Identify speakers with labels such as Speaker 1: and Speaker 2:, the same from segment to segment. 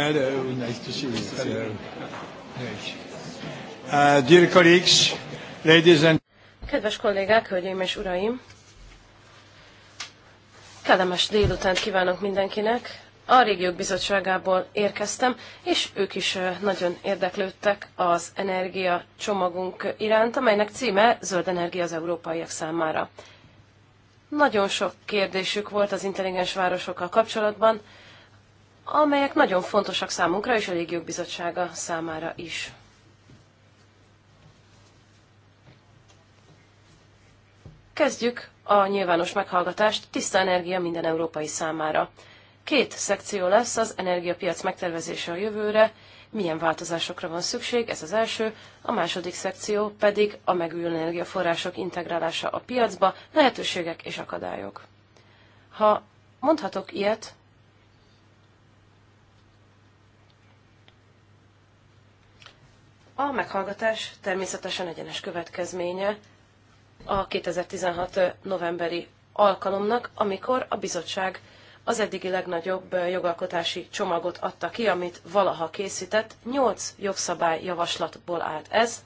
Speaker 1: Hello, nice to see you. Hello. Uh, dear colleagues, ladies and...
Speaker 2: Kedves kollégák, hölgyeim és uraim! Kellemes délutánt kívánok mindenkinek! A Régiók Bizottságából érkeztem, és ők is nagyon érdeklődtek az energia csomagunk iránt, amelynek címe Zöld Energia az Európaiak számára. Nagyon sok kérdésük volt az intelligens városokkal kapcsolatban, amelyek nagyon fontosak számunkra és a Légiók Bizottsága számára is. Kezdjük a nyilvános meghallgatást Tiszta Energia minden európai számára. Két szekció lesz az energiapiac megtervezése a jövőre, milyen változásokra van szükség, ez az első, a második szekció pedig a megújuló energiaforrások integrálása a piacba, lehetőségek és akadályok. Ha mondhatok ilyet, A meghallgatás természetesen egyenes következménye a 2016. novemberi alkalomnak, amikor a bizottság az eddigi legnagyobb jogalkotási csomagot adta ki, amit valaha készített. Nyolc jogszabály javaslatból állt ez.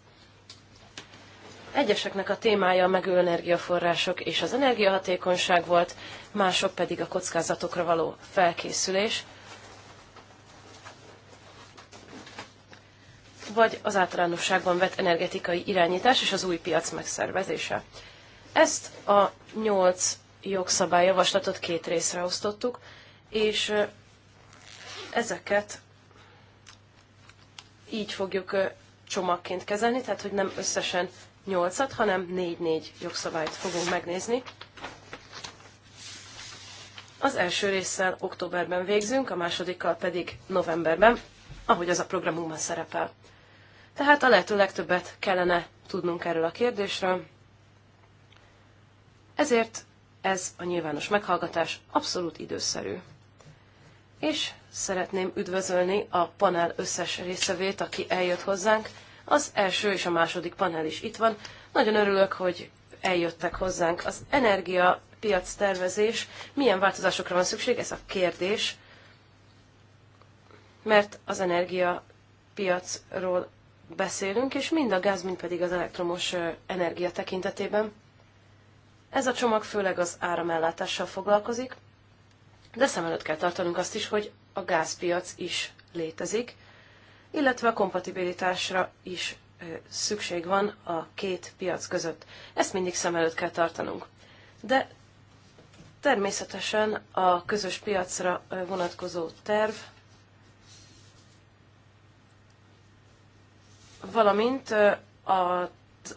Speaker 2: Egyeseknek a témája a megülő energiaforrások és az energiahatékonyság volt, mások pedig a kockázatokra való felkészülés, vagy az általánosságban vett energetikai irányítás és az új piac megszervezése. Ezt a nyolc jogszabályjavaslatot két részre osztottuk, és ezeket így fogjuk csomagként kezelni, tehát hogy nem összesen nyolcat, hanem négy-négy jogszabályt fogunk megnézni. Az első résszel októberben végzünk, a másodikkal pedig novemberben, ahogy az a programunkban szerepel. Tehát a lehető legtöbbet kellene tudnunk erről a kérdésről. Ezért ez a nyilvános meghallgatás abszolút időszerű. És szeretném üdvözölni a panel összes részevét, aki eljött hozzánk. Az első és a második panel is itt van. Nagyon örülök, hogy eljöttek hozzánk. Az energia piac tervezés, milyen változásokra van szükség, ez a kérdés, mert az energiapiacról beszélünk, és mind a gáz, mind pedig az elektromos energia tekintetében. Ez a csomag főleg az áramellátással foglalkozik, de szem előtt kell tartanunk azt is, hogy a gázpiac is létezik, illetve a kompatibilitásra is szükség van a két piac között. Ezt mindig szem előtt kell tartanunk. De természetesen a közös piacra vonatkozó terv valamint az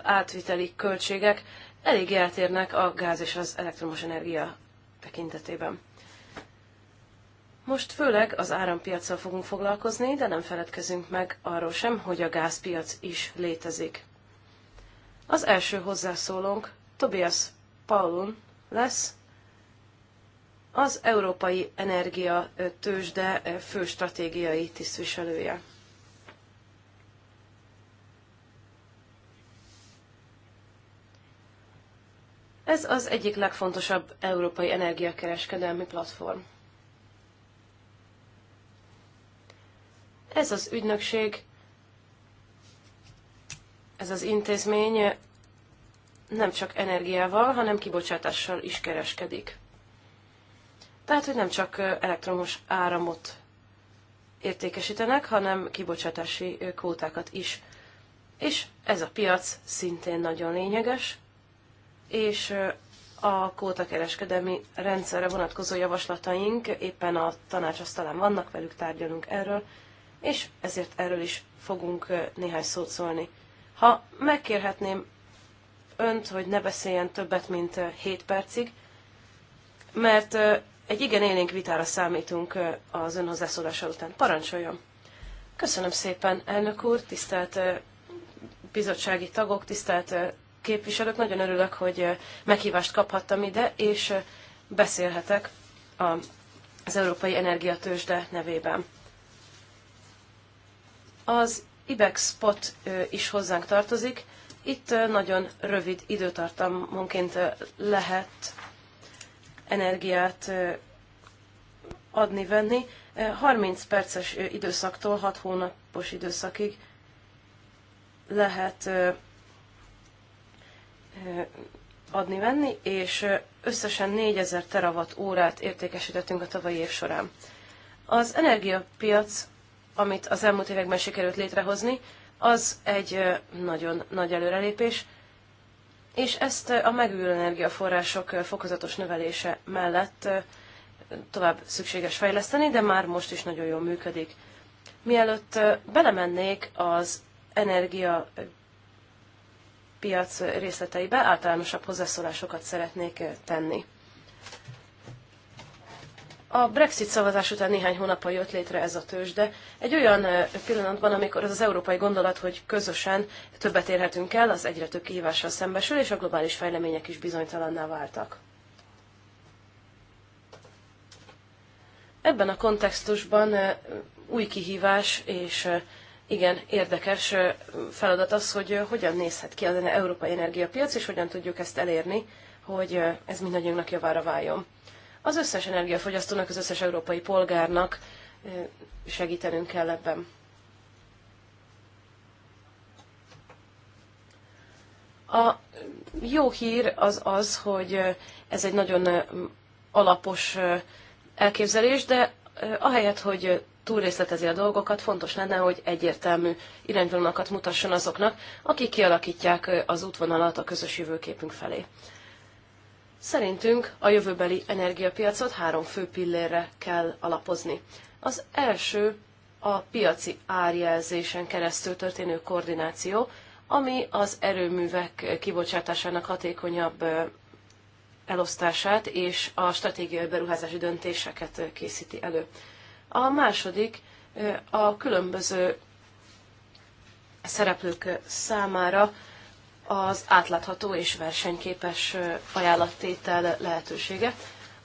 Speaker 2: átviteli költségek elég eltérnek a gáz és az elektromos energia tekintetében. Most főleg az árampiacsal fogunk foglalkozni, de nem feledkezünk meg arról sem, hogy a gázpiac is létezik. Az első hozzászólónk Tobias Paulun lesz, az Európai Energia Tőzsde fő stratégiai tisztviselője. Ez az egyik legfontosabb európai energiakereskedelmi platform. Ez az ügynökség, ez az intézmény nem csak energiával, hanem kibocsátással is kereskedik. Tehát, hogy nem csak elektromos áramot értékesítenek, hanem kibocsátási kvótákat is. És ez a piac szintén nagyon lényeges, és a kereskedelmi rendszerre vonatkozó javaslataink éppen a tanácsasztalán vannak, velük tárgyalunk erről, és ezért erről is fogunk néhány szót szólni. Ha megkérhetném önt, hogy ne beszéljen többet, mint 7 percig, mert egy igen élénk vitára számítunk az ön hozzászólása után. Parancsoljon! Köszönöm szépen, elnök úr, tisztelt bizottsági tagok, tisztelt képviselők. Nagyon örülök, hogy meghívást kaphattam ide, és beszélhetek az Európai Energiatősde nevében. Az IBEX spot is hozzánk tartozik. Itt nagyon rövid időtartamonként lehet energiát adni-venni. 30 perces időszaktól 6 hónapos időszakig lehet Eh, adni-venni, és eh, összesen 4000 teravat órát értékesítettünk a tavalyi év során. Az energiapiac, amit az elmúlt években sikerült létrehozni, az egy eh, nagyon nagy előrelépés, és ezt a megújuló energiaforrások fokozatos növelése mellett tovább szükséges fejleszteni, de már most is nagyon jól működik. Mielőtt belemennék az energia piac részleteibe általánosabb hozzászólásokat szeretnék eh, tenni. A Brexit szavazás után néhány hónappal jött létre ez a tőzsde. Egy olyan eh, pillanatban, amikor az az európai gondolat, hogy közösen többet érhetünk el, az egyre több kihívással szembesül, és a globális fejlemények is bizonytalanná váltak. Ebben a kontextusban eh, új kihívás és igen érdekes feladat az, hogy hogyan nézhet ki az európai energiapiac, és hogyan tudjuk ezt elérni, hogy ez mindannyiunknak javára váljon. Az összes energiafogyasztónak, az összes európai polgárnak segítenünk kell ebben. A jó hír az az, hogy ez egy nagyon alapos elképzelés, de ahelyett, hogy túlrészletezi a dolgokat, fontos lenne, hogy egyértelmű irányvonalakat mutasson azoknak, akik kialakítják az útvonalat a közös jövőképünk felé. Szerintünk a jövőbeli energiapiacot három fő pillérre kell alapozni. Az első a piaci árjelzésen keresztül történő koordináció, ami az erőművek kibocsátásának hatékonyabb elosztását és a stratégiai beruházási döntéseket készíti elő. A második a különböző szereplők számára az átlátható és versenyképes ajánlattétel lehetősége.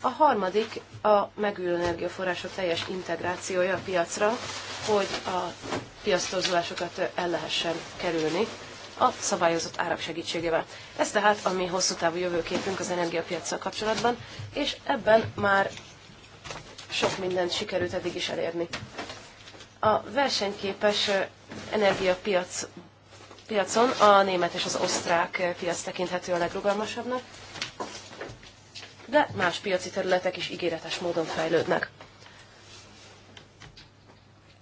Speaker 2: A harmadik a megújuló energiaforrások teljes integrációja a piacra, hogy a piasztorzulásokat el lehessen kerülni a szabályozott árak segítségével. Ez tehát a mi hosszú távú jövőképünk az energiapiacsal kapcsolatban, és ebben már sok mindent sikerült eddig is elérni. A versenyképes energiapiac piacon a német és az osztrák piac tekinthető a legrugalmasabbnak, de más piaci területek is ígéretes módon fejlődnek.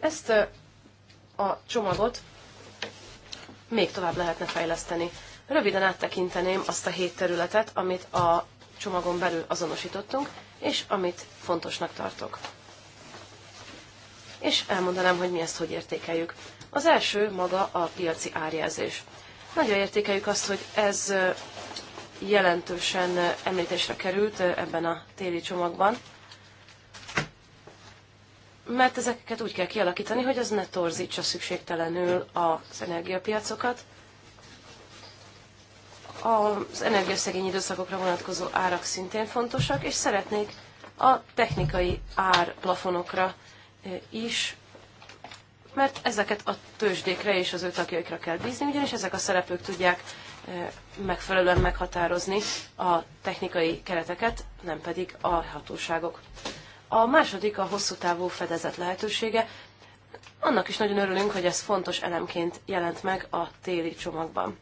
Speaker 2: Ezt a csomagot még tovább lehetne fejleszteni. Röviden áttekinteném azt a hét területet, amit a csomagon belül azonosítottunk, és amit fontosnak tartok. És elmondanám, hogy mi ezt hogy értékeljük. Az első maga a piaci árjelzés. Nagyon értékeljük azt, hogy ez jelentősen említésre került ebben a téli csomagban, mert ezeket úgy kell kialakítani, hogy az ne torzítsa szükségtelenül az energiapiacokat, az energiaszegény időszakokra vonatkozó árak szintén fontosak, és szeretnék a technikai árplafonokra eh, is, mert ezeket a tőzsdékre és az ő tagjaikra kell bízni, ugyanis ezek a szereplők tudják eh, megfelelően meghatározni a technikai kereteket, nem pedig a hatóságok. A második a hosszú távú fedezet lehetősége. Annak is nagyon örülünk, hogy ez fontos elemként jelent meg a téli csomagban.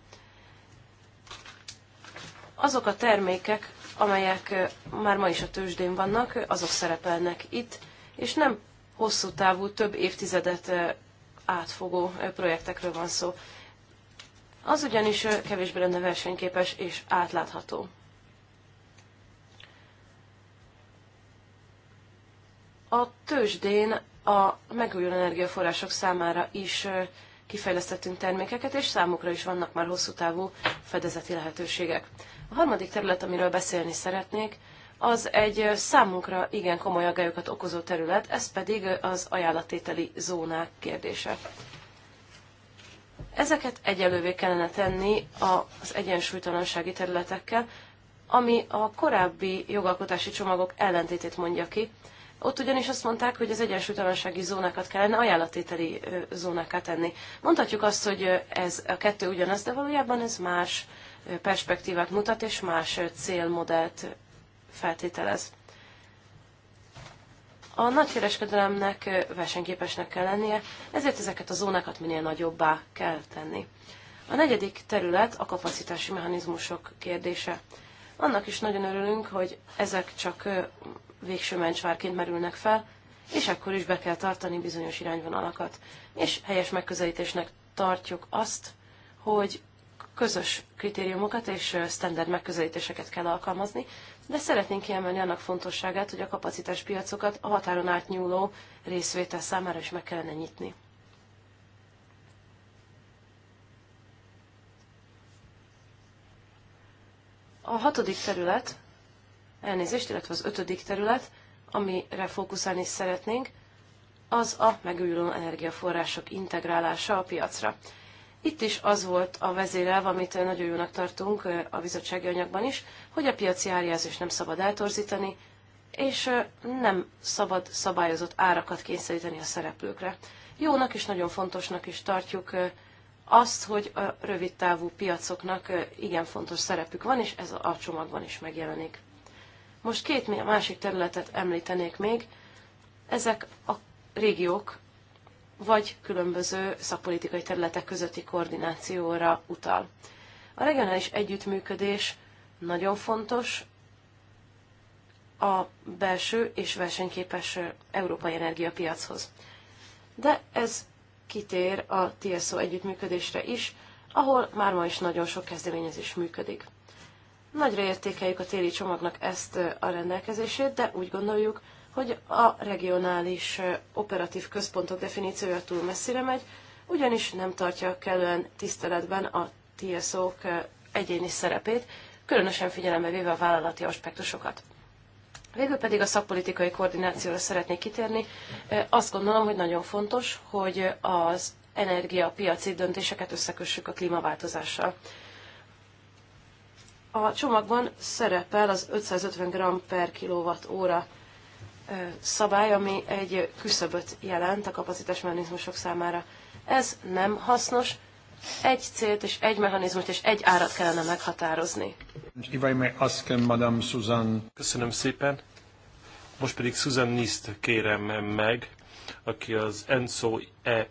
Speaker 2: Azok a termékek, amelyek már ma is a tőzsdén vannak, azok szerepelnek itt, és nem hosszú távú, több évtizedet átfogó projektekről van szó. Az ugyanis kevésbé lenne versenyképes és átlátható. A tőzsdén a megújuló energiaforrások számára is kifejlesztettünk termékeket, és számukra is vannak már hosszú távú fedezeti lehetőségek. A harmadik terület, amiről beszélni szeretnék, az egy számunkra igen komoly aggályokat okozó terület, ez pedig az ajánlatételi zónák kérdése. Ezeket egyelővé kellene tenni az egyensúlytalansági területekkel, ami a korábbi jogalkotási csomagok ellentétét mondja ki. Ott ugyanis azt mondták, hogy az egyensúlytalansági zónákat kellene ajánlattételi zónákat tenni. Mondhatjuk azt, hogy ez a kettő ugyanaz, de valójában ez más perspektívát mutat, és más célmodellt feltételez. A nagykereskedelemnek versenyképesnek kell lennie, ezért ezeket a zónákat minél nagyobbá kell tenni. A negyedik terület a kapacitási mechanizmusok kérdése. Annak is nagyon örülünk, hogy ezek csak végső mencsvárként merülnek fel, és akkor is be kell tartani bizonyos irányvonalakat. És helyes megközelítésnek tartjuk azt, hogy közös kritériumokat és standard megközelítéseket kell alkalmazni, de szeretnénk kiemelni annak fontosságát, hogy a kapacitás piacokat a határon átnyúló részvétel számára is meg kellene nyitni. A hatodik terület, elnézést, illetve az ötödik terület, amire fókuszálni szeretnénk, az a megújuló energiaforrások integrálása a piacra. Itt is az volt a vezérelv, amit nagyon jónak tartunk a bizottsági anyagban is, hogy a piaci árjelzés nem szabad eltorzítani, és nem szabad szabályozott árakat kényszeríteni a szereplőkre. Jónak és nagyon fontosnak is tartjuk azt, hogy a rövid távú piacoknak igen fontos szerepük van, és ez a csomagban is megjelenik. Most két másik területet említenék még. Ezek a régiók, vagy különböző szakpolitikai területek közötti koordinációra utal. A regionális együttműködés nagyon fontos a belső és versenyképes európai energiapiachoz. De ez kitér a TSO együttműködésre is, ahol már ma is nagyon sok kezdeményezés működik. Nagyra értékeljük a téli csomagnak ezt a rendelkezését, de úgy gondoljuk, hogy a regionális operatív központok definíciója túl messzire megy, ugyanis nem tartja kellően tiszteletben a TSO-k egyéni szerepét, különösen figyelembe véve a vállalati aspektusokat. Végül pedig a szakpolitikai koordinációra szeretnék kitérni. Azt gondolom, hogy nagyon fontos, hogy az energiapiaci döntéseket összekössük a klímaváltozással. A csomagban szerepel az 550 g per kilowatt óra szabály, ami egy küszöböt jelent a kapacitás mechanizmusok számára. Ez nem hasznos, egy célt és egy mechanizmust és egy árat kellene meghatározni.
Speaker 3: Uh, Madame Susan. Köszönöm szépen. Most pedig Susan Niszt kérem meg, aki az ENSO E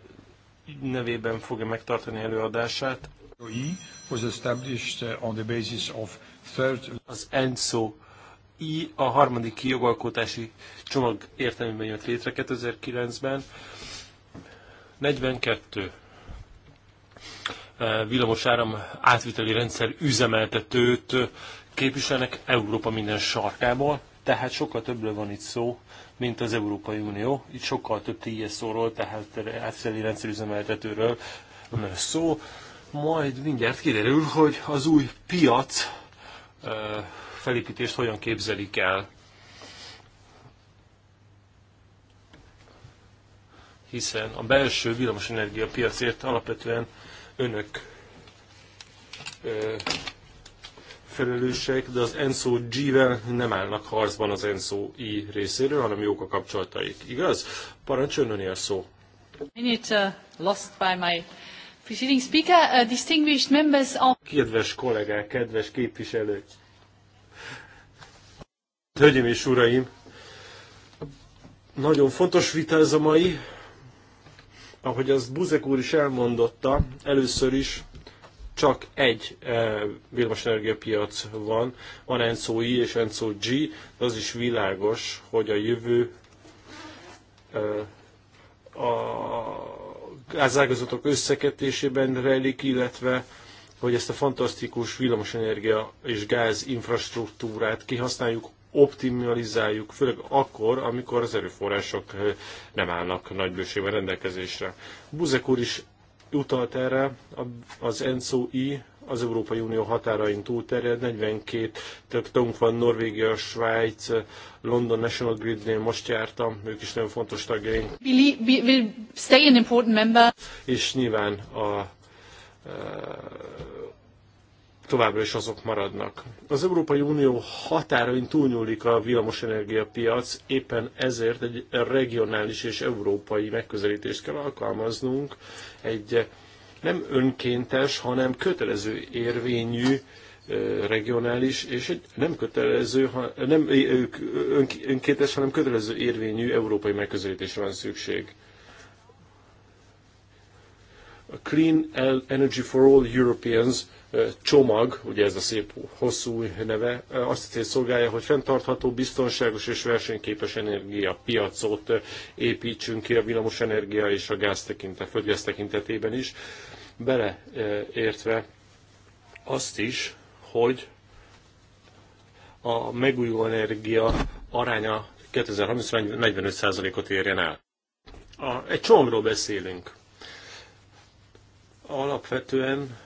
Speaker 3: nevében fogja megtartani előadását. E uh, az ENSO I a harmadik jogalkotási csomag értelmében jött létre 2009-ben. 42 villamosáram átviteli rendszer üzemeltetőt eh, képviselnek Európa minden sarkából, tehát sokkal többről van itt szó, mint az Európai Unió. Itt sokkal több TSZ-ról, tehát átviteli rendszer üzemeltetőről van szó. Majd mindjárt kiderül, hogy az új piac eh, felépítést hogyan képzelik el. Hiszen a belső villamosenergia piacért alapvetően önök ö, felelősek, de az Enso G-vel nem állnak harcban az Enso I részéről, hanem jók a kapcsolataik. Igaz? Parancsoljon ön szó.
Speaker 1: Minute uh, lost by my preceding speaker, uh, distinguished members of...
Speaker 3: Kedves kollégák, kedves képviselők! Hölgyeim és Uraim! Nagyon fontos vita ez a mai. Ahogy az Buzek úr is elmondotta, először is csak egy e, villamosenergiapiac van, van ENSO I és ENSO G, de az is világos, hogy a jövő e, a gázágazatok összeketésében rejlik, illetve hogy ezt a fantasztikus villamosenergia és gáz infrastruktúrát kihasználjuk optimalizáljuk, főleg akkor, amikor az erőforrások eh, nem állnak nagy bőségben rendelkezésre. Buzek úr is utalt erre, az ENSO-I az Európai Unió határain túlterjed, 42 tagunk van, Norvégia, Svájc, London National Gridnél most jártam, ők is nagyon fontos tagjaink.
Speaker 1: We'll stay an important member.
Speaker 3: És nyilván a eh, továbbra is azok maradnak. Az Európai Unió határain túlnyúlik a villamosenergia piac, éppen ezért egy regionális és európai megközelítést kell alkalmaznunk, egy nem önkéntes, hanem kötelező érvényű regionális, és egy nem kötelező, nem önkéntes, hanem kötelező érvényű európai megközelítésre van szükség. A Clean Energy for All Europeans csomag, ugye ez a szép hosszú neve, azt cél szolgálja, hogy fenntartható, biztonságos és versenyképes energiapiacot építsünk ki a energia és a gáz tekintet, földgáz tekintetében is, beleértve azt is, hogy a megújuló energia aránya 2030 45%-ot érjen el. A, egy csomagról beszélünk. Alapvetően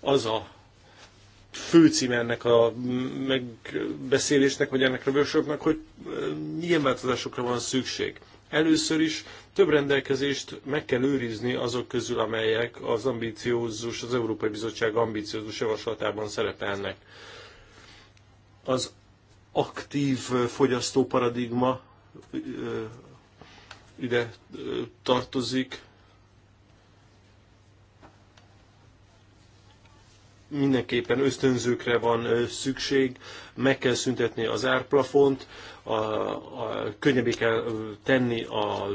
Speaker 3: az a főcím ennek a megbeszélésnek, vagy ennek a workshopnak, hogy milyen változásokra van szükség. Először is több rendelkezést meg kell őrizni azok közül, amelyek az ambiciózus, az Európai Bizottság ambiciózus javaslatában szerepelnek. Az aktív fogyasztó paradigma ide tartozik, mindenképpen ösztönzőkre van szükség, meg kell szüntetni az árplafont, a, a, könnyebbé kell tenni a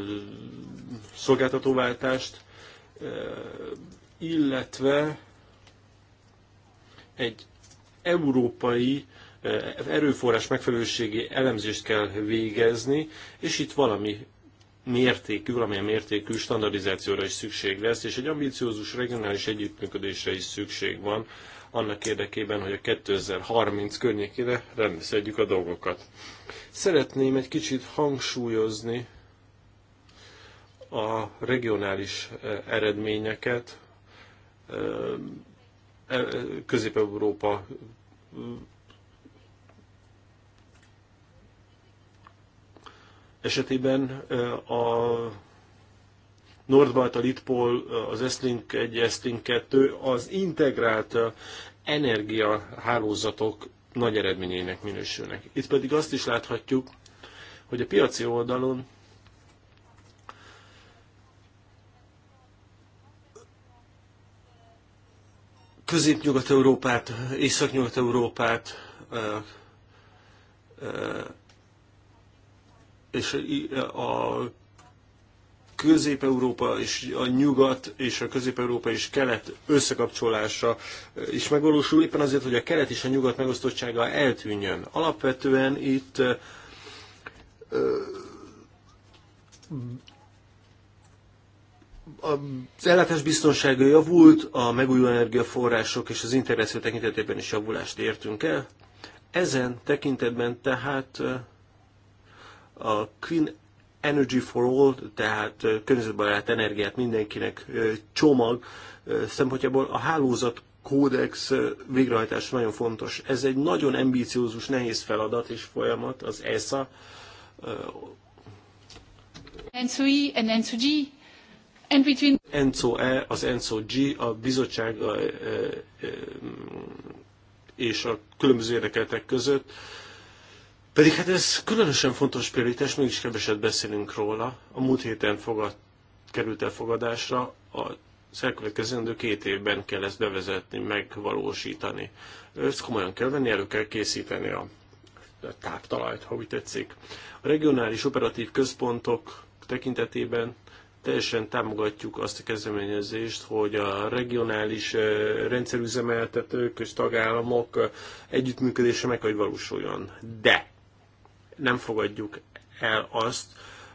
Speaker 3: szolgáltatóváltást, illetve egy európai erőforrás megfelelőségi elemzést kell végezni, és itt valami mértékű, valamilyen mértékű standardizációra is szükség lesz, és egy ambiciózus regionális együttműködésre is szükség van, annak érdekében, hogy a 2030 környékére rendszerjük a dolgokat. Szeretném egy kicsit hangsúlyozni a regionális eh, eredményeket, eh, e, e, Közép-Európa esetében a Nordbalt, a Litpol, az Eszlink 1, Eszlink 2 az integrált energiahálózatok nagy eredményének minősülnek. Itt pedig azt is láthatjuk, hogy a piaci oldalon Közép-Nyugat-Európát, Észak-Nyugat-Európát, és a Közép-Európa és a Nyugat és a Közép-Európa és Kelet összekapcsolása eh, is megvalósul, éppen azért, hogy a Kelet és a Nyugat megosztottsága eltűnjön. Alapvetően itt eh, az ellátás biztonsága javult, a megújuló energiaforrások és az integráció tekintetében is javulást értünk el. Ezen tekintetben tehát eh, a Clean Energy for All, tehát környezetbarát energiát mindenkinek csomag szempontjából a hálózat kódex végrehajtás nagyon fontos. Ez egy nagyon ambíciózus, nehéz feladat és folyamat, az ESA.
Speaker 1: enso and enso And between...
Speaker 3: az enso a bizottság és a különböző érdekeltek között pedig hát ez különösen fontos prioritás, mégis keveset beszélünk róla. A múlt héten fogad, került elfogadásra, a elkövetkezendő két évben kell ezt bevezetni, megvalósítani. Ezt komolyan kell venni, elő kell készíteni a táptalajt, ha úgy tetszik. A regionális operatív központok tekintetében teljesen támogatjuk azt a kezdeményezést, hogy a regionális eh, rendszerüzemeltetők és tagállamok eh, együttműködése meg hogy valósuljon. De nem fogadjuk el azt,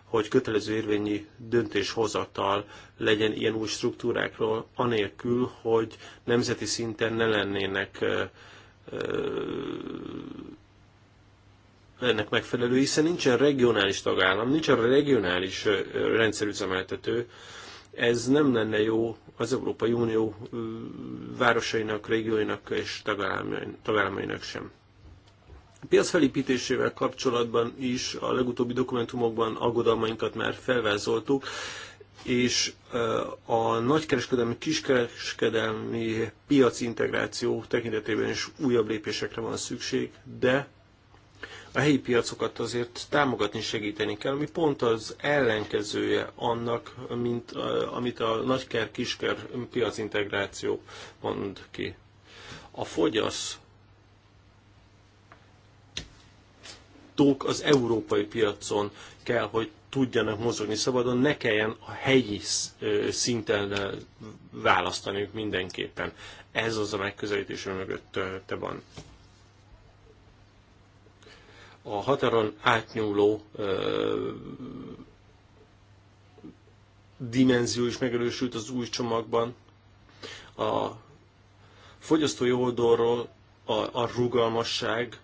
Speaker 3: hogy kötelező érvényi döntéshozatal legyen ilyen új struktúrákról, anélkül, hogy nemzeti szinten ne lennének ennek megfelelő, hiszen nincsen regionális tagállam, nincsen regionális rendszerüzemeltető, ez nem lenne jó az Európai Unió városainak, régióinak és tagállamainak sem. A piac felépítésével kapcsolatban is a legutóbbi dokumentumokban aggodalmainkat már felvázoltuk, és a nagykereskedelmi, kiskereskedelmi piac integráció tekintetében is újabb lépésekre van szükség, de a helyi piacokat azért támogatni, segíteni kell, ami pont az ellenkezője annak, mint amit a nagyker-kisker piacintegráció mond ki. A fogyasz gyártók az európai piacon kell, hogy tudjanak mozogni szabadon, ne kelljen a helyi szinten választaniuk mindenképpen. Ez az a megközelítés, mögött te van. A határon átnyúló dimenzió is megerősült az új csomagban. A fogyasztói oldalról a, a rugalmasság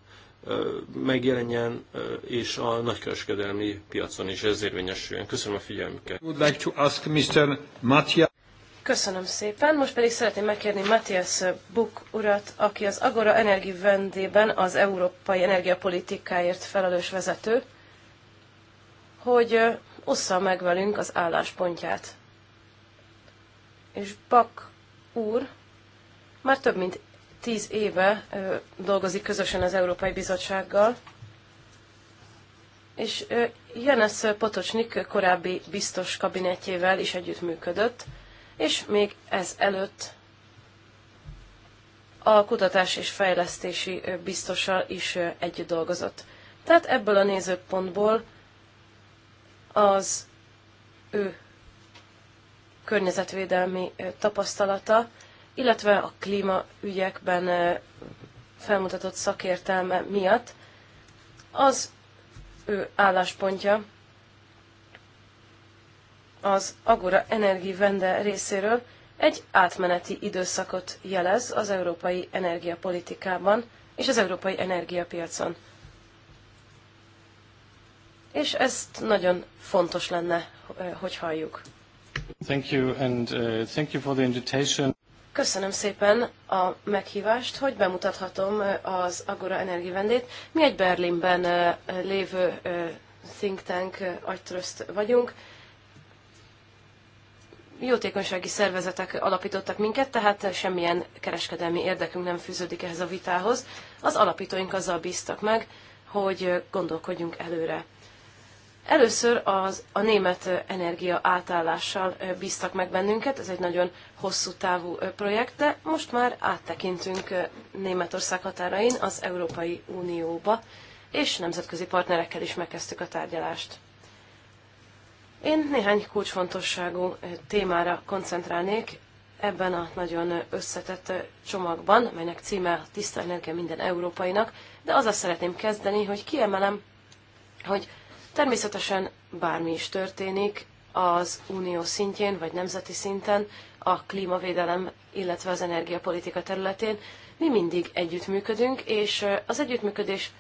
Speaker 3: megjelenjen, és a nagykereskedelmi piacon is ez érvényesüljön. Köszönöm a figyelmüket. Would like
Speaker 1: to ask Mr. Matthias.
Speaker 2: Köszönöm szépen. Most pedig szeretném megkérni Matthias Buk urat, aki az Agora Energy vendében az európai energiapolitikáért felelős vezető, hogy ossza meg velünk az álláspontját. És Bak úr már több mint tíz éve dolgozik közösen az Európai Bizottsággal, és Janes Potocsnik korábbi biztos kabinetjével is együttműködött, és még ez előtt a kutatás és fejlesztési biztossal is együtt dolgozott. Tehát ebből a nézőpontból az ő környezetvédelmi tapasztalata illetve a klímaügyekben felmutatott szakértelme miatt az ő álláspontja az Agora vende részéről egy átmeneti időszakot jelez az európai energiapolitikában és az európai energiapiacon. És ezt nagyon fontos lenne, hogy halljuk.
Speaker 3: Thank you and uh, thank you for the invitation.
Speaker 2: Köszönöm szépen a meghívást, hogy bemutathatom az Agora Energy vendét. Mi egy Berlinben lévő think tank agytröszt vagyunk. Jótékonysági szervezetek alapítottak minket, tehát semmilyen kereskedelmi érdekünk nem fűződik ehhez a vitához. Az alapítóink azzal bíztak meg, hogy gondolkodjunk előre. Először az, a német energia átállással bíztak meg bennünket, ez egy nagyon hosszú távú projekt, de most már áttekintünk Németország határain az Európai Unióba, és nemzetközi partnerekkel is megkezdtük a tárgyalást. Én néhány kulcsfontosságú témára koncentrálnék ebben a nagyon összetett csomagban, melynek címe a Tiszta Energia minden európainak, de azzal szeretném kezdeni, hogy kiemelem, hogy Természetesen bármi is történik az unió szintjén vagy nemzeti szinten, a klímavédelem, illetve az energiapolitika területén, mi mindig együttműködünk, és az együttműködés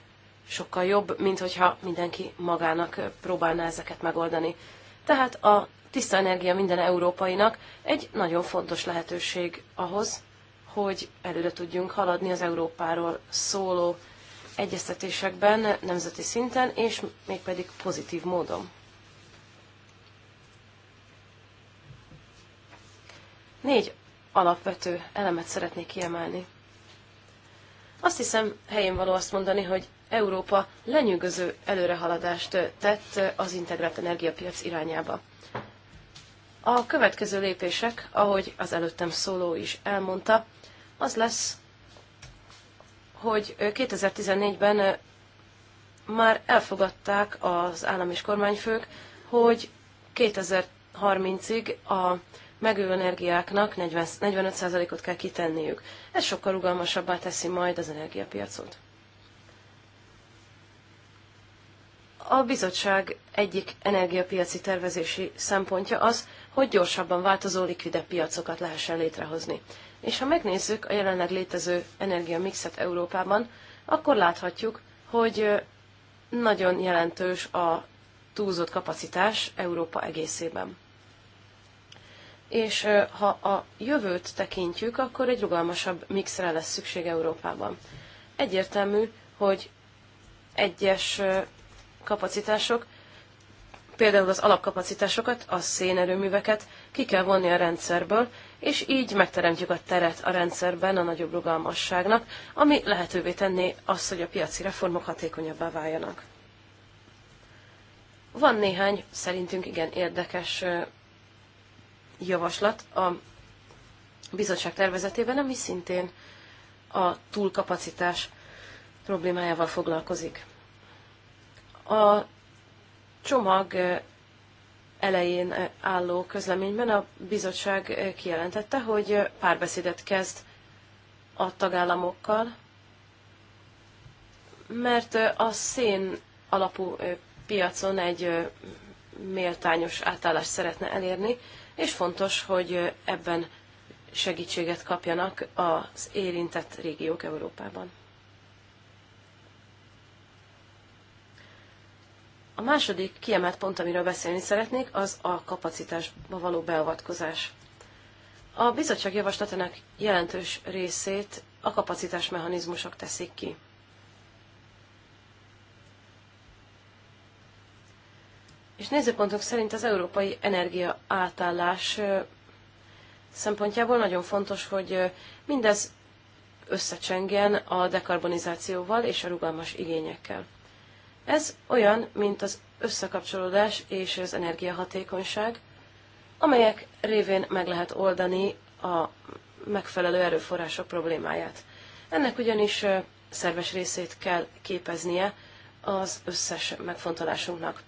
Speaker 2: sokkal jobb, mint hogyha mindenki magának próbálna ezeket megoldani. Tehát a tiszta energia minden európainak egy nagyon fontos lehetőség ahhoz, hogy előre tudjunk haladni az Európáról szóló egyeztetésekben nemzeti szinten, és mégpedig pozitív módon. Négy alapvető elemet szeretnék kiemelni. Azt hiszem, helyén való azt mondani, hogy Európa lenyűgöző előrehaladást tett az integrált energiapiac irányába. A következő lépések, ahogy az előttem szóló is elmondta, az lesz, hogy 2014-ben már elfogadták az állam és kormányfők, hogy 2030-ig a megőrő energiáknak 45%-ot kell kitenniük. Ez sokkal rugalmasabbá teszi majd az energiapiacot. A bizottság egyik energiapiaci tervezési szempontja az, hogy gyorsabban változó likvide piacokat lehessen létrehozni. És ha megnézzük a jelenleg létező energiamixet Európában, akkor láthatjuk, hogy nagyon jelentős a túlzott kapacitás Európa egészében. És ha a jövőt tekintjük, akkor egy rugalmasabb mixre lesz szükség Európában. Egyértelmű, hogy egyes kapacitások, például az alapkapacitásokat, a szénerőműveket ki kell vonni a rendszerből, és így megteremtjük a teret a rendszerben a nagyobb rugalmasságnak, ami lehetővé tenné azt, hogy a piaci reformok hatékonyabbá váljanak. Van néhány szerintünk igen érdekes javaslat a bizottság tervezetében, ami szintén a túlkapacitás problémájával foglalkozik. A csomag elején álló közleményben a bizottság kijelentette, hogy párbeszédet kezd a tagállamokkal, mert a szén alapú piacon egy méltányos átállást szeretne elérni, és fontos, hogy ebben segítséget kapjanak az érintett régiók Európában. A második kiemelt pont, amiről beszélni szeretnék, az a kapacitásba való beavatkozás. A bizottság javaslatának jelentős részét a kapacitás mechanizmusok teszik ki. És nézőpontunk szerint az európai energia átállás szempontjából nagyon fontos, hogy mindez összecsengjen a dekarbonizációval és a rugalmas igényekkel. Ez olyan, mint az összekapcsolódás és az energiahatékonyság, amelyek révén meg lehet oldani a megfelelő erőforrások problémáját. Ennek ugyanis szerves részét kell képeznie az összes megfontolásunknak.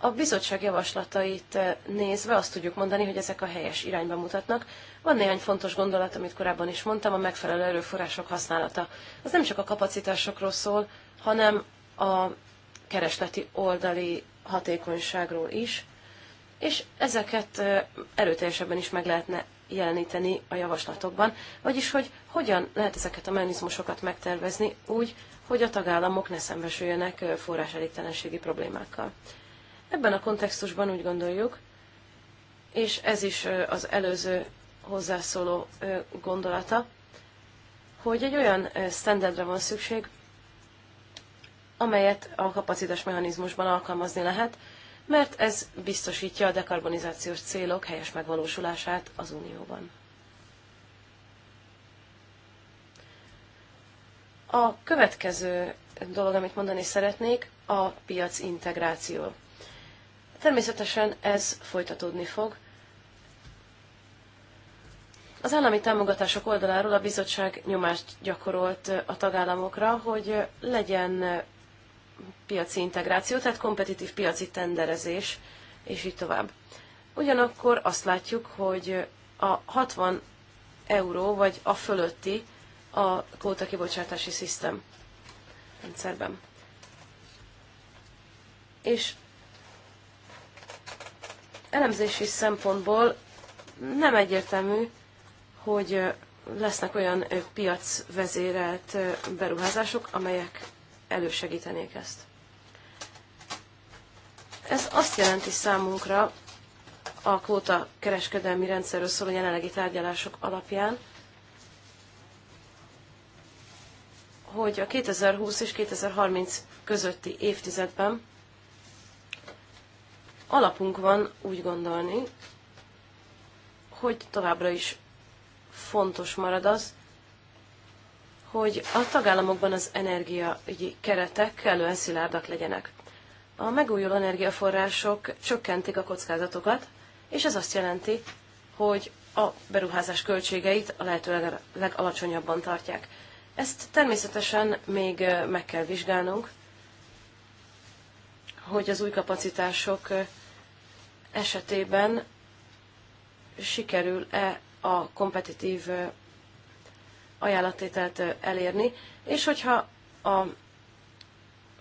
Speaker 2: A bizottság javaslatait nézve azt tudjuk mondani, hogy ezek a helyes irányba mutatnak. Van néhány fontos gondolat, amit korábban is mondtam, a megfelelő erőforrások használata. Az nem csak a kapacitásokról szól, hanem a keresleti oldali hatékonyságról is, és ezeket erőteljesebben is meg lehetne jeleníteni a javaslatokban, vagyis hogy hogyan lehet ezeket a mechanizmusokat megtervezni úgy, hogy a tagállamok ne szembesüljenek forráselégtelenségi problémákkal. Ebben a kontextusban úgy gondoljuk, és ez is az előző hozzászóló gondolata, hogy egy olyan standardra van szükség, amelyet a kapacitás mechanizmusban alkalmazni lehet, mert ez biztosítja a dekarbonizációs célok helyes megvalósulását az Unióban. A következő dolog, amit mondani szeretnék, a piac integráció. Természetesen ez folytatódni fog. Az állami támogatások oldaláról a bizottság nyomást gyakorolt a tagállamokra, hogy legyen piaci integráció, tehát kompetitív piaci tenderezés, és így tovább. Ugyanakkor azt látjuk, hogy a 60 euró vagy a fölötti a kóta kibocsátási szisztem rendszerben. És elemzési szempontból nem egyértelmű, hogy lesznek olyan piacvezérelt beruházások, amelyek elősegítenék ezt. Ez azt jelenti számunkra a kvóta kereskedelmi rendszerről szóló jelenlegi tárgyalások alapján, hogy a 2020 és 2030 közötti évtizedben alapunk van úgy gondolni, hogy továbbra is fontos marad az, hogy a tagállamokban az energiaügyi keretek kellően szilárdak legyenek. A megújuló energiaforrások csökkentik a kockázatokat, és ez azt jelenti, hogy a beruházás költségeit a lehető legalacsonyabban tartják. Ezt természetesen még meg kell vizsgálnunk, hogy az új kapacitások esetében sikerül-e a kompetitív ajánlattételt elérni, és hogyha a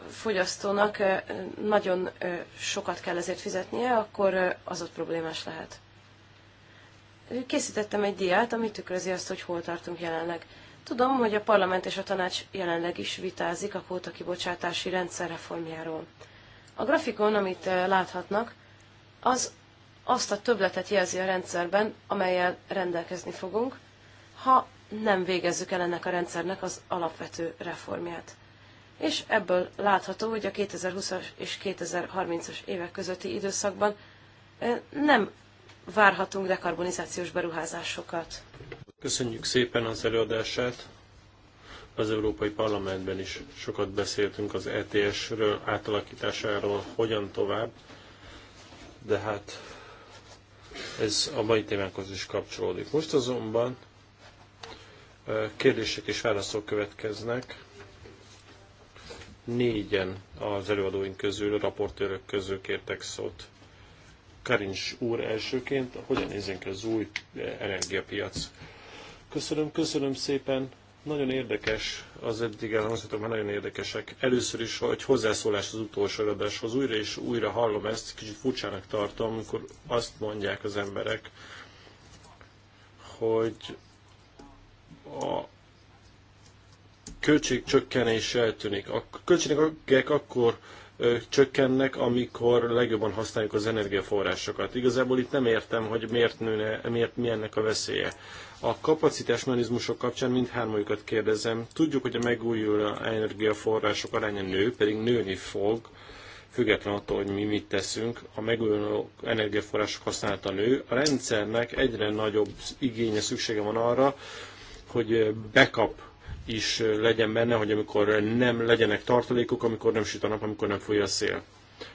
Speaker 2: fogyasztónak nagyon sokat kell ezért fizetnie, akkor az ott problémás lehet. Készítettem egy diát, ami tükrözi azt, hogy hol tartunk jelenleg. Tudom, hogy a parlament és a tanács jelenleg is vitázik a kóta kibocsátási rendszer reformjáról. A grafikon, amit láthatnak, az azt a töbletet jelzi a rendszerben, amelyel rendelkezni fogunk, ha nem végezzük el ennek a rendszernek az alapvető reformját. És ebből látható, hogy a 2020-as és 2030-as évek közötti időszakban eh, nem várhatunk dekarbonizációs beruházásokat.
Speaker 3: Köszönjük szépen az előadását. Az Európai Parlamentben is sokat beszéltünk az ETS-ről, átalakításáról, hogyan tovább, de hát ez a mai témánkhoz is kapcsolódik. Most azonban Kérdések és válaszok következnek. Négyen az előadóink közül, a raportőrök közül kértek szót. Karincs úr elsőként, hogyan nézünk az új energiapiac? Köszönöm, köszönöm szépen. Nagyon érdekes, az eddig elhangzottak már nagyon érdekesek. Először is, hogy hozzászólás az utolsó adáshoz, újra és újra hallom ezt, kicsit furcsának tartom, amikor azt mondják az emberek, hogy a költségcsökkenés eltűnik. A költségek akkor csökkennek, amikor legjobban használjuk az energiaforrásokat. Igazából itt nem értem, hogy miért nőne, miért mi ennek a veszélye. A kapacitás mechanizmusok kapcsán mindhármajukat kérdezem. Tudjuk, hogy a megújuló energiaforrások aránya nő, pedig nőni fog, független attól, hogy mi mit teszünk. A megújuló energiaforrások használata nő. A rendszernek egyre nagyobb igénye, szüksége van arra, hogy eh, backup is eh, legyen benne, hogy amikor nem legyenek tartalékok, amikor nem süt a nap, amikor nem fúj a szél.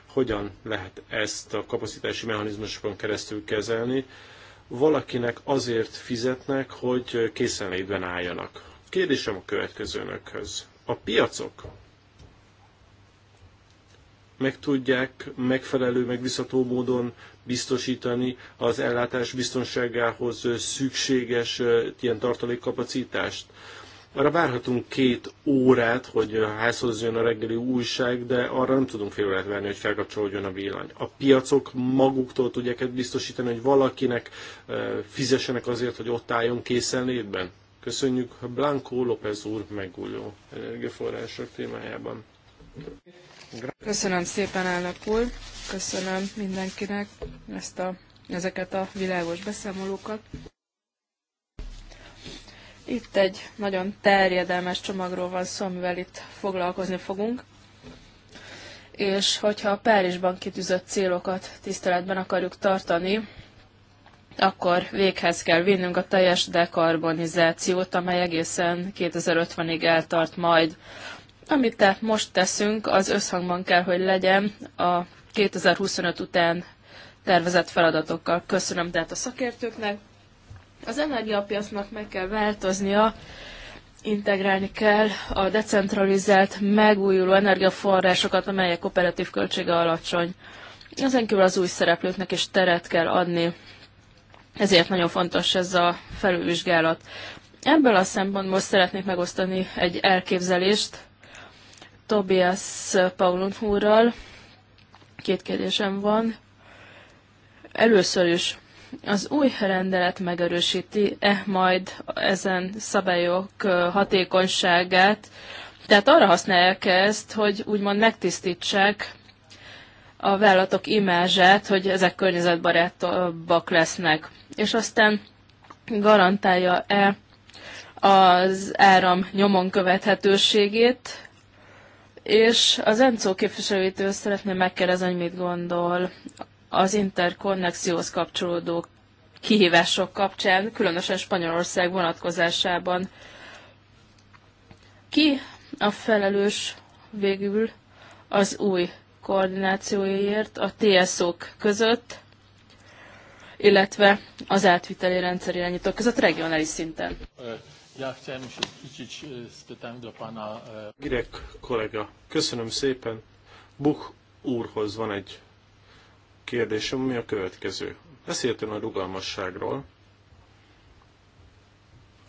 Speaker 3: Hogyan lehet ezt a kapacitási mechanizmusokon keresztül kezelni? Valakinek azért fizetnek, hogy eh, készenlétben álljanak. Kérdésem a következőnökhöz. A piacok meg tudják megfelelő, megbízható módon biztosítani az ellátás biztonságához szükséges ilyen tartalékkapacitást. Arra várhatunk két órát, hogy házhoz jön a reggeli újság, de arra nem tudunk fél órát várni, hogy felkapcsolódjon a villany. A piacok maguktól tudják ezt biztosítani, hogy valakinek fizessenek azért, hogy ott álljon készenlétben. Köszönjük Blanco López úr megújuló energiaforrások témájában.
Speaker 4: Köszönöm szépen, elnök úr. Köszönöm mindenkinek ezt a, ezeket a világos beszámolókat. Itt egy nagyon terjedelmes csomagról van szó, amivel itt foglalkozni fogunk. És hogyha a Párizsban kitűzött célokat tiszteletben akarjuk tartani, akkor véghez kell vinnünk a teljes dekarbonizációt, amely egészen 2050-ig eltart majd. Amit tehát most teszünk, az összhangban kell, hogy legyen a 2025 után tervezett feladatokkal. Köszönöm tehát a szakértőknek. Az energiapiacnak meg kell változnia, integrálni kell a decentralizált, megújuló energiaforrásokat, amelyek operatív költsége alacsony. Ezen kívül az új szereplőknek is teret kell adni. Ezért nagyon fontos ez a felülvizsgálat. Ebből a szempontból szeretnék megosztani egy elképzelést, Tobias Paulun úrral. Két kérdésem van. Először is az új rendelet megerősíti-e majd ezen szabályok hatékonyságát? Tehát arra használják -e ezt, hogy úgymond megtisztítsák a vállalatok imázsát, hogy ezek környezetbarátabbak lesznek. És aztán garantálja-e az áram nyomon követhetőségét, és az ENCO képviselőjétől szeretném megkérdezni, hogy mit gondol az interkonnexióhoz kapcsolódó kihívások kapcsán, különösen Spanyolország vonatkozásában. Ki a felelős végül az új koordinációért a TSO-k között, illetve az átviteli rendszer irányítók között regionális szinten?
Speaker 3: Ja chciałem się zwrócić e, z do pana... E, Girek köszönöm szépen. Buch úrhoz van egy kérdésem, mi a következő. Beszéltem a rugalmasságról.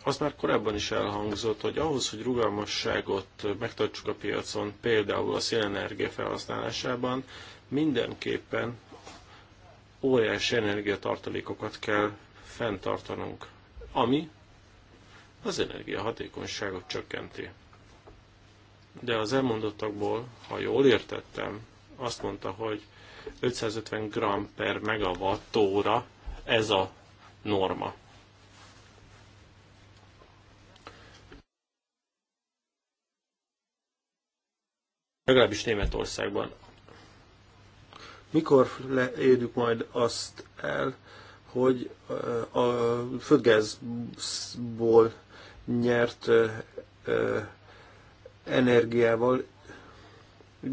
Speaker 3: Az már korábban is elhangzott, hogy ahhoz, hogy rugalmasságot megtartsuk a piacon, például a szélenergia felhasználásában, mindenképpen óriási energiatartalékokat kell fenntartanunk, ami az energiahatékonyságot csökkenti. De az elmondottakból, ha jól értettem, azt mondta, hogy 550 g per óra ez a norma. Legalábbis Németországban. Mikor érjük majd azt el, hogy a földgázból nyert energiával,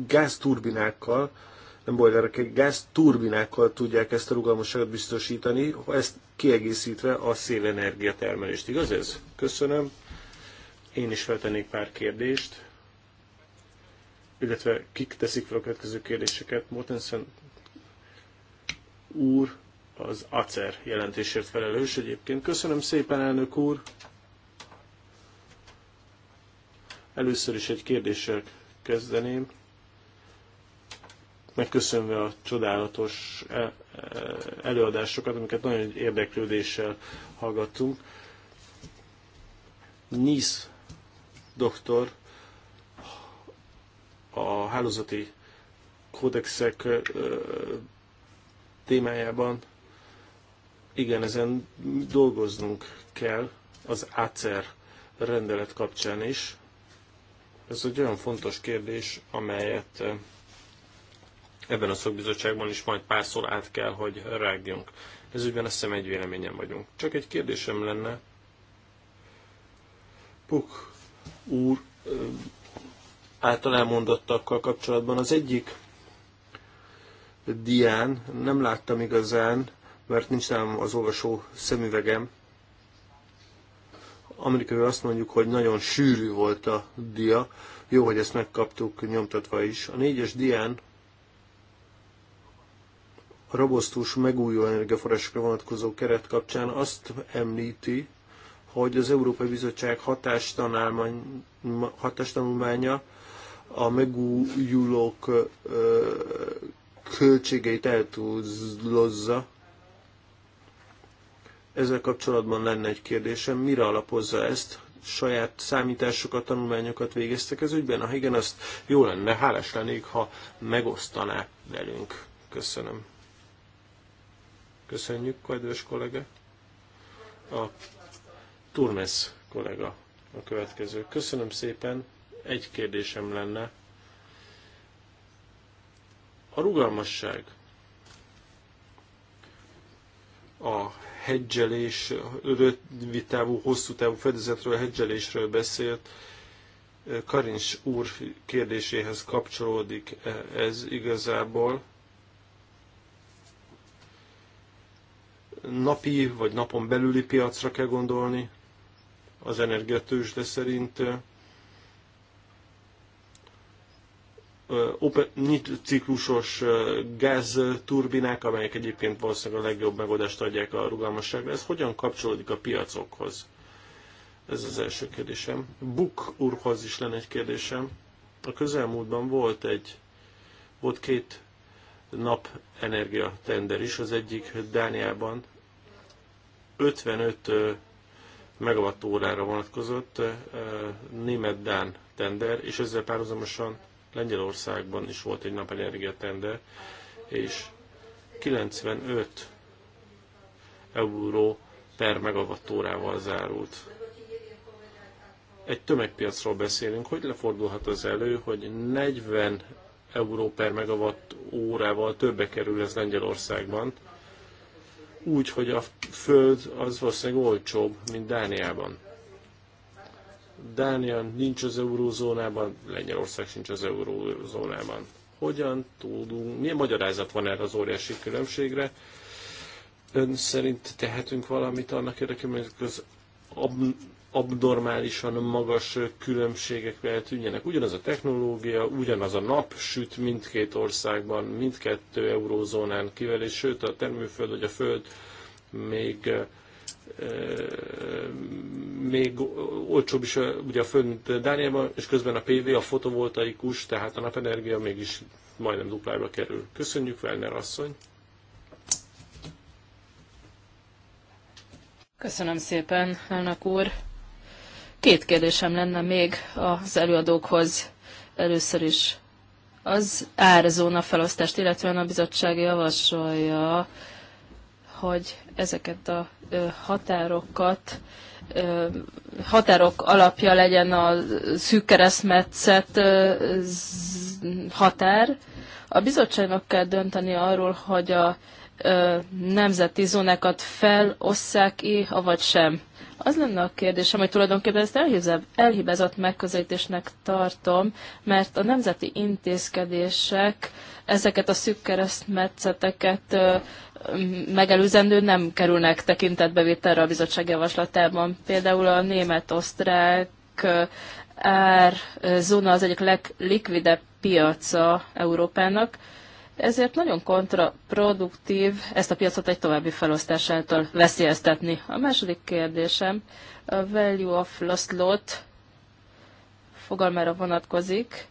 Speaker 3: gázturbinákkal, nem bojlerekkel, gázturbinákkal tudják ezt a rugalmasságot biztosítani, ezt kiegészítve a szélenergia termelést. Igaz ez? Köszönöm. Én is feltennék pár kérdést, illetve kik teszik fel a következő kérdéseket. Mortensen úr, az ACER jelentésért felelős egyébként. Köszönöm szépen, elnök úr! Először is egy kérdéssel kezdeném, megköszönve a csodálatos e, e, előadásokat, amiket nagyon érdeklődéssel hallgattunk. Nisz doktor a hálózati kódexek e, témájában igen, ezen dolgoznunk kell az ACER rendelet kapcsán is. Ez egy olyan fontos kérdés, amelyet eh, ebben a szakbizottságban is majd párszor át kell, hogy rágjunk. Ez ügyben azt hiszem egy véleményen vagyunk. Csak egy kérdésem lenne. Puk úr eh, által elmondottakkal kapcsolatban az egyik dián nem láttam igazán, mert nincs nálam az olvasó szemüvegem, amerikai azt mondjuk, hogy nagyon sűrű volt a dia. Jó, hogy ezt megkaptuk nyomtatva is. A négyes dián a robosztus megújuló energiaforrásokra vonatkozó keret kapcsán azt említi, hogy az Európai Bizottság hatástanulmánya a megújulók költségeit eltúzlozza, ezzel kapcsolatban lenne egy kérdésem, mire alapozza ezt? Saját számításokat, tanulmányokat végeztek ez ügyben? Ha ah, igen, azt jó lenne, hálás lennék, ha megosztaná velünk. Köszönöm. Köszönjük, kedves kollega. A Turmes kollega a következő. Köszönöm szépen. Egy kérdésem lenne. A rugalmasság a hedzselés, rövid távú, hosszú távú fedezetről, hedzselésről beszélt. Karincs úr kérdéséhez kapcsolódik ez igazából. Napi vagy napon belüli piacra kell gondolni az energiatősde szerint nyit ciklusos gázturbinák, amelyek egyébként valószínűleg a legjobb megoldást adják a rugalmasságra. Ez hogyan kapcsolódik a piacokhoz? Ez az első kérdésem. Buk úrhoz is lenne egy kérdésem. A közelmúltban volt egy, volt két energia tender is, az egyik Dániában 55 megawatt órára vonatkozott német-dán tender, és ezzel párhuzamosan Lengyelországban is volt egy napenergia tender, és 95 euró per megawattórával zárult. Egy tömegpiacról beszélünk, hogy lefordulhat az elő, hogy 40 euró per megawatt órával többe kerül ez Lengyelországban, úgy, hogy a föld az valószínűleg olcsóbb, mint Dániában. Dánia nincs az eurózónában, Lengyelország sincs az eurózónában. Hogyan tudunk, milyen magyarázat van erre az óriási különbségre? Ön szerint tehetünk valamit annak érdekében, hogy az ab, abnormálisan magas különbségek eltűnjenek. Ugyanaz a technológia, ugyanaz a nap süt mindkét országban, mindkettő eurózónán kivel, és sőt a termőföld vagy a föld még még olcsóbb is ugye a fönt Dániában, és közben a PV, a fotovoltaikus, tehát a napenergia mégis majdnem duplába kerül. Köszönjük, Werner asszony!
Speaker 4: Köszönöm szépen, elnök úr! Két kérdésem lenne még az előadókhoz. Először is az árzóna felosztást, illetve a bizottság javasolja hogy ezeket a határokat határok alapja legyen a szűk keresztmetszet határ. A bizottságnak kell dönteni arról, hogy a nemzeti zónákat felosszák ki, avagy sem. Az lenne a kérdésem, hogy tulajdonképpen ezt elhibázott megközelítésnek tartom, mert a nemzeti intézkedések ezeket a szűk keresztmetszeteket megelőzendő nem kerülnek tekintetbevételre a bizottság javaslatában. Például a német-osztrák árzóna zóna az egyik leglikvidebb piaca Európának, ezért nagyon kontraproduktív ezt a piacot egy további felosztásától veszélyeztetni. A második kérdésem a value of lost lot fogalmára vonatkozik.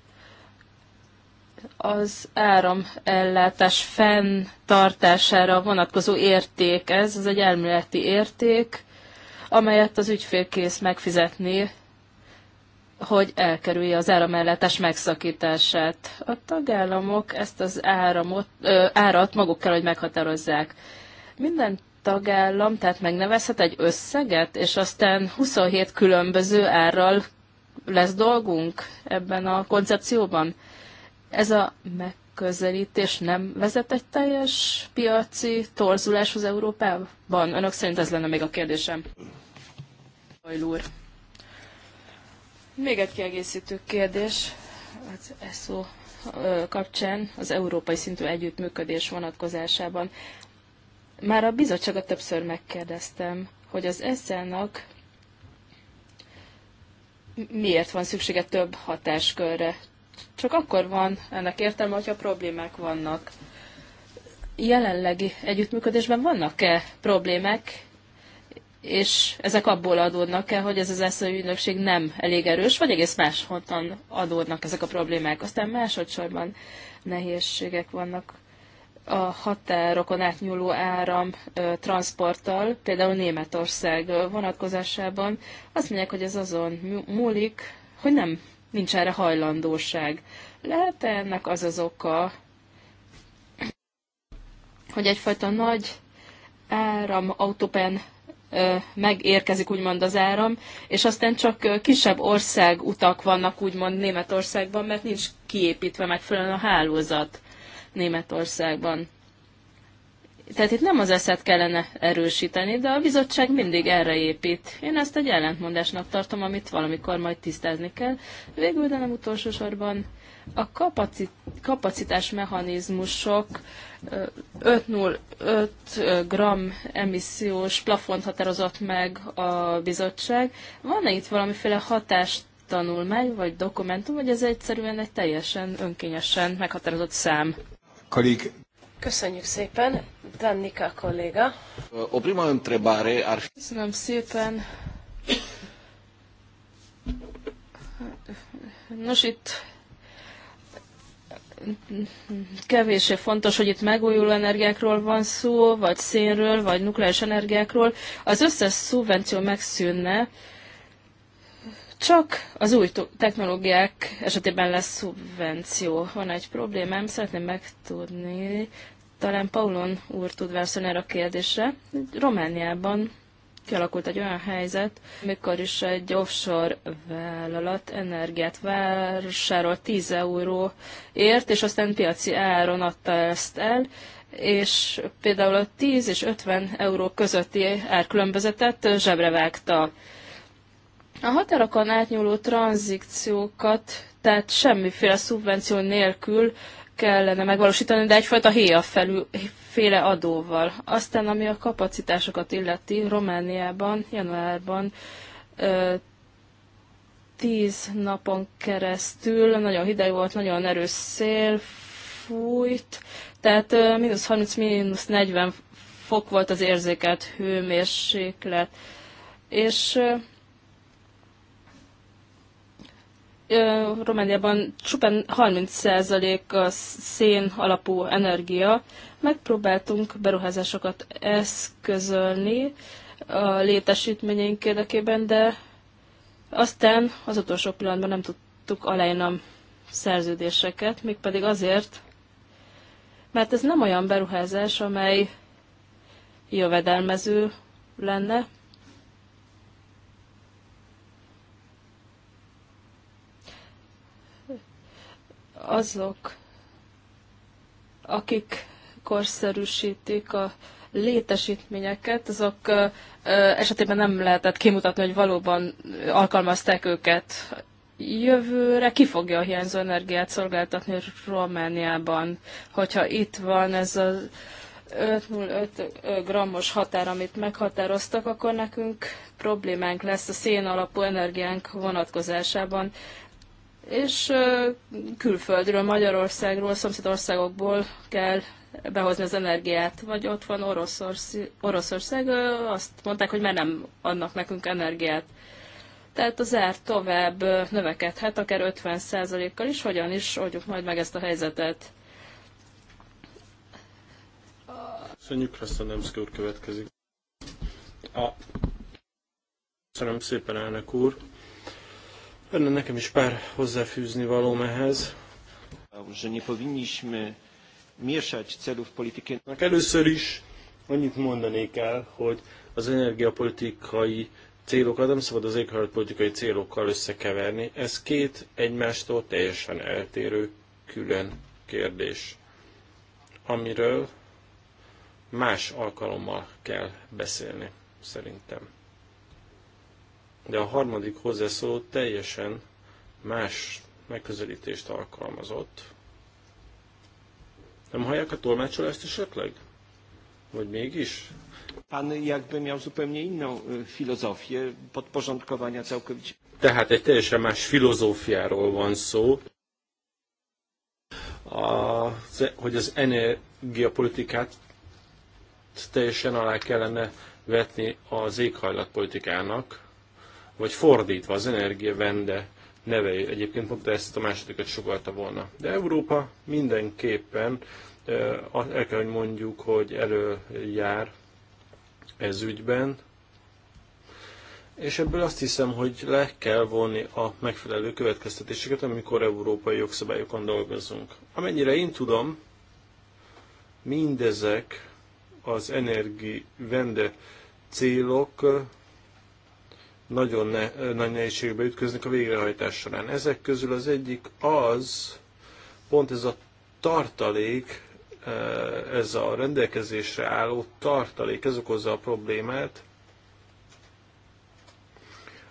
Speaker 4: Az áramellátás fenntartására vonatkozó érték, ez, az egy elméleti érték, amelyet az ügyfél kész megfizetni hogy elkerülje az áramellátás megszakítását. A tagállamok ezt az áramot, ö, árat maguk kell, hogy meghatározzák. Minden tagállam, tehát megnevezhet egy összeget, és aztán 27 különböző árral lesz dolgunk ebben a koncepcióban. Ez a megközelítés nem vezet egy teljes piaci torzuláshoz Európában? Önök szerint ez lenne még a kérdésem. Hajlúr. Még egy kiegészítő kérdés az ESZO kapcsán az európai szintű együttműködés vonatkozásában. Már a bizottságot többször megkérdeztem, hogy az eszel nak miért van szüksége több hatáskörre. Csak akkor van ennek értelme, hogyha problémák vannak. Jelenlegi együttműködésben vannak-e problémák, és ezek abból adódnak-e, hogy ez az eszai ügynökség nem elég erős, vagy egész máshonnan adódnak ezek a problémák. Aztán másodszorban nehézségek vannak a határokon átnyúló áram transporttal, például Németország vonatkozásában. Azt mondják, hogy ez azon múlik, hogy nem nincs erre hajlandóság. Lehet -e ennek az az oka, hogy egyfajta nagy áram autópen megérkezik úgymond az áram, és aztán csak kisebb ország utak vannak úgymond Németországban, mert nincs kiépítve megfelelően a hálózat Németországban. Tehát itt nem az eszet kellene erősíteni, de a bizottság mindig erre épít. Én ezt egy ellentmondásnak tartom, amit valamikor majd tisztázni kell. Végül, de nem utolsó sorban, a kapacit kapacitás mechanizmusok 505 g emissziós plafont határozott meg a bizottság. Van-e itt valamiféle hatástanulmány, tanulmány, vagy dokumentum, vagy ez egyszerűen egy teljesen önkényesen meghatározott szám?
Speaker 3: kalik
Speaker 2: Köszönjük szépen, Dannika kolléga.
Speaker 3: O prima întrebare ar...
Speaker 2: Köszönöm szépen.
Speaker 4: Nos, itt Kevésbé fontos, hogy itt megújuló energiákról van szó, vagy szénről, vagy nukleáris energiákról. Az összes szubvenció megszűnne, csak az új technológiák esetében lesz szubvenció. Van egy problémám, szeretném megtudni, talán Paulon úr tud válaszolni erre a kérdésre. Romániában kialakult egy olyan helyzet, mikor is egy offshore vállalat energiát vásárolt 10 euróért, és aztán piaci áron adta ezt el, és például a 10 és 50 euró közötti árkülönbözetet zsebre vágta. A határokon átnyúló tranzikciókat, tehát semmiféle szubvenció nélkül kellene megvalósítani, de egyfajta héja felül, féle adóval. Aztán, ami a kapacitásokat illeti, Romániában, januárban ö, tíz napon keresztül nagyon hideg volt, nagyon erős szél fújt, tehát ö, mínusz 30, mínusz 40 fok volt az érzékelt hőmérséklet. És ö, Romániában csupán 30% a szén alapú energia. Megpróbáltunk beruházásokat eszközölni a létesítményeink érdekében, de aztán az utolsó pillanatban nem tudtuk a szerződéseket, mégpedig azért, mert ez nem olyan beruházás, amely jövedelmező lenne, azok, akik korszerűsítik a létesítményeket, azok esetében nem lehetett kimutatni, hogy valóban alkalmazták őket. Jövőre ki fogja a hiányzó energiát szolgáltatni Romániában, hogyha itt van ez a 505 grammos határ, amit meghatároztak, akkor nekünk problémánk lesz a szén alapú energiánk vonatkozásában és külföldről, Magyarországról, szomszédországokból kell behozni az energiát. Vagy ott van Oroszország, azt mondták, hogy már nem adnak nekünk energiát. Tehát az ár tovább növekedhet, akár 50%-kal is, hogyan is oldjuk majd meg ezt a helyzetet.
Speaker 3: Köszönjük, Krasztanemszki úr következik. A... Köszönöm szépen, elnök úr. Lenne nekem is pár hozzáfűzni valóm ehhez. Először is annyit mondanék el, hogy az energiapolitikai célokat nem szabad az éghajlatpolitikai célokkal összekeverni. Ez két egymástól teljesen eltérő külön kérdés, amiről más alkalommal kell beszélni, szerintem de a harmadik hozzászóló teljesen más megközelítést alkalmazott. Nem hallják a tolmácsolást esetleg? Vagy mégis? Pan jakby miał zupełnie inną filozofię podporządkowania całkowicie. Tehát egy teljesen más filozófiáról van szó, a, hogy az energiapolitikát teljesen alá kellene vetni az éghajlatpolitikának, vagy fordítva az energia vende neve egyébként pont ezt a másodikat sugalta volna. De Európa mindenképpen el kell, hogy mondjuk, hogy előjár ez ügyben, és ebből azt hiszem, hogy le kell vonni a megfelelő következtetéseket, amikor európai jogszabályokon dolgozunk. Amennyire én tudom, mindezek az energi vende célok nagyon ne, nagy nehézségbe ütköznek a végrehajtás során. Ezek közül az egyik az, pont ez a tartalék, eh, ez a rendelkezésre álló tartalék, ez okozza a problémát.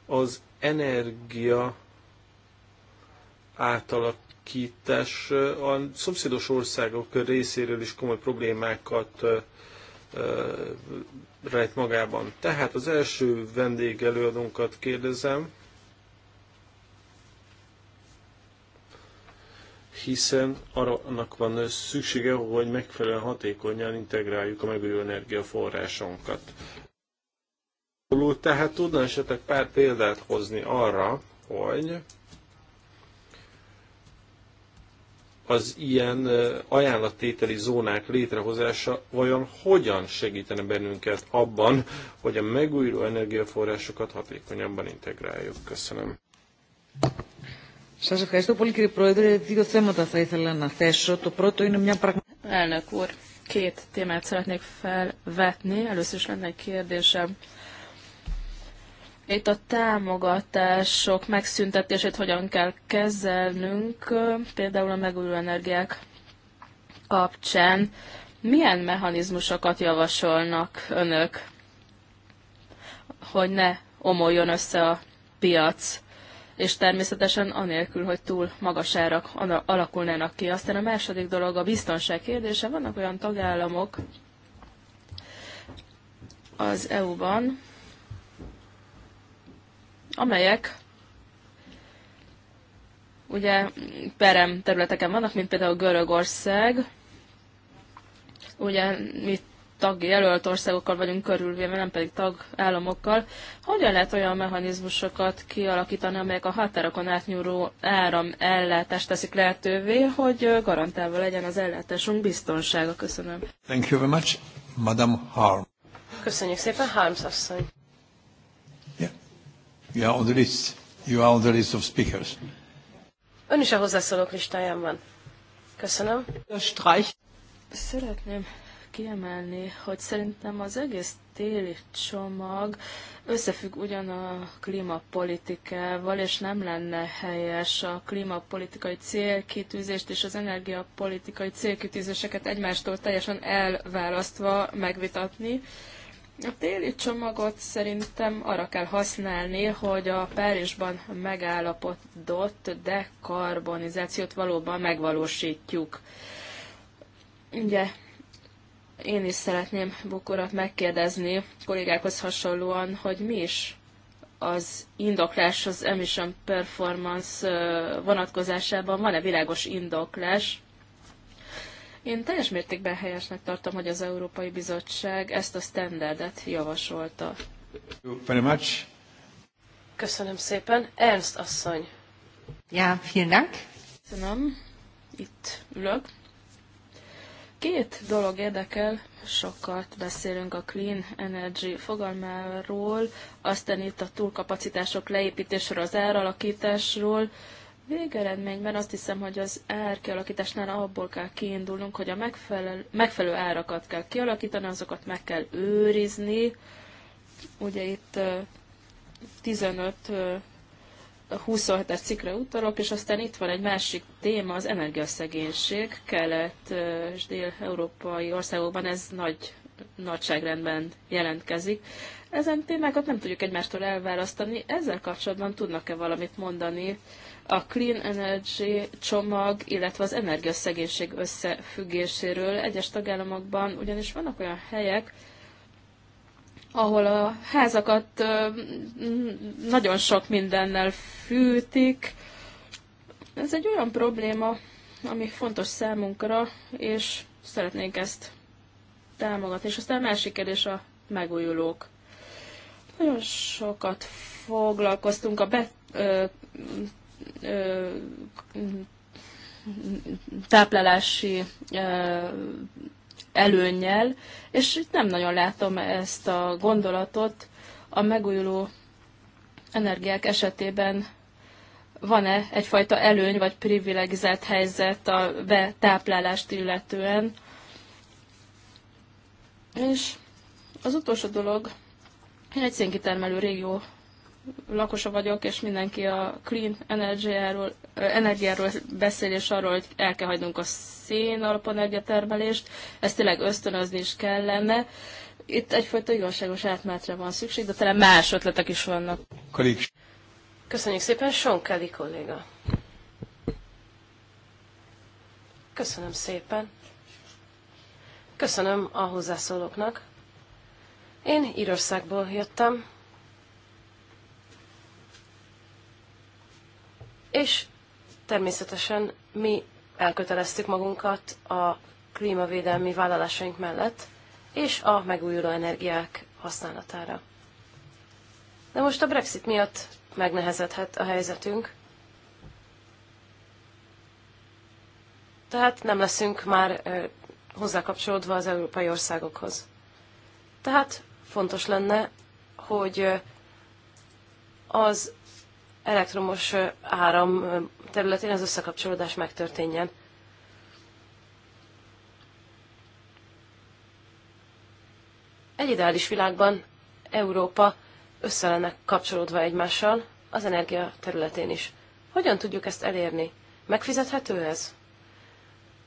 Speaker 3: Az energia átalakítás eh, a szomszédos országok részéről is komoly problémákat eh, rejt magában. Tehát az első vendégelőadónkat kérdezem, hiszen arra annak van szüksége, hogy megfelelően hatékonyan integráljuk a megújuló energiaforrásunkat. Tehát tudna esetleg pár példát hozni arra, hogy az ilyen ajánlattételi zónák létrehozása vajon hogyan segítene bennünket abban, hogy a megújuló energiaforrásokat hatékonyabban integráljuk? Köszönöm.
Speaker 4: Σας ευχαριστώ πολύ κύριε Πρόεδρε. Δύο θέματα θα ήθελα να θέσω. Το πρώτο είναι μια πραγματική... Elnök úr, két témát szeretnék felvetni. Először is lenne egy kérdésem itt a támogatások megszüntetését hogyan kell kezelnünk, például a megújuló energiák kapcsán. Milyen mechanizmusokat javasolnak önök, hogy ne omoljon össze a piac? és természetesen anélkül, hogy túl magas árak alakulnának ki. Aztán a második dolog a biztonság kérdése. Vannak olyan tagállamok az EU-ban, amelyek ugye perem területeken vannak, mint például Görögország, ugye mi tagjelölt országokkal vagyunk körülvéve, nem pedig tagállamokkal. Hogyan lehet olyan mechanizmusokat kialakítani, amelyek a határokon átnyúló áram ellátást teszik lehetővé, hogy garantálva legyen az ellátásunk biztonsága? Köszönöm.
Speaker 1: Thank you very much, Madam Harm.
Speaker 4: Köszönjük szépen, Harms
Speaker 2: asszony.
Speaker 3: You are on the list. You are on the list of speakers.
Speaker 2: Ön is a hozzászólók listáján van. Köszönöm. Streich.
Speaker 4: Szeretném kiemelni, hogy szerintem az egész téli csomag összefügg ugyan a klímapolitikával, és nem lenne helyes a klímapolitikai célkitűzést és az energiapolitikai célkitűzéseket egymástól teljesen elválasztva megvitatni a téli csomagot szerintem arra kell használni, hogy a Párizsban megállapodott dekarbonizációt valóban megvalósítjuk. Ugye én is szeretném Bukurat megkérdezni kollégákhoz hasonlóan, hogy mi is az indoklás az emission performance vonatkozásában van-e világos indoklás, én teljes mértékben helyesnek tartom, hogy az Európai Bizottság ezt a standardet javasolta.
Speaker 1: Very much.
Speaker 2: Köszönöm szépen. Ernst asszony.
Speaker 1: Ja, vielen Dank.
Speaker 2: Köszönöm. Itt ülök.
Speaker 4: Két dolog érdekel, sokat beszélünk a clean energy fogalmáról, aztán itt a túlkapacitások leépítésről, az áralakításról, Végeredményben azt hiszem, hogy az árkialakításnál abból kell kiindulnunk, hogy a megfelelő, megfelelő árakat kell kialakítani, azokat meg kell őrizni. Ugye itt 15 27-es cikkre utalok, és aztán itt van egy másik téma, az energiaszegénység. Kelet és dél-európai országokban ez nagy nagyságrendben jelentkezik. Ezen témákat nem tudjuk egymástól elválasztani. Ezzel kapcsolatban tudnak-e valamit mondani? a Clean Energy csomag, illetve az energiaszegénység összefüggéséről. Egyes tagállamokban ugyanis vannak olyan helyek, ahol a házakat nagyon sok mindennel fűtik. Ez egy olyan probléma, ami fontos számunkra, és szeretnénk ezt támogatni. És aztán a másik kérdés a megújulók. Nagyon sokat foglalkoztunk a be, ö, táplálási előnyel, és itt nem nagyon látom ezt a gondolatot a megújuló energiák esetében van-e egyfajta előny vagy privilegizált helyzet a betáplálást illetően. És az utolsó dolog, én egy szénkitermelő régió lakosa vagyok, és mindenki a clean energiáról, energiáról beszél, és arról, hogy el kell hagynunk a szén alapú energiatermelést, ezt tényleg ösztönözni is kellene. Itt egyfajta igazságos átmátra
Speaker 2: van szükség, de talán más ötletek is vannak. Kalics. Köszönjük szépen, Sean Kelly kolléga. Köszönöm szépen. Köszönöm a hozzászólóknak. Én Írországból jöttem, és természetesen mi elköteleztük magunkat a klímavédelmi vállalásaink mellett, és a megújuló energiák használatára. De most a Brexit miatt megnehezedhet a helyzetünk. Tehát nem leszünk már hozzákapcsolódva az európai országokhoz. Tehát fontos lenne, hogy az elektromos áram területén az összekapcsolódás megtörténjen. Egy ideális világban Európa össze lenne kapcsolódva egymással, az energia területén is. Hogyan tudjuk ezt elérni? Megfizethető ez?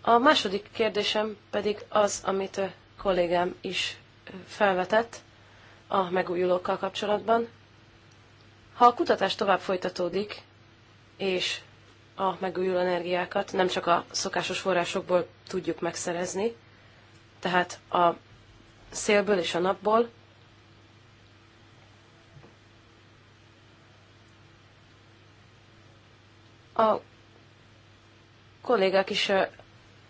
Speaker 2: A második kérdésem pedig az, amit a kollégám is felvetett a megújulókkal kapcsolatban, ha a kutatás tovább folytatódik, és a megújuló energiákat nem csak a szokásos forrásokból tudjuk megszerezni, tehát a szélből és a napból, a kollégák is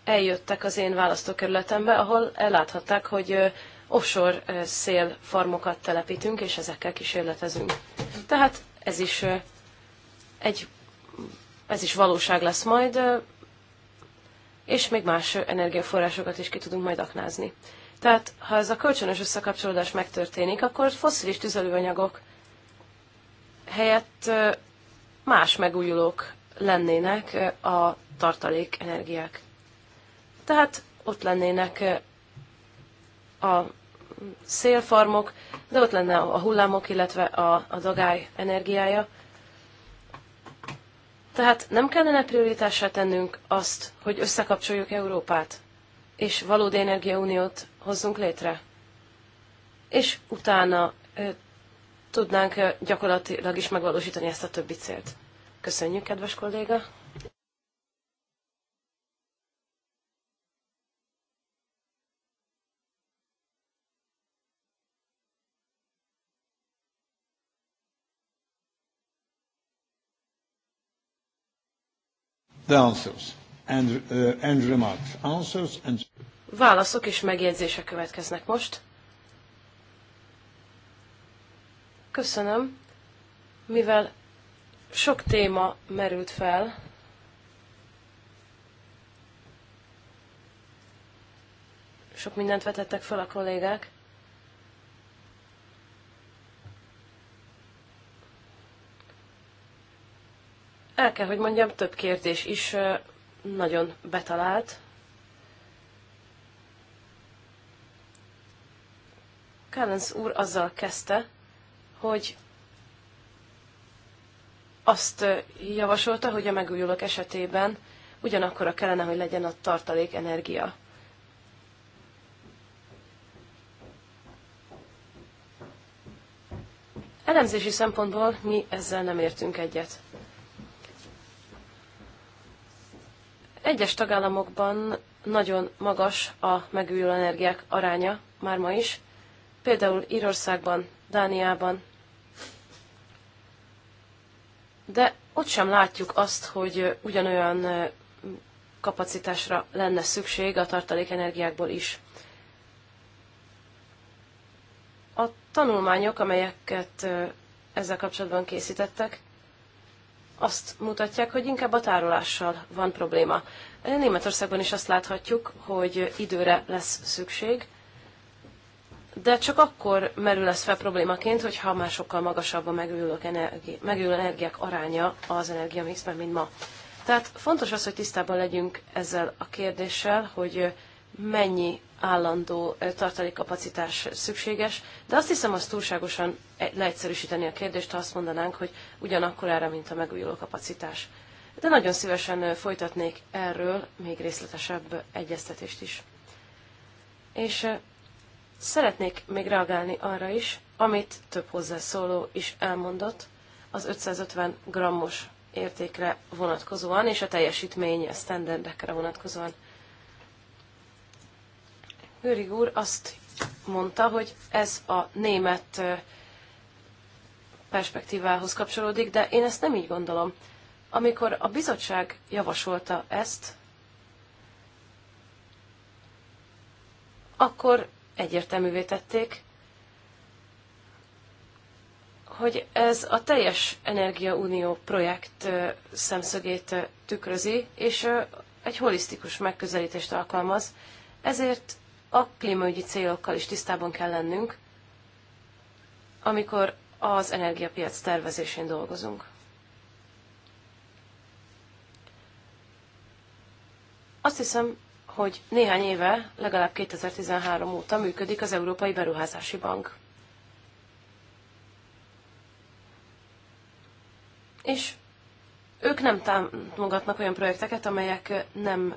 Speaker 2: eljöttek az én választókerületembe, ahol elláthatták, hogy offshore szélfarmokat telepítünk, és ezekkel kísérletezünk. Tehát ez is egy, ez is valóság lesz majd, és még más energiaforrásokat is ki tudunk majd aknázni. Tehát, ha ez a kölcsönös összekapcsolódás megtörténik, akkor fosszilis tüzelőanyagok helyett más megújulók lennének a tartalék energiák. Tehát ott lennének a szélfarmok, de ott lenne a hullámok, illetve a, a dagály energiája. Tehát nem kellene prioritássá tennünk azt, hogy összekapcsoljuk Európát, és valódi energiauniót hozzunk létre. És utána ö, tudnánk gyakorlatilag is megvalósítani ezt a többi célt. Köszönjük,
Speaker 1: kedves kolléga!
Speaker 3: The answers and, uh, and remarks. Answers and...
Speaker 2: Válaszok és megjegyzések következnek most. Köszönöm, mivel sok téma merült fel, sok mindent vetettek fel a kollégák. El kell, hogy mondjam, több kérdés is nagyon betalált. Kálenz úr azzal kezdte, hogy azt javasolta, hogy a megújulók esetében ugyanakkora kellene, hogy legyen a tartalék energia. Elemzési szempontból mi ezzel nem értünk egyet. Egyes tagállamokban nagyon magas a megújuló energiák aránya már ma is, például Írországban, Dániában. De ott sem látjuk azt, hogy ugyanolyan kapacitásra lenne szükség a tartalékenergiákból is. A tanulmányok, amelyeket ezzel kapcsolatban készítettek, azt mutatják, hogy inkább a tárolással van probléma. Németországban is azt láthatjuk, hogy időre lesz szükség, de csak akkor merül ez fel problémaként, hogyha már sokkal magasabb a megülő energi- energiák aránya az energiamixben, mint ma. Tehát fontos az, hogy tisztában legyünk ezzel a kérdéssel, hogy mennyi állandó tartalékkapacitás szükséges, de azt hiszem, az túlságosan eh, leegyszerűsíteni a kérdést, ha azt mondanánk, hogy erre, mint a megújuló kapacitás. De nagyon szívesen folytatnék erről még részletesebb egyeztetést is. És szeretnék még reagálni arra is, amit több hozzászóló is elmondott, az 550 grammos értékre vonatkozóan, és a teljesítmény standardekre vonatkozóan. Görig úr azt mondta, hogy ez a német perspektívához kapcsolódik, de én ezt nem így gondolom. Amikor a bizottság javasolta ezt, akkor egyértelművé tették, hogy ez a teljes energiaunió projekt szemszögét tükrözi, és egy holisztikus megközelítést alkalmaz, ezért a klímaügyi célokkal is tisztában kell lennünk, amikor az energiapiac tervezésén dolgozunk. Azt hiszem, hogy néhány éve, legalább 2013 óta működik az Európai Beruházási Bank. És ők nem támogatnak olyan projekteket, amelyek nem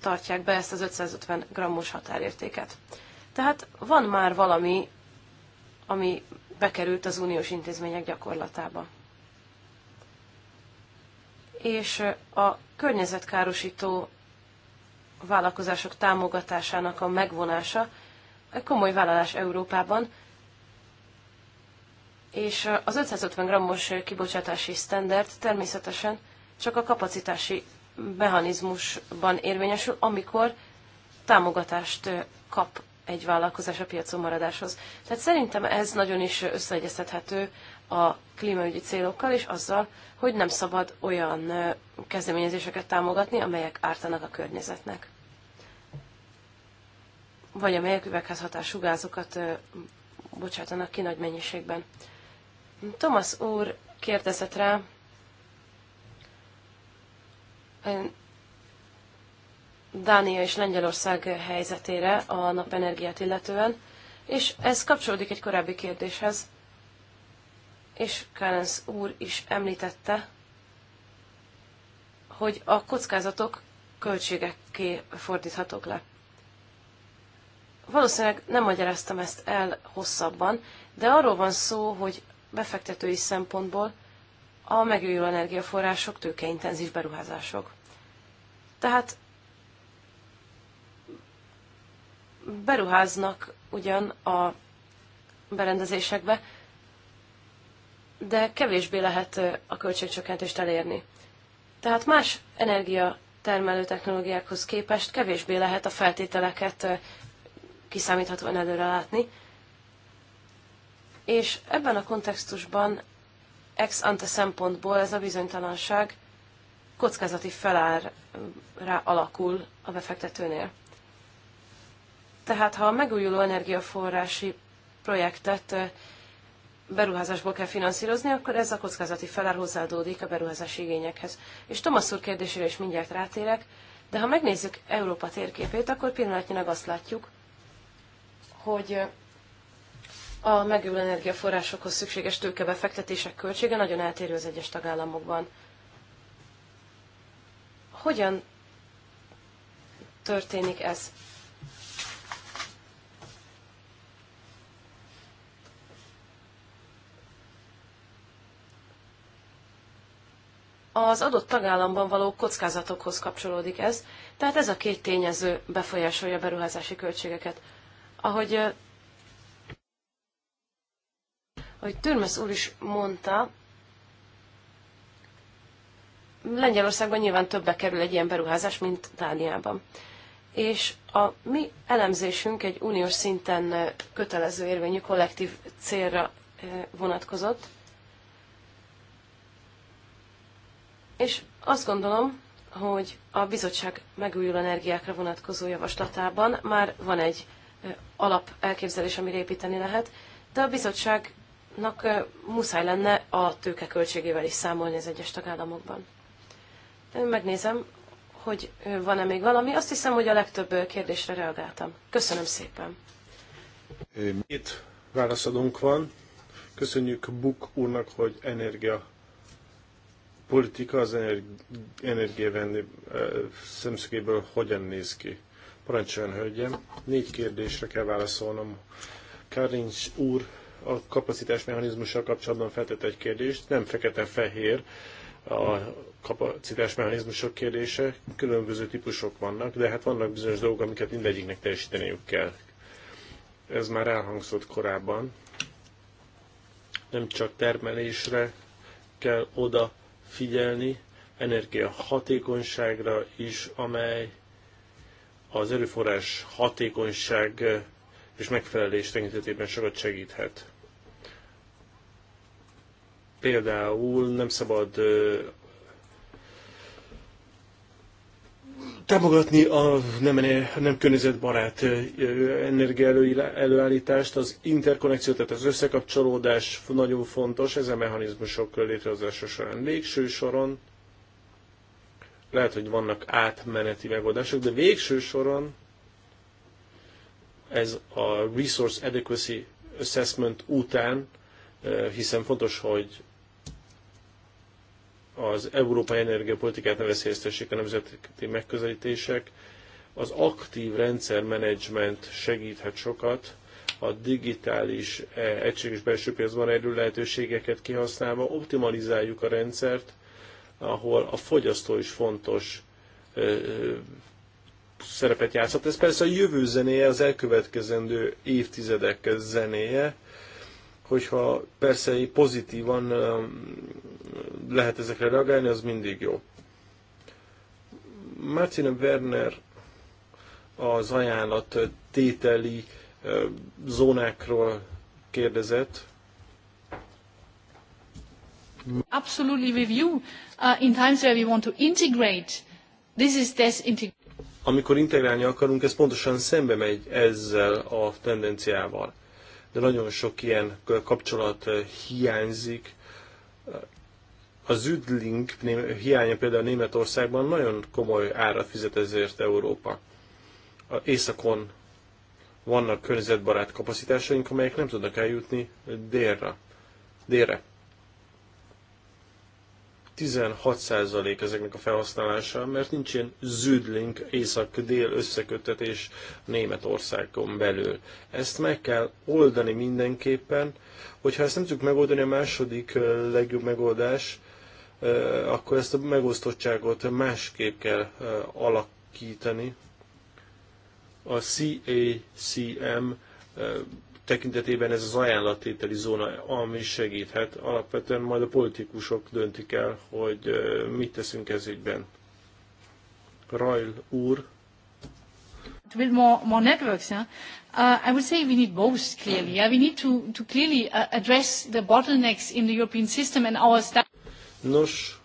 Speaker 2: tartják be ezt az 550 grammos határértéket. Tehát van már valami, ami bekerült az uniós intézmények gyakorlatába. És a környezetkárosító vállalkozások támogatásának a megvonása egy komoly vállalás Európában, és az 550 grammos kibocsátási standard természetesen csak a kapacitási mechanizmusban érvényesül, amikor támogatást kap egy vállalkozás a piacon maradáshoz. Tehát szerintem ez nagyon is összeegyeztethető a klímaügyi célokkal és azzal, hogy nem szabad olyan kezdeményezéseket támogatni, amelyek ártanak a környezetnek. Vagy amelyek üvegházhatású gázokat bocsátanak ki nagy mennyiségben. Thomas úr kérdezett rá, Dánia és Lengyelország helyzetére a napenergiát illetően, és ez kapcsolódik egy korábbi kérdéshez, és Kárenc úr is említette, hogy a kockázatok költségekké fordíthatók le. Valószínűleg nem magyaráztam ezt el hosszabban, de arról van szó, hogy befektetői szempontból a megújuló energiaforrások, tőkeintenzív beruházások. Tehát beruháznak ugyan a berendezésekbe, de kevésbé lehet a költségcsökkentést elérni. Tehát más energiatermelő technológiákhoz képest kevésbé lehet a feltételeket kiszámíthatóan előre látni. És ebben a kontextusban ex ante szempontból ez a bizonytalanság kockázati felárra alakul a befektetőnél. Tehát ha a megújuló energiaforrási projektet beruházásból kell finanszírozni, akkor ez a kockázati felár hozzáadódik a beruházási igényekhez. És Thomas úr kérdésére is mindjárt rátérek, de ha megnézzük Európa térképét, akkor pillanatnyilag azt látjuk, hogy a megújuló energiaforrásokhoz szükséges tőkebefektetések költsége nagyon eltérő az egyes tagállamokban. Hogyan történik ez? Az adott tagállamban való kockázatokhoz kapcsolódik ez, tehát ez a két tényező befolyásolja a beruházási költségeket. Ahogy ahogy Törmesz úr is mondta, Lengyelországban nyilván többe kerül egy ilyen beruházás, mint Dániában. És a mi elemzésünk egy uniós szinten kötelező érvényű kollektív célra vonatkozott. És azt gondolom, hogy a bizottság megújuló energiákra vonatkozó javaslatában már van egy alap elképzelés, amire építeni lehet, de a bizottság tagállamnak muszáj lenne a tőke költségével is számolni az egyes tagállamokban. Megnézem, hogy van-e még valami. Azt hiszem, hogy a legtöbb kérdésre reagáltam. Köszönöm szépen.
Speaker 3: Két válaszadónk van. Köszönjük Buk úrnak, hogy energia politika az energiavenni szemszögéből hogyan néz ki. Parancsoljon, hölgyem, négy kérdésre kell válaszolnom. Karincs úr a kapacitás mechanizmussal kapcsolatban feltett egy kérdést, nem fekete-fehér a kapacitás mechanizmusok kérdése, különböző típusok vannak, de hát vannak bizonyos dolgok, amiket mindegyiknek teljesíteniük kell. Ez már elhangzott korábban. Nem csak termelésre kell oda figyelni, energia hatékonyságra is, amely az erőforrás hatékonyság és megfelelés tekintetében sokat segíthet. Például nem szabad támogatni a nem, e, nem környezetbarát energiaelőállítást, az interkonnekció, tehát az összekapcsolódás nagyon fontos ezen mechanizmusok létrehozása során. Végső soron lehet, hogy vannak átmeneti megoldások, de végső soron ez a Resource Adequacy Assessment után, eh, hiszen fontos, hogy az európai energiapolitikát ne veszélyeztessék a nemzeti megközelítések. Az aktív rendszermenedzsment segíthet sokat, a digitális eh, egységes belső piacban erő lehetőségeket kihasználva optimalizáljuk a rendszert, ahol a fogyasztó is fontos eh, szerepet játszhat. Ez persze a jövő zenéje, az elkövetkezendő évtizedek zenéje, hogyha persze pozitívan um, lehet ezekre reagálni, az mindig jó. Martina Werner az ajánlat tételi um, zónákról kérdezett.
Speaker 1: Absolutely with you. Uh, in times where we want to integrate, this is this integration
Speaker 3: amikor integrálni akarunk, ez pontosan szembe megy ezzel a tendenciával. De nagyon sok ilyen kapcsolat eh, hiányzik. Eh, a Züdlink hiánya például Németországban nagyon komoly árat fizet ezért Európa. A északon vannak környezetbarát kapacitásaink, amelyek nem tudnak eljutni délre. délre. 16% ezeknek a felhasználása, mert nincs ilyen züdlink észak-dél összeköttetés Németországon belül. Ezt meg kell oldani mindenképpen, hogyha ezt nem tudjuk megoldani, a második legjobb megoldás, akkor ezt a megosztottságot másképp kell alakítani. A CACM tekintetében ez az ajánlattételi zóna, ami segíthet. Alapvetően majd a politikusok döntik el, hogy mit teszünk ez ügyben. Rajl úr.
Speaker 1: build more, more networks, yeah? Uh, I would say we need both clearly. Yeah? We need to, to clearly uh, address the bottlenecks in the European system and our staff. Nos,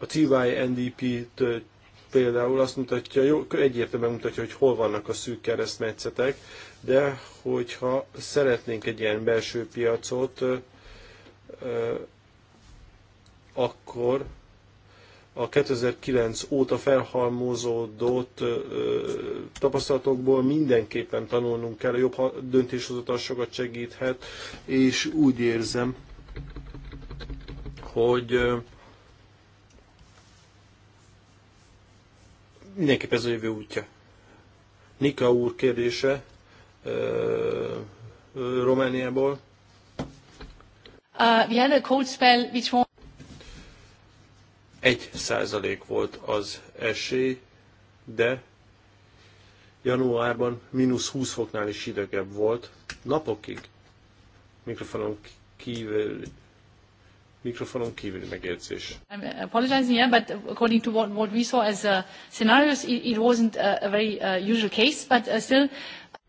Speaker 3: a tyndp NDP-t például azt mutatja, jó, egyértelműen mutatja, hogy hol vannak a szűk keresztmetszetek, de hogyha szeretnénk egy ilyen belső piacot, akkor a 2009 óta felhalmozódott tapasztalatokból mindenképpen tanulnunk kell, a jobb döntéshozatal sokat segíthet, és úgy érzem, hogy mindenképp ez a jövő útja. Nika úr kérdése Romániából.
Speaker 1: Uh, we had a cold spell which
Speaker 3: Egy százalék volt az esély, de januárban mínusz 20 foknál is hidegebb volt. Napokig mikrofonon kívül Mikrofonon kívüli megjegyzés.
Speaker 1: I'm uh, apologizing, yeah, but according to what, what we saw as a uh, scenarios, it, it wasn't a, a very uh, usual case, but uh, still...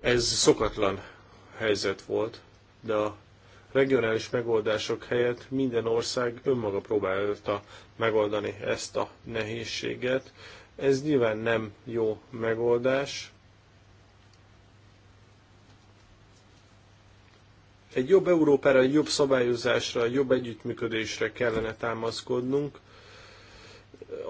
Speaker 3: Ez szokatlan helyzet volt, de a regionális megoldások helyett minden ország önmaga próbálta megoldani ezt a nehézséget. Ez nyilván nem jó megoldás, Egy jobb Európára, egy jobb szabályozásra, egy jobb együttműködésre kellene támaszkodnunk.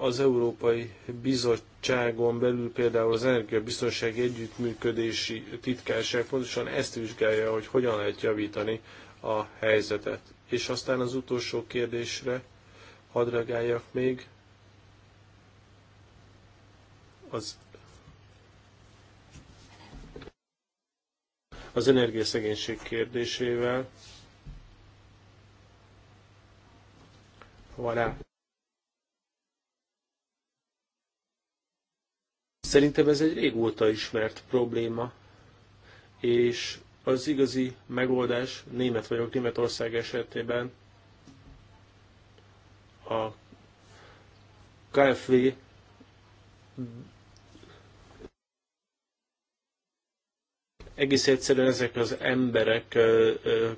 Speaker 3: Az Európai Bizottságon belül például az Energiabiztonsági Együttműködési Titkárság pontosan ezt vizsgálja, hogy hogyan lehet javítani a helyzetet. És aztán az utolsó kérdésre hadd még. Az az energiaszegénység kérdésével. Voilà. Szerintem ez egy régóta ismert probléma, és az igazi megoldás, német vagyok, Németország esetében a KFV egész egyszerűen ezek az emberek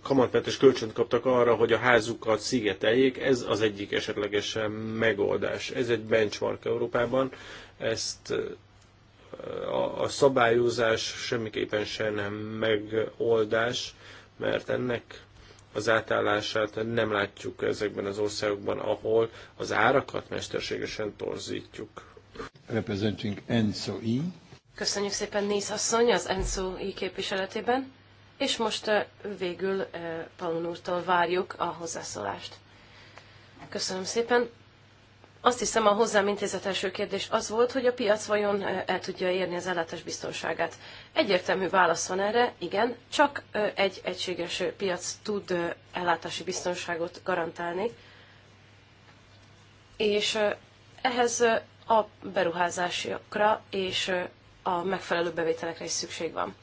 Speaker 3: kamatmentes kölcsönt kaptak arra, hogy a házukat szigeteljék, ez az egyik esetleges megoldás. Ez egy benchmark Európában, ezt a szabályozás semmiképpen sem megoldás, mert ennek
Speaker 2: az átállását
Speaker 3: nem látjuk ezekben az országokban, ahol az árakat mesterségesen torzítjuk. Representing NSOE.
Speaker 2: Köszönjük szépen Nész asszony az ENSZU képviseletében, és most végül Palun úrtól várjuk a hozzászólást. Köszönöm szépen. Azt hiszem, a hozzám intézet első kérdés az volt, hogy a piac vajon el tudja érni az ellátás biztonságát. Egyértelmű válasz van erre, igen, csak egy egységes piac tud ellátási biztonságot garantálni, és ehhez a beruházásokra és a megfelelő bevételekre is szükség van.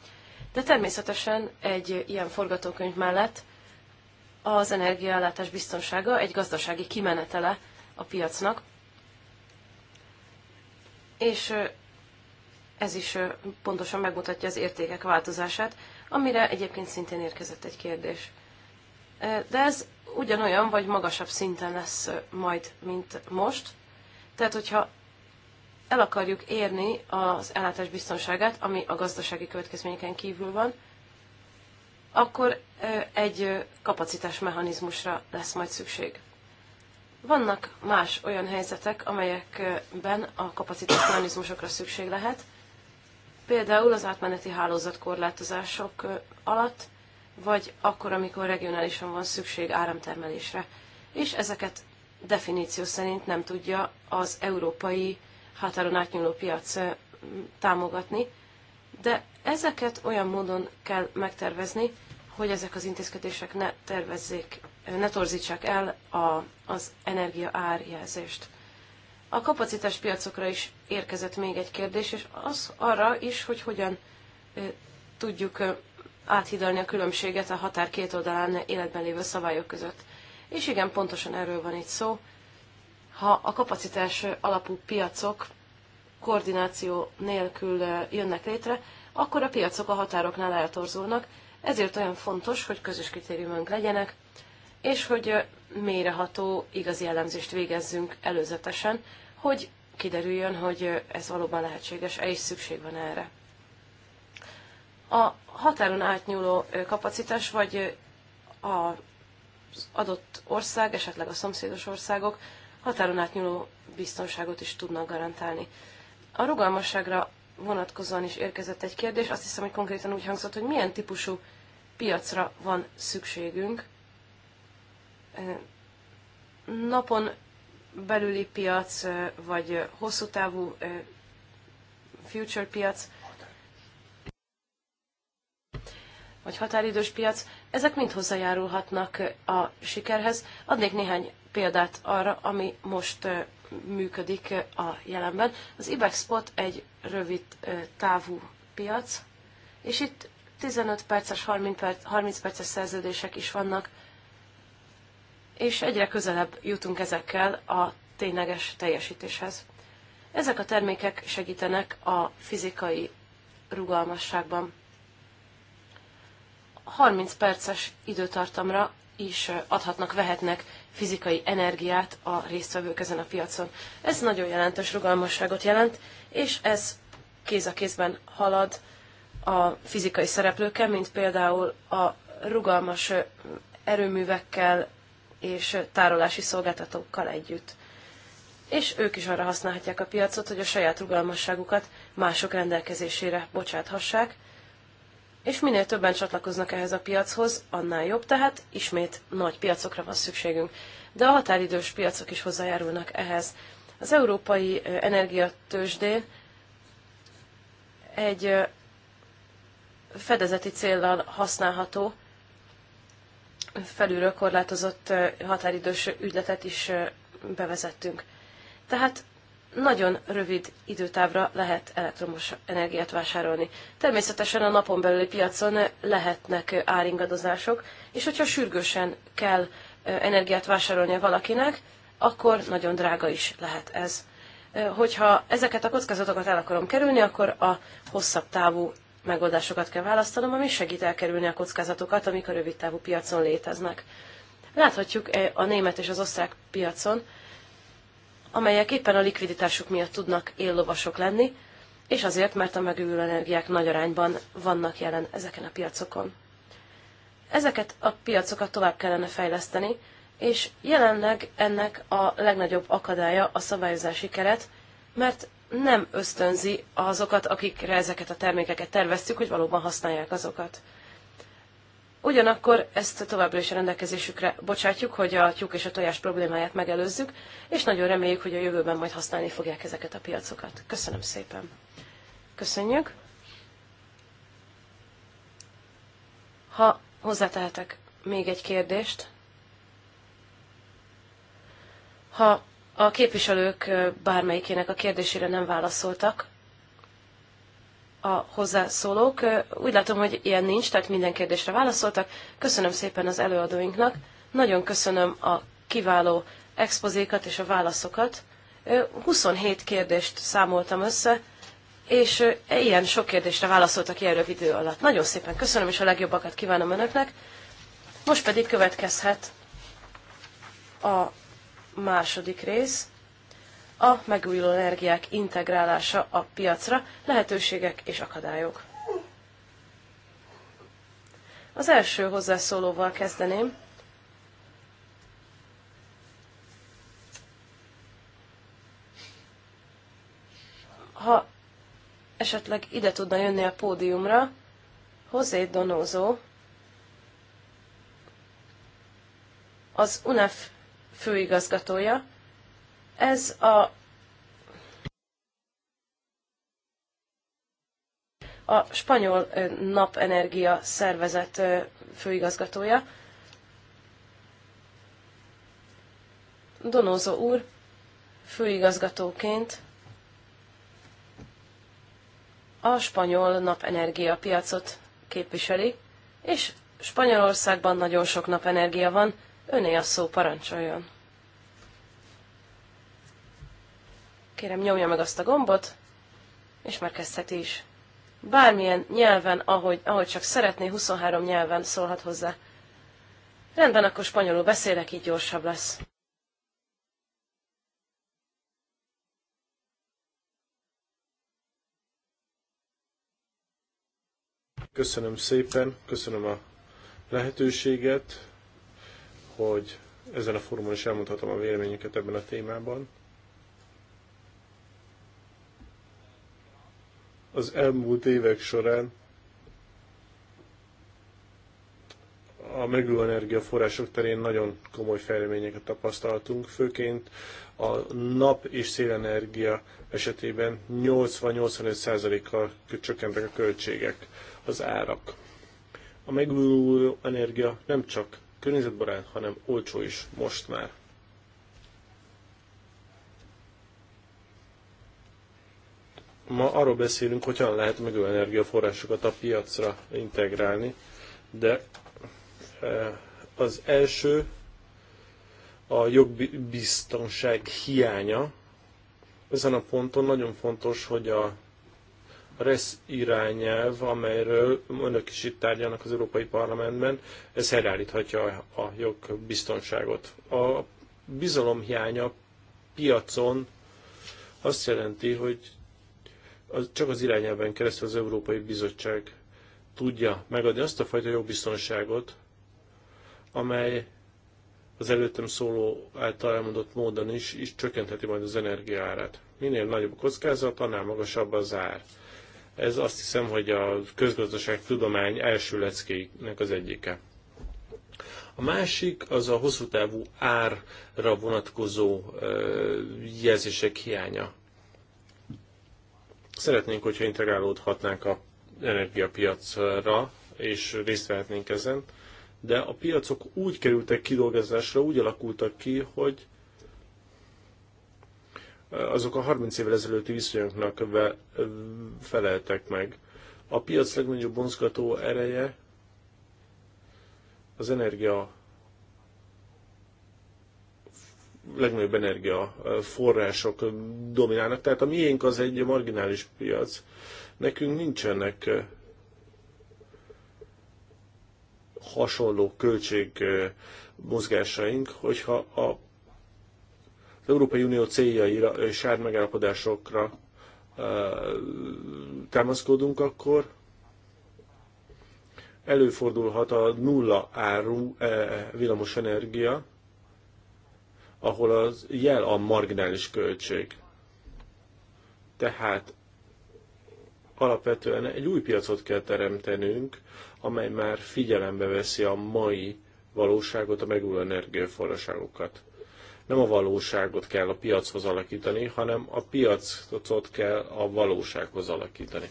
Speaker 2: De természetesen egy ilyen forgatókönyv mellett az energiaellátás biztonsága egy gazdasági kimenetele a piacnak, és ez is pontosan megmutatja az értékek változását, amire egyébként szintén érkezett egy kérdés. De ez ugyanolyan vagy magasabb szinten lesz majd, mint most. Tehát, hogyha el akarjuk érni az ellátás biztonságát, ami a gazdasági következményeken kívül van, akkor egy kapacitás mechanizmusra lesz majd szükség. Vannak más olyan helyzetek, amelyekben a kapacitás mechanizmusokra szükség lehet, például az átmeneti hálózat korlátozások alatt, vagy akkor, amikor regionálisan van szükség áramtermelésre. És ezeket definíció szerint nem tudja az európai határon átnyúló piac támogatni, de ezeket olyan módon kell megtervezni, hogy ezek az intézkedések ne tervezzék, ne torzítsák el a, az energia árjelzést. A kapacitás piacokra is érkezett még egy kérdés, és az arra is, hogy hogyan tudjuk áthidalni a különbséget a határ két oldalán életben lévő szabályok között. És igen, pontosan erről van itt szó ha a kapacitás alapú piacok koordináció nélkül eh, jönnek létre, akkor a piacok a határoknál eltorzulnak, ezért olyan fontos, hogy közös kritériumunk legyenek, és hogy eh, mélyreható igazi elemzést végezzünk előzetesen, hogy kiderüljön, hogy eh, ez valóban lehetséges-e, és szükség van erre. A határon átnyúló kapacitás, vagy az adott ország, esetleg a szomszédos országok határon átnyúló biztonságot is tudnak garantálni. A rugalmasságra vonatkozóan is érkezett egy kérdés, azt hiszem, hogy konkrétan úgy hangzott, hogy milyen típusú piacra van szükségünk. Napon belüli piac, vagy hosszú távú future piac, vagy határidős piac, ezek mind hozzájárulhatnak a sikerhez. Adnék néhány példát arra, ami most működik a jelenben. Az IBEX Spot egy rövid távú piac, és itt 15 perces, 30, perc, 30 perces szerződések is vannak, és egyre közelebb jutunk ezekkel a tényleges teljesítéshez. Ezek a termékek segítenek a fizikai rugalmasságban. 30 perces időtartamra is adhatnak, vehetnek fizikai energiát a résztvevők ezen a piacon. Ez nagyon jelentős rugalmasságot jelent, és ez kéz a kézben halad a fizikai szereplőkkel, mint például a rugalmas erőművekkel és tárolási szolgáltatókkal együtt. És ők is arra használhatják a piacot, hogy a saját rugalmasságukat mások rendelkezésére bocsáthassák, és minél többen csatlakoznak ehhez a piachoz, annál jobb, tehát ismét nagy piacokra van szükségünk. De a határidős piacok is hozzájárulnak ehhez. Az európai energiatősdén egy fedezeti céllal használható, felülről korlátozott határidős ügyletet is bevezettünk. Tehát nagyon rövid időtávra lehet elektromos energiát vásárolni. Természetesen a napon belüli piacon lehetnek áringadozások, és hogyha sürgősen kell energiát vásárolnia valakinek, akkor nagyon drága is lehet ez. Hogyha ezeket a kockázatokat el akarom kerülni, akkor a hosszabb távú megoldásokat kell választanom, ami segít elkerülni a kockázatokat, amik a rövid távú piacon léteznek. Láthatjuk a német és az osztrák piacon, amelyek éppen a likviditásuk miatt tudnak éllovasok lenni, és azért, mert a megújuló energiák nagy arányban vannak jelen ezeken a piacokon. Ezeket a piacokat tovább kellene fejleszteni, és jelenleg ennek a legnagyobb akadálya a szabályozási keret, mert nem ösztönzi azokat, akikre ezeket a termékeket terveztük, hogy valóban használják azokat. Ugyanakkor ezt továbbra is a rendelkezésükre bocsátjuk, hogy a tyúk és a tojás problémáját megelőzzük, és nagyon reméljük, hogy a jövőben majd használni fogják ezeket a piacokat. Köszönöm szépen. Köszönjük. Ha hozzátehetek még egy kérdést. Ha a képviselők bármelyikének a kérdésére nem válaszoltak, a hozzászólók. Úgy látom, hogy ilyen nincs, tehát minden kérdésre válaszoltak. Köszönöm szépen az előadóinknak, nagyon köszönöm a kiváló expozékat és a válaszokat. 27 kérdést számoltam össze, és ilyen sok kérdésre válaszoltak ilyen rövid idő alatt. Nagyon szépen köszönöm, és a legjobbakat kívánom Önöknek. Most pedig következhet a második rész a megújuló energiák integrálása a piacra, lehetőségek és akadályok. Az első hozzászólóval kezdeném. Ha esetleg ide tudna jönni a pódiumra, José Donózó, az UNEF főigazgatója, ez a a spanyol napenergia szervezet főigazgatója. Donózó úr főigazgatóként a spanyol napenergia piacot képviseli, és Spanyolországban nagyon sok napenergia van, öné a szó parancsoljon. Kérem, nyomja meg azt a gombot, és már kezdheti is. Bármilyen nyelven, ahogy, ahogy csak szeretné, 23 nyelven szólhat hozzá. Rendben, akkor spanyolul beszélek, így gyorsabb lesz.
Speaker 3: Köszönöm szépen, köszönöm a lehetőséget, hogy ezen a fórumon is elmondhatom a véleményüket ebben a témában. az elmúlt évek során a megújuló energiaforrások terén nagyon komoly fejleményeket tapasztaltunk, főként a nap és szélenergia esetében 80-85%-kal csökkentek a költségek, az árak. A megújuló energia nem csak környezetbarát, hanem olcsó is most már. ma arról beszélünk, hogy hogyan lehet olyan energiaforrásokat a piacra integrálni, de e, az első a jogbiztonság hiánya. Ezen a ponton nagyon fontos, hogy a RESZ irányelv, amelyről önök is itt tárgyalnak az Európai Parlamentben, ez helyreállíthatja a jogbiztonságot. A bizalom hiánya piacon azt jelenti, hogy az, csak az irányelven keresztül az Európai Bizottság tudja megadni azt a fajta jogbiztonságot, amely az előttem szóló által elmondott módon is, is csökkentheti majd az energiaárát. Minél nagyobb a kockázat, annál magasabb az ár. Ez azt hiszem, hogy a közgazdaságtudomány első leckéinek az egyike. A másik az a hosszú távú árra vonatkozó jelzések hiánya. Szeretnénk, hogyha integrálódhatnánk a energiapiacra, és részt vehetnénk ezen, de a piacok úgy kerültek kidolgozásra, úgy alakultak ki, hogy azok a 30 évvel ezelőtti viszonyoknak feleltek meg. A piac legnagyobb bonzgató ereje az energia legnagyobb energiaforrások dominálnak, tehát a miénk az egy marginális piac. Nekünk nincsenek eh, hasonló költség eh, mozgásaink, hogyha a, az Európai Unió céljaira és megállapodásokra eh, támaszkodunk, akkor előfordulhat a nulla áru villamosenergia, ahol az jel a marginális költség. Tehát alapvetően egy új piacot kell teremtenünk, amely már figyelembe veszi a mai valóságot, a megújuló energiaforrásokat. Nem a valóságot kell a piachoz alakítani, hanem a piacot kell a valósághoz alakítani.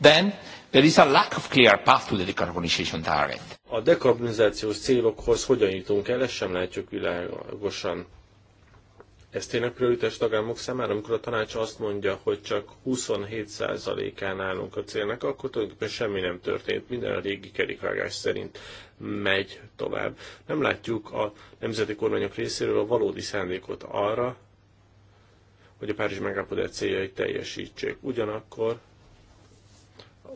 Speaker 1: Then there is a lack of clear path to the decarbonization target.
Speaker 3: A dekarbonizációs célokhoz hogyan jutunk el, ezt sem látjuk világosan. Ez tényleg prioritás tagállamok számára, amikor a tanács azt mondja, hogy csak 27%-án állunk a célnak, akkor tulajdonképpen semmi nem történt, minden a régi kerékvágás szerint megy tovább. Nem látjuk a nemzeti kormányok részéről a valódi szándékot arra, hogy a Párizs megállapodás céljait teljesítsék. Ugyanakkor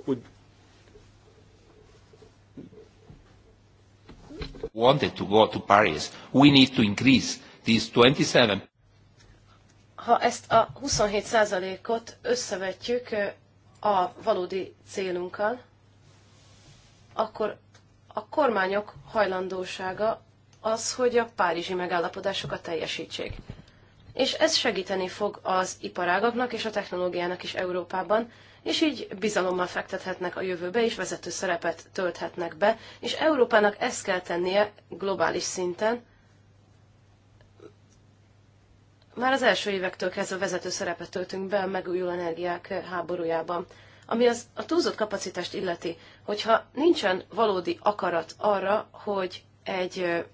Speaker 3: úgy
Speaker 1: wanted to go to Paris, we need to increase these 27
Speaker 2: ha ezt a 27%-ot összevetjük a valódi célunkkal, akkor a kormányok hajlandósága az, hogy a párizsi megállapodásokat teljesítsék. És ez segíteni fog az iparágaknak és a technológiának is Európában, és így bizalommal fektethetnek a jövőbe, és vezető szerepet tölthetnek be, és Európának ezt kell tennie globális szinten, már az első évektől kezdve vezető szerepet töltünk be a megújuló energiák háborújában. Ami az, a túlzott kapacitást illeti, hogyha nincsen valódi akarat arra, hogy egy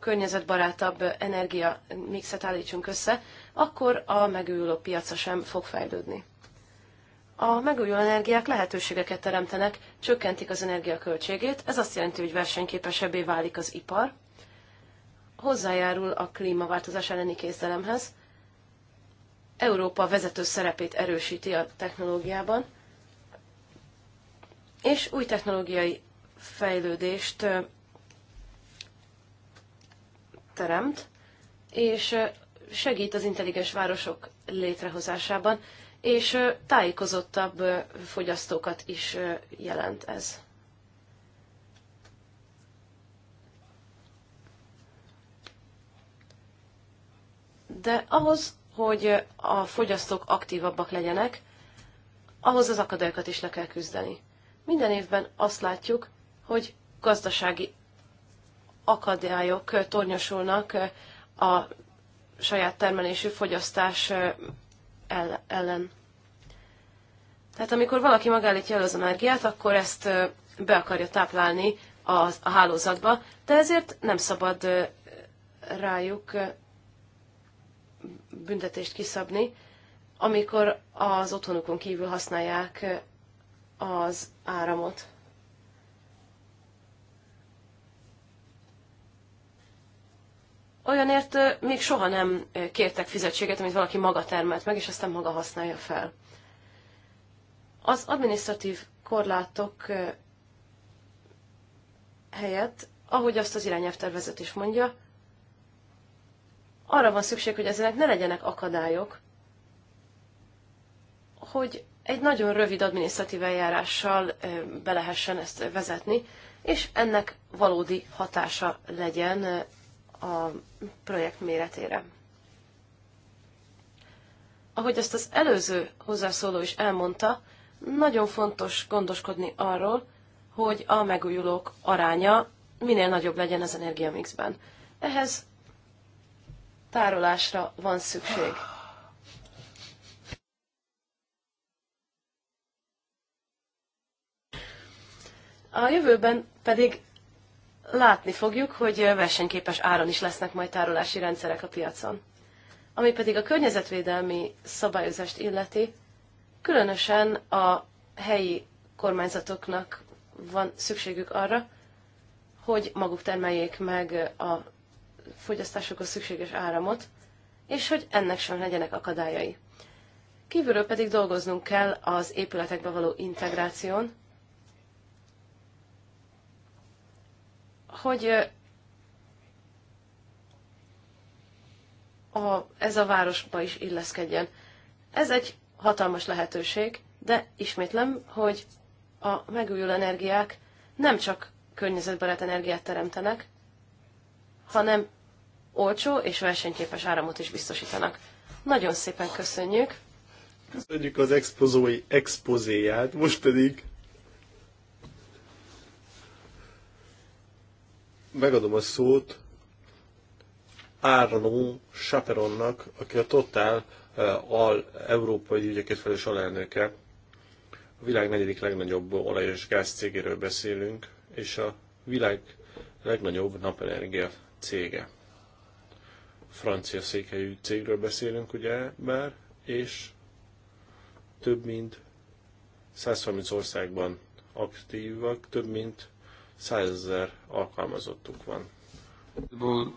Speaker 2: környezetbarátabb energia mixet állítsunk össze, akkor a megújuló piaca sem fog fejlődni. A megújuló energiák lehetőségeket teremtenek, csökkentik az energia ez azt jelenti, hogy versenyképesebbé válik az ipar, hozzájárul a klímaváltozás elleni készelemhez, Európa vezető szerepét erősíti a technológiában, és új technológiai fejlődést teremt, és segít az intelligens városok létrehozásában, és tájékozottabb fogyasztókat is jelent ez. de ahhoz, hogy a fogyasztók aktívabbak legyenek, ahhoz az akadályokat is le kell küzdeni. Minden évben azt látjuk, hogy gazdasági akadályok tornyosulnak eh, a saját termelésű fogyasztás eh, ellen. Tehát amikor valaki magállítja el az energiát, akkor ezt eh, be akarja táplálni a, a hálózatba, de ezért nem szabad rájuk büntetést kiszabni, amikor az otthonukon kívül használják az áramot. Olyanért még soha nem kértek fizetséget, amit valaki maga termelt meg, és aztán maga használja fel. Az administratív korlátok helyett, ahogy azt az irányelvtervezet is mondja, arra van szükség, hogy ezenek ne legyenek akadályok, hogy egy nagyon rövid adminisztratív eljárással be lehessen ezt vezetni, és ennek valódi hatása legyen a projekt méretére. Ahogy ezt az előző hozzászóló is elmondta, nagyon fontos gondoskodni arról, hogy a megújulók aránya minél nagyobb legyen az energiamixben. Ehhez tárolásra van szükség. A jövőben pedig látni fogjuk, hogy versenyképes áron is lesznek majd tárolási rendszerek a piacon. Ami pedig a környezetvédelmi szabályozást illeti, különösen a helyi kormányzatoknak van szükségük arra, hogy maguk termeljék meg a fogyasztásokhoz szükséges áramot, és hogy ennek sem legyenek akadályai. Kívülről pedig dolgoznunk kell az épületekbe való integráción, hogy a, ez a városba is illeszkedjen. Ez egy hatalmas lehetőség, de ismétlem, hogy a megújuló energiák nem csak környezetbarát energiát teremtenek, hanem olcsó és versenyképes áramot is biztosítanak. Nagyon szépen köszönjük!
Speaker 3: Köszönjük az expozói expozéját, most pedig megadom a szót Árnó Saperonnak, aki a Total eh, al európai ügyeket felelős alelnöke. A világ negyedik legnagyobb olaj- és gázcégéről beszélünk, és a világ legnagyobb napenergia cége francia székhelyű cégről beszélünk, ugye már, és több mint 130 országban aktívak, több mint 100 ezer alkalmazottuk van.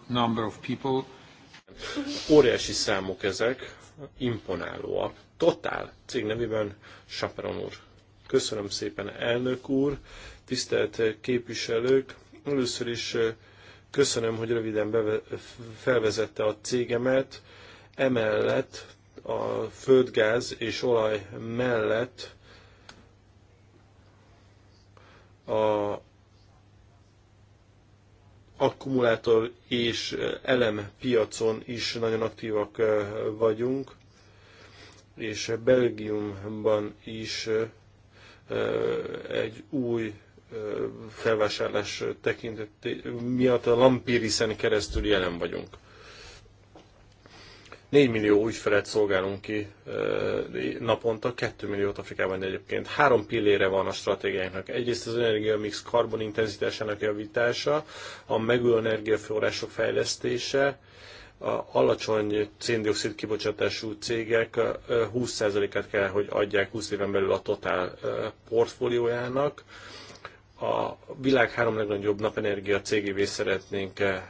Speaker 3: Number of people. Óriási számok ezek, imponálóak. Totál cég nevében Saperon úr. Köszönöm szépen, elnök úr, tisztelt képviselők. Először is Köszönöm, hogy röviden beve, felvezette a cégemet. Emellett a földgáz és olaj mellett a akkumulátor és elem piacon is nagyon aktívak eh, vagyunk, és Belgiumban is eh, egy új felvásárlás tekintet miatt a Lampiriszen keresztül jelen vagyunk. 4 millió ügyfelet szolgálunk ki naponta, 2 milliót Afrikában egyébként. Három pillére van a stratégiáknak. Egyrészt az energiamix karbonintenzitásának javítása, a megújuló energiaforrások fejlesztése, a alacsony széndiokszid kibocsátású cégek 20%-át kell, hogy adják 20 éven belül a totál portfóliójának, a világ három legnagyobb napenergia cégévé szeretnénk eh,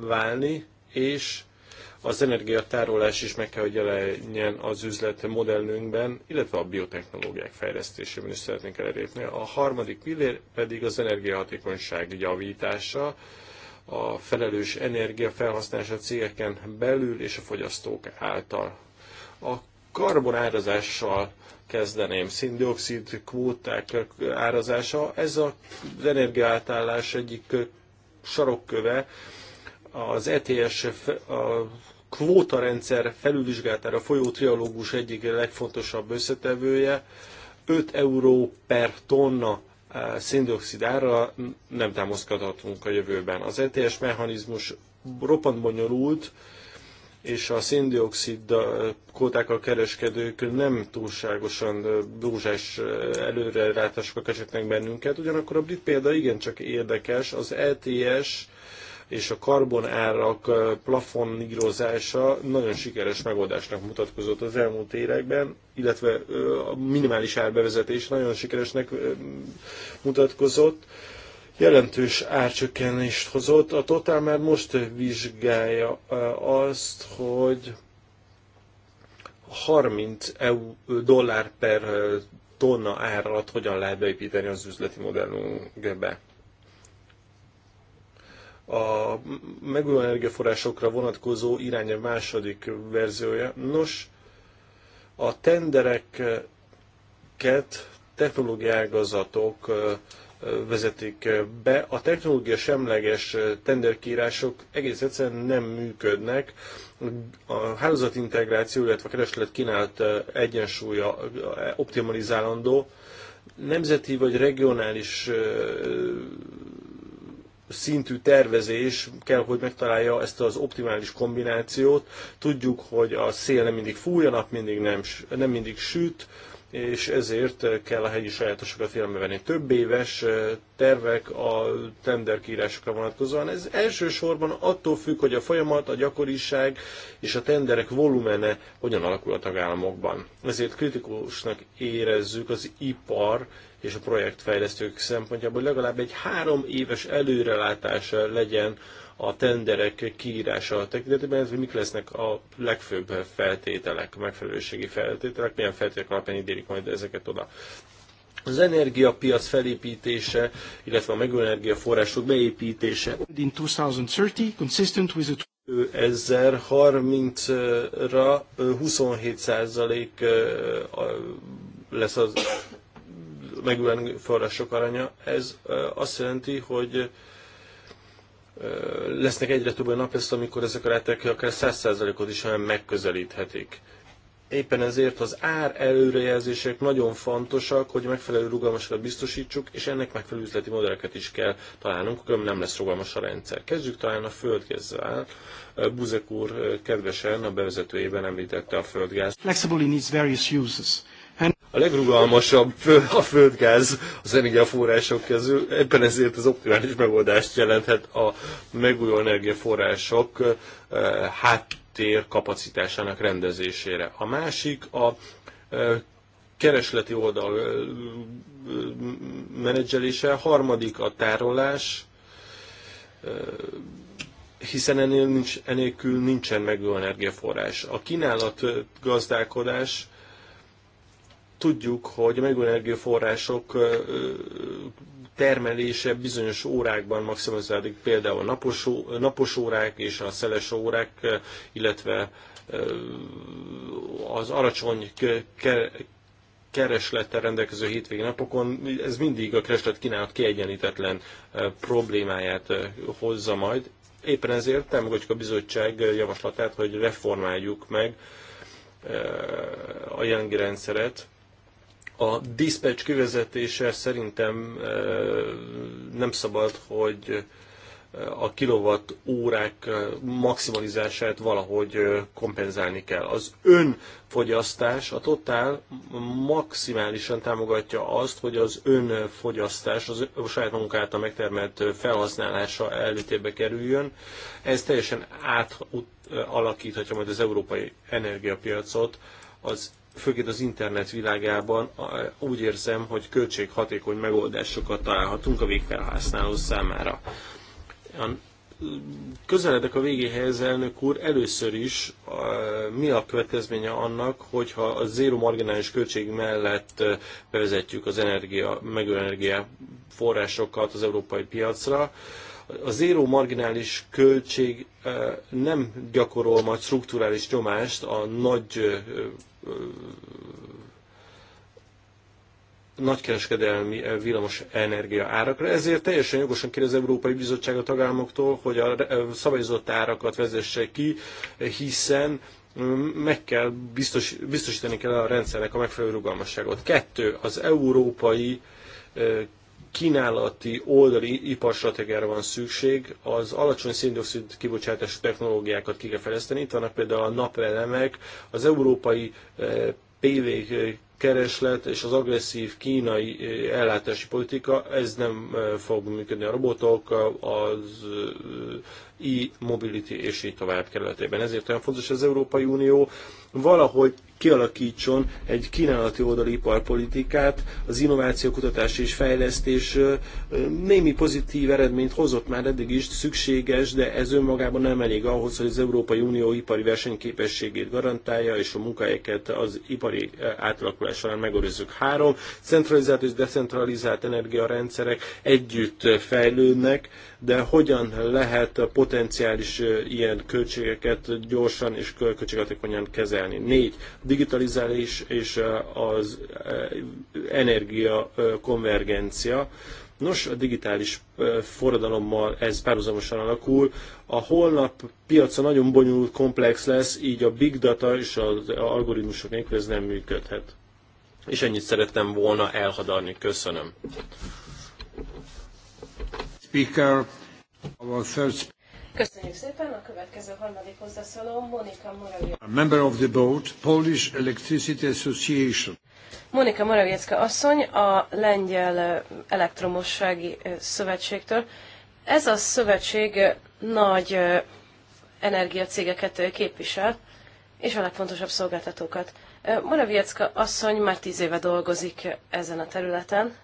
Speaker 3: válni, és az energiatárolás is meg kell, hogy jelenjen az üzlet modellünkben, illetve a biotechnológiák fejlesztésében is szeretnénk elérni. A harmadik pillér pedig az energiahatékonyság javítása, a felelős energiafelhasználás a cégeken belül és a fogyasztók által. A karbonárazással kezdeném, szindioxid kvóták árazása. Ez az energiátállás egyik sarokköve az ETS a kvótarendszer felülvizsgálatára folyó trialógus egyik legfontosabb összetevője. 5 euró per tonna szindioxid ára nem támaszkodhatunk a jövőben. Az ETS mechanizmus roppant bonyolult, és a széndiokszid kótákkal kereskedők nem túlságosan búzsás előrelátásokkal esetnek bennünket. Ugyanakkor a brit példa igencsak érdekes, az ETS és a karbonárak plafonnírozása nagyon sikeres megoldásnak mutatkozott az elmúlt években, illetve a minimális árbevezetés nagyon sikeresnek mutatkozott jelentős árcsökkenést hozott. A Total már most vizsgálja azt, hogy 30 EU dollár per tonna árat hogyan lehet beépíteni az üzleti modellünkbe. A megújuló energiaforrásokra vonatkozó irány második verziója. Nos, a tendereket technológiágazatok ágazatok vezetik be. A technológia semleges tenderkírások egész egyszerűen nem működnek. A hálózat integráció, illetve a kereslet kínált eh, egyensúlya eh, optimalizálandó. Nemzeti vagy regionális eh, szintű tervezés kell, hogy megtalálja ezt az optimális kombinációt. Tudjuk, hogy a szél nem mindig fúj, a nap mindig nem, nem mindig süt, és ezért kell a hegyi sajátosokat figyelembe venni. Több éves tervek a tenderkírásokra vonatkozóan. Ez elsősorban attól függ, hogy a folyamat, a gyakoriság és a tenderek volumene hogyan alakul a tagállamokban. Ezért kritikusnak érezzük az ipar és a projektfejlesztők szempontjából, hogy legalább egy három éves előrelátás legyen a tenderek kiírása tekintetében, ez, hogy mik lesznek a legfőbb feltételek, a megfelelőségi feltételek, milyen feltételek alapján idélik majd ezeket oda. Az energiapiac felépítése, illetve a megújuló energiaforrások beépítése. In 2030, consistent with the 2030-ra 27% lesz az megújuló források aránya. Ez azt jelenti, hogy lesznek egyre több olyan nap amikor ezek a rátek akár 100%-ot is olyan megközelíthetik. Éppen ezért az ár előrejelzések nagyon fontosak, hogy megfelelő rugalmasra biztosítsuk, és ennek megfelelő üzleti modelleket is kell találnunk, különben nem lesz rugalmas a rendszer. Kezdjük talán a földgázzel. Buzek úr kedvesen a bevezetőjében említette a földgáz. Flexibility needs various uses a legrugalmasabb a földgáz az energiaforrások közül, ebben ezért az optimális megoldást jelenthet a megújuló energiaforrások háttér kapacitásának rendezésére. A másik a keresleti oldal menedzselése, a harmadik a tárolás, hiszen ennél nincs, enélkül nincsen megújuló energiaforrás. A kínálat gazdálkodás Tudjuk, hogy a megújuló energiaforrások termelése bizonyos órákban maximalizálódik, például a napos, napos órák és a szeles órák, illetve az alacsony kereslettel rendelkező hétvégi napokon, ez mindig a kereslet kínálat kiegyenlítetlen problémáját hozza majd. Éppen ezért támogatjuk a bizottság javaslatát, hogy reformáljuk meg a jelenlegi rendszeret, a dispatch kivezetése szerintem e, nem szabad, hogy e, a kilowatt órák e, maximalizását valahogy kompenzálni kell. Az önfogyasztás, a totál maximálisan támogatja azt, hogy az önfogyasztás, az a saját magunk által megtermelt felhasználása előtérbe kerüljön. Ez teljesen átalakíthatja majd az európai energiapiacot. Az főként az internet világában úgy érzem, hogy költséghatékony megoldásokat találhatunk a végfelhasználó számára. Közeledek a végéhez, elnök úr, először is mi a következménye annak, hogyha a zéro marginális költség mellett bevezetjük az energia, megőenergia forrásokat az európai piacra, a zéró marginális költség eh, nem gyakorol majd strukturális nyomást a nagy eh, eh, nagykereskedelmi villamos energia árakra. Ezért teljesen jogosan kér az Európai Bizottság a tagállamoktól, hogy a szabályozott árakat vezesse ki, hiszen mm, meg kell biztos, biztosítani kell a rendszernek a megfelelő rugalmasságot. Kettő, az európai kínálati oldali iparstratégiára van szükség, az alacsony széndiokszid kibocsátás technológiákat ki kell fejleszteni, itt vannak például a napelemek, az európai eh, PV kereslet és az agresszív kínai eh, ellátási politika, ez nem eh, fog működni a robotok, az e-mobility és így tovább kerületében. Ezért olyan fontos az Európai Unió valahogy kialakítson egy kínálati oldali iparpolitikát, az innováció, kutatás és fejlesztés némi pozitív eredményt hozott már eddig is, szükséges, de ez önmagában nem elég ahhoz, hogy az Európai Unió ipari versenyképességét garantálja, és a munkahelyeket az ipari átalakulás során megőrizzük. Három, centralizált és decentralizált energiarendszerek együtt fejlődnek, de hogyan lehet a potenciális ilyen költségeket gyorsan és költséghatékonyan kezelni? Négy, digitalizálás és az energia konvergencia. Nos, a digitális forradalommal ez párhuzamosan alakul. A holnap piaca nagyon bonyolult, komplex lesz, így a big data és az algoritmusok nélkül ez nem működhet. És ennyit szerettem volna elhadarni. Köszönöm.
Speaker 1: Speaker, our first...
Speaker 2: Köszönjük szépen. A következő harmadik hozzászóló Monika Morawiecka.
Speaker 1: Member of the board, Polish Electricity Association.
Speaker 2: Monika Morawiecka asszony a Lengyel Elektromossági Szövetségtől. Ez a szövetség nagy energiacégeket képvisel, és a legfontosabb szolgáltatókat. Morawiecka asszony már tíz éve dolgozik ezen a területen,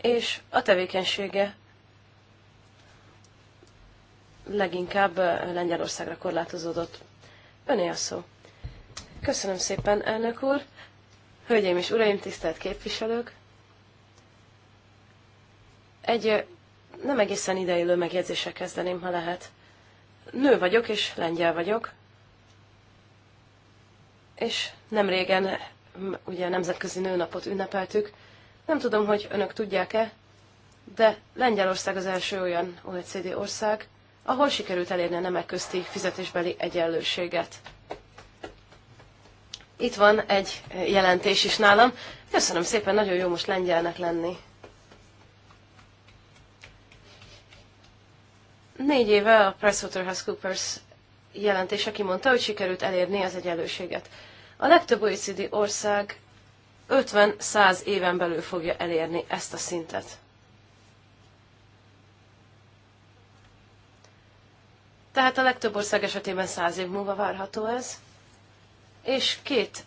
Speaker 2: és a tevékenysége leginkább Lengyelországra korlátozódott. Öné a szó. Köszönöm szépen, elnök úr. Hölgyeim és uraim, tisztelt képviselők! Egy nem egészen ideillő megjegyzéssel kezdeném, ha lehet. Nő vagyok, és lengyel vagyok. És nem régen, ugye a Nemzetközi Nőnapot ünnepeltük. Nem tudom, hogy önök tudják-e, de Lengyelország az első olyan OECD ország, ahol sikerült elérni a nemek közti fizetésbeli egyenlőséget. Itt van egy jelentés is nálam. Köszönöm szépen, nagyon jó most lengyelnek lenni. Négy éve a PricewaterhouseCoopers jelentése kimondta, hogy sikerült elérni az egyenlőséget. A legtöbb OECD ország 50-100 éven belül fogja elérni ezt a szintet. Tehát a legtöbb ország esetében száz év múlva várható ez. És két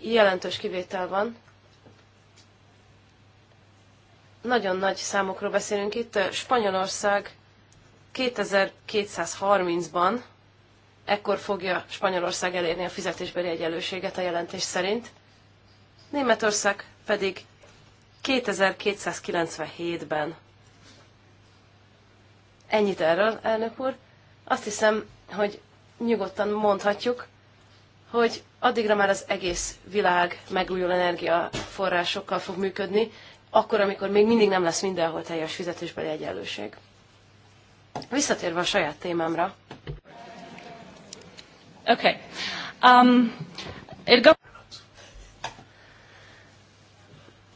Speaker 2: jelentős kivétel van. Nagyon nagy számokról beszélünk itt. Spanyolország 2230-ban ekkor fogja Spanyolország elérni a fizetésbeli egyenlőséget a jelentés szerint. Németország pedig 2297-ben. Ennyit erről, elnök úr. Azt hiszem, hogy nyugodtan mondhatjuk, hogy addigra már az egész világ megújuló energiaforrásokkal fog működni, akkor, amikor még mindig nem lesz mindenhol teljes fizetésbeli egyenlőség. Visszatérve a saját témámra. Okay. Um,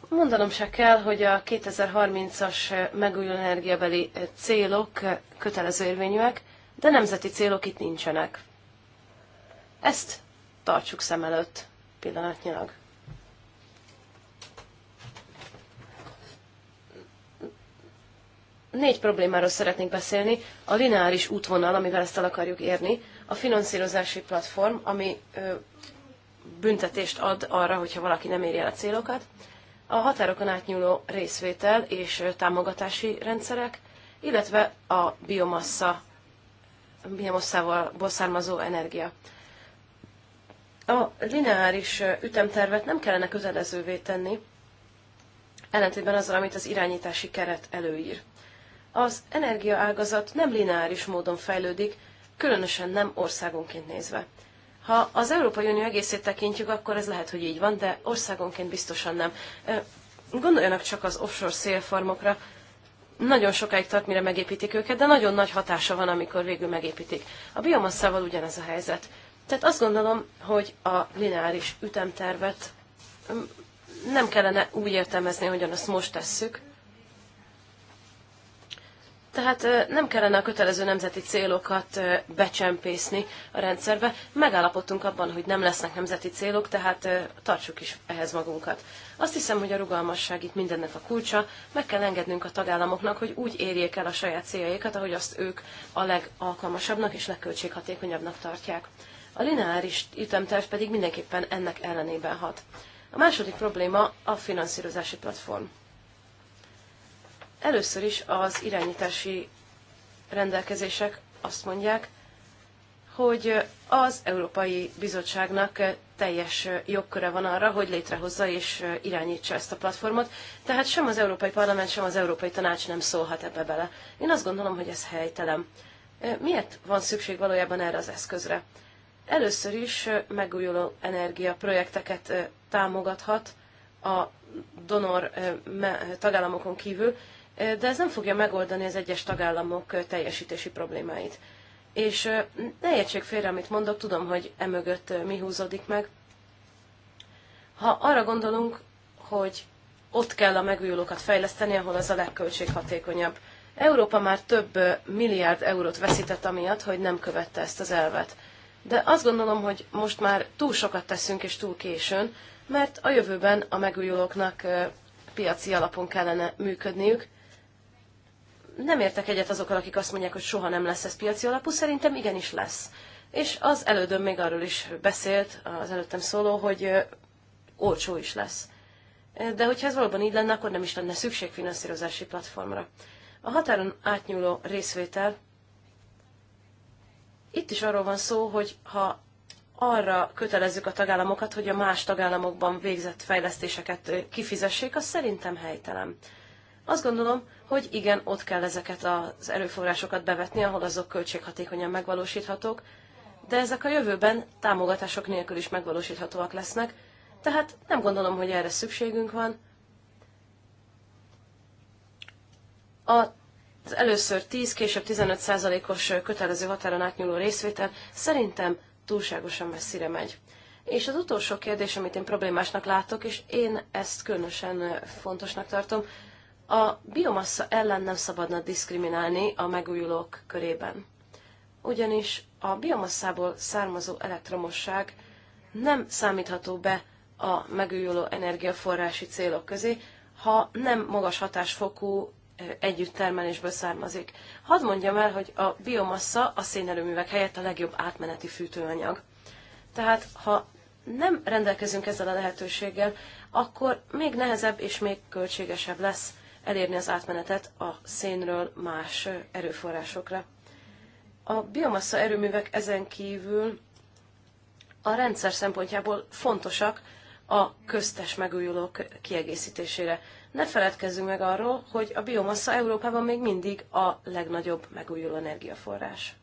Speaker 2: Mondanom se kell, hogy a 2030-as megújuló energiabeli célok kötelező érvényűek, de nemzeti célok itt nincsenek. Ezt tartsuk szem előtt pillanatnyilag. Négy problémáról szeretnék beszélni. A lineáris útvonal, amivel ezt el akarjuk érni, a finanszírozási platform, ami ö, büntetést ad arra, hogyha valaki nem éri el a célokat, a határokon átnyúló részvétel és támogatási rendszerek, illetve a biomassa biomasszából származó energia. A lineáris ütemtervet nem kellene közelezővé tenni, ellentétben azzal, amit az irányítási keret előír. Az energiaágazat nem lineáris módon fejlődik, különösen nem országonként nézve. Ha az Európai Unió egészét tekintjük, akkor ez lehet, hogy így van, de országonként biztosan nem. Gondoljanak csak az offshore szélfarmokra, nagyon sokáig tart, mire megépítik őket, de nagyon nagy hatása van, amikor végül megépítik. A biomasszával ugyanez a helyzet. Tehát azt gondolom, hogy a lineáris ütemtervet mm, nem kellene úgy értelmezni, hogyan azt most tesszük, tehát nem kellene a kötelező nemzeti célokat becsempészni a rendszerbe. Megállapodtunk abban, hogy nem lesznek nemzeti célok, tehát tartsuk is ehhez magunkat. Azt hiszem, hogy a rugalmasság itt mindennek a kulcsa. Meg kell engednünk a tagállamoknak, hogy úgy érjék el a saját céljaikat, ahogy azt ők a legalkalmasabbnak és legköltséghatékonyabbnak tartják. A lineáris ütemterv pedig mindenképpen ennek ellenében hat. A második probléma a finanszírozási platform. Először is az irányítási rendelkezések azt mondják, hogy az Európai Bizottságnak teljes jogköre van arra, hogy létrehozza és irányítsa ezt a platformot, tehát sem az Európai Parlament, sem az Európai Tanács nem szólhat ebbe bele. Én azt gondolom, hogy ez helytelen. Miért van szükség valójában erre az eszközre? Először is megújuló energiaprojekteket támogathat a donor eh, tagállamokon kívül, de ez nem fogja megoldani az egyes tagállamok teljesítési problémáit. És ne értsék félre, amit mondok, tudom, hogy emögött mi húzódik meg. Ha arra gondolunk, hogy ott kell a megújulókat fejleszteni, ahol az a legköltséghatékonyabb. Európa már több milliárd eurót veszített amiatt, hogy nem követte ezt az elvet. De azt gondolom, hogy most már túl sokat teszünk és túl későn, mert a jövőben a megújulóknak piaci alapon kellene működniük, nem értek egyet azokkal, akik azt mondják, hogy soha nem lesz ez piaci alapú, szerintem igenis lesz. És az elődöm még arról is beszélt, az előttem szóló, hogy olcsó is lesz. De hogyha ez valóban így lenne, akkor nem is lenne szükség finanszírozási platformra. A határon átnyúló részvétel, itt is arról van szó, hogy ha arra kötelezzük a tagállamokat, hogy a más tagállamokban végzett fejlesztéseket kifizessék, az szerintem helytelen. Azt gondolom, hogy igen, ott kell ezeket az erőforrásokat bevetni, ahol azok költséghatékonyan megvalósíthatók, de ezek a jövőben támogatások nélkül is megvalósíthatóak lesznek, tehát nem gondolom, hogy erre szükségünk van. Az először 10, később 15 százalékos kötelező határon átnyúló részvétel szerintem túlságosan messzire megy. És az utolsó kérdés, amit én problémásnak látok, és én ezt különösen fontosnak tartom, a biomassa ellen nem szabadna diszkriminálni a megújulók körében. Ugyanis a biomasszából származó elektromosság nem számítható be a megújuló energiaforrási célok közé, ha nem magas hatásfokú együtttermelésből származik. Hadd mondjam el, hogy a biomassa a szénerőművek helyett a legjobb átmeneti fűtőanyag. Tehát, ha nem rendelkezünk ezzel a lehetőséggel, akkor még nehezebb és még költségesebb lesz elérni az átmenetet a szénről más erőforrásokra. A biomassa erőművek ezen kívül a rendszer szempontjából fontosak a köztes megújulók kiegészítésére. Ne feledkezzünk meg arról, hogy a biomassa Európában még mindig a legnagyobb megújuló energiaforrás.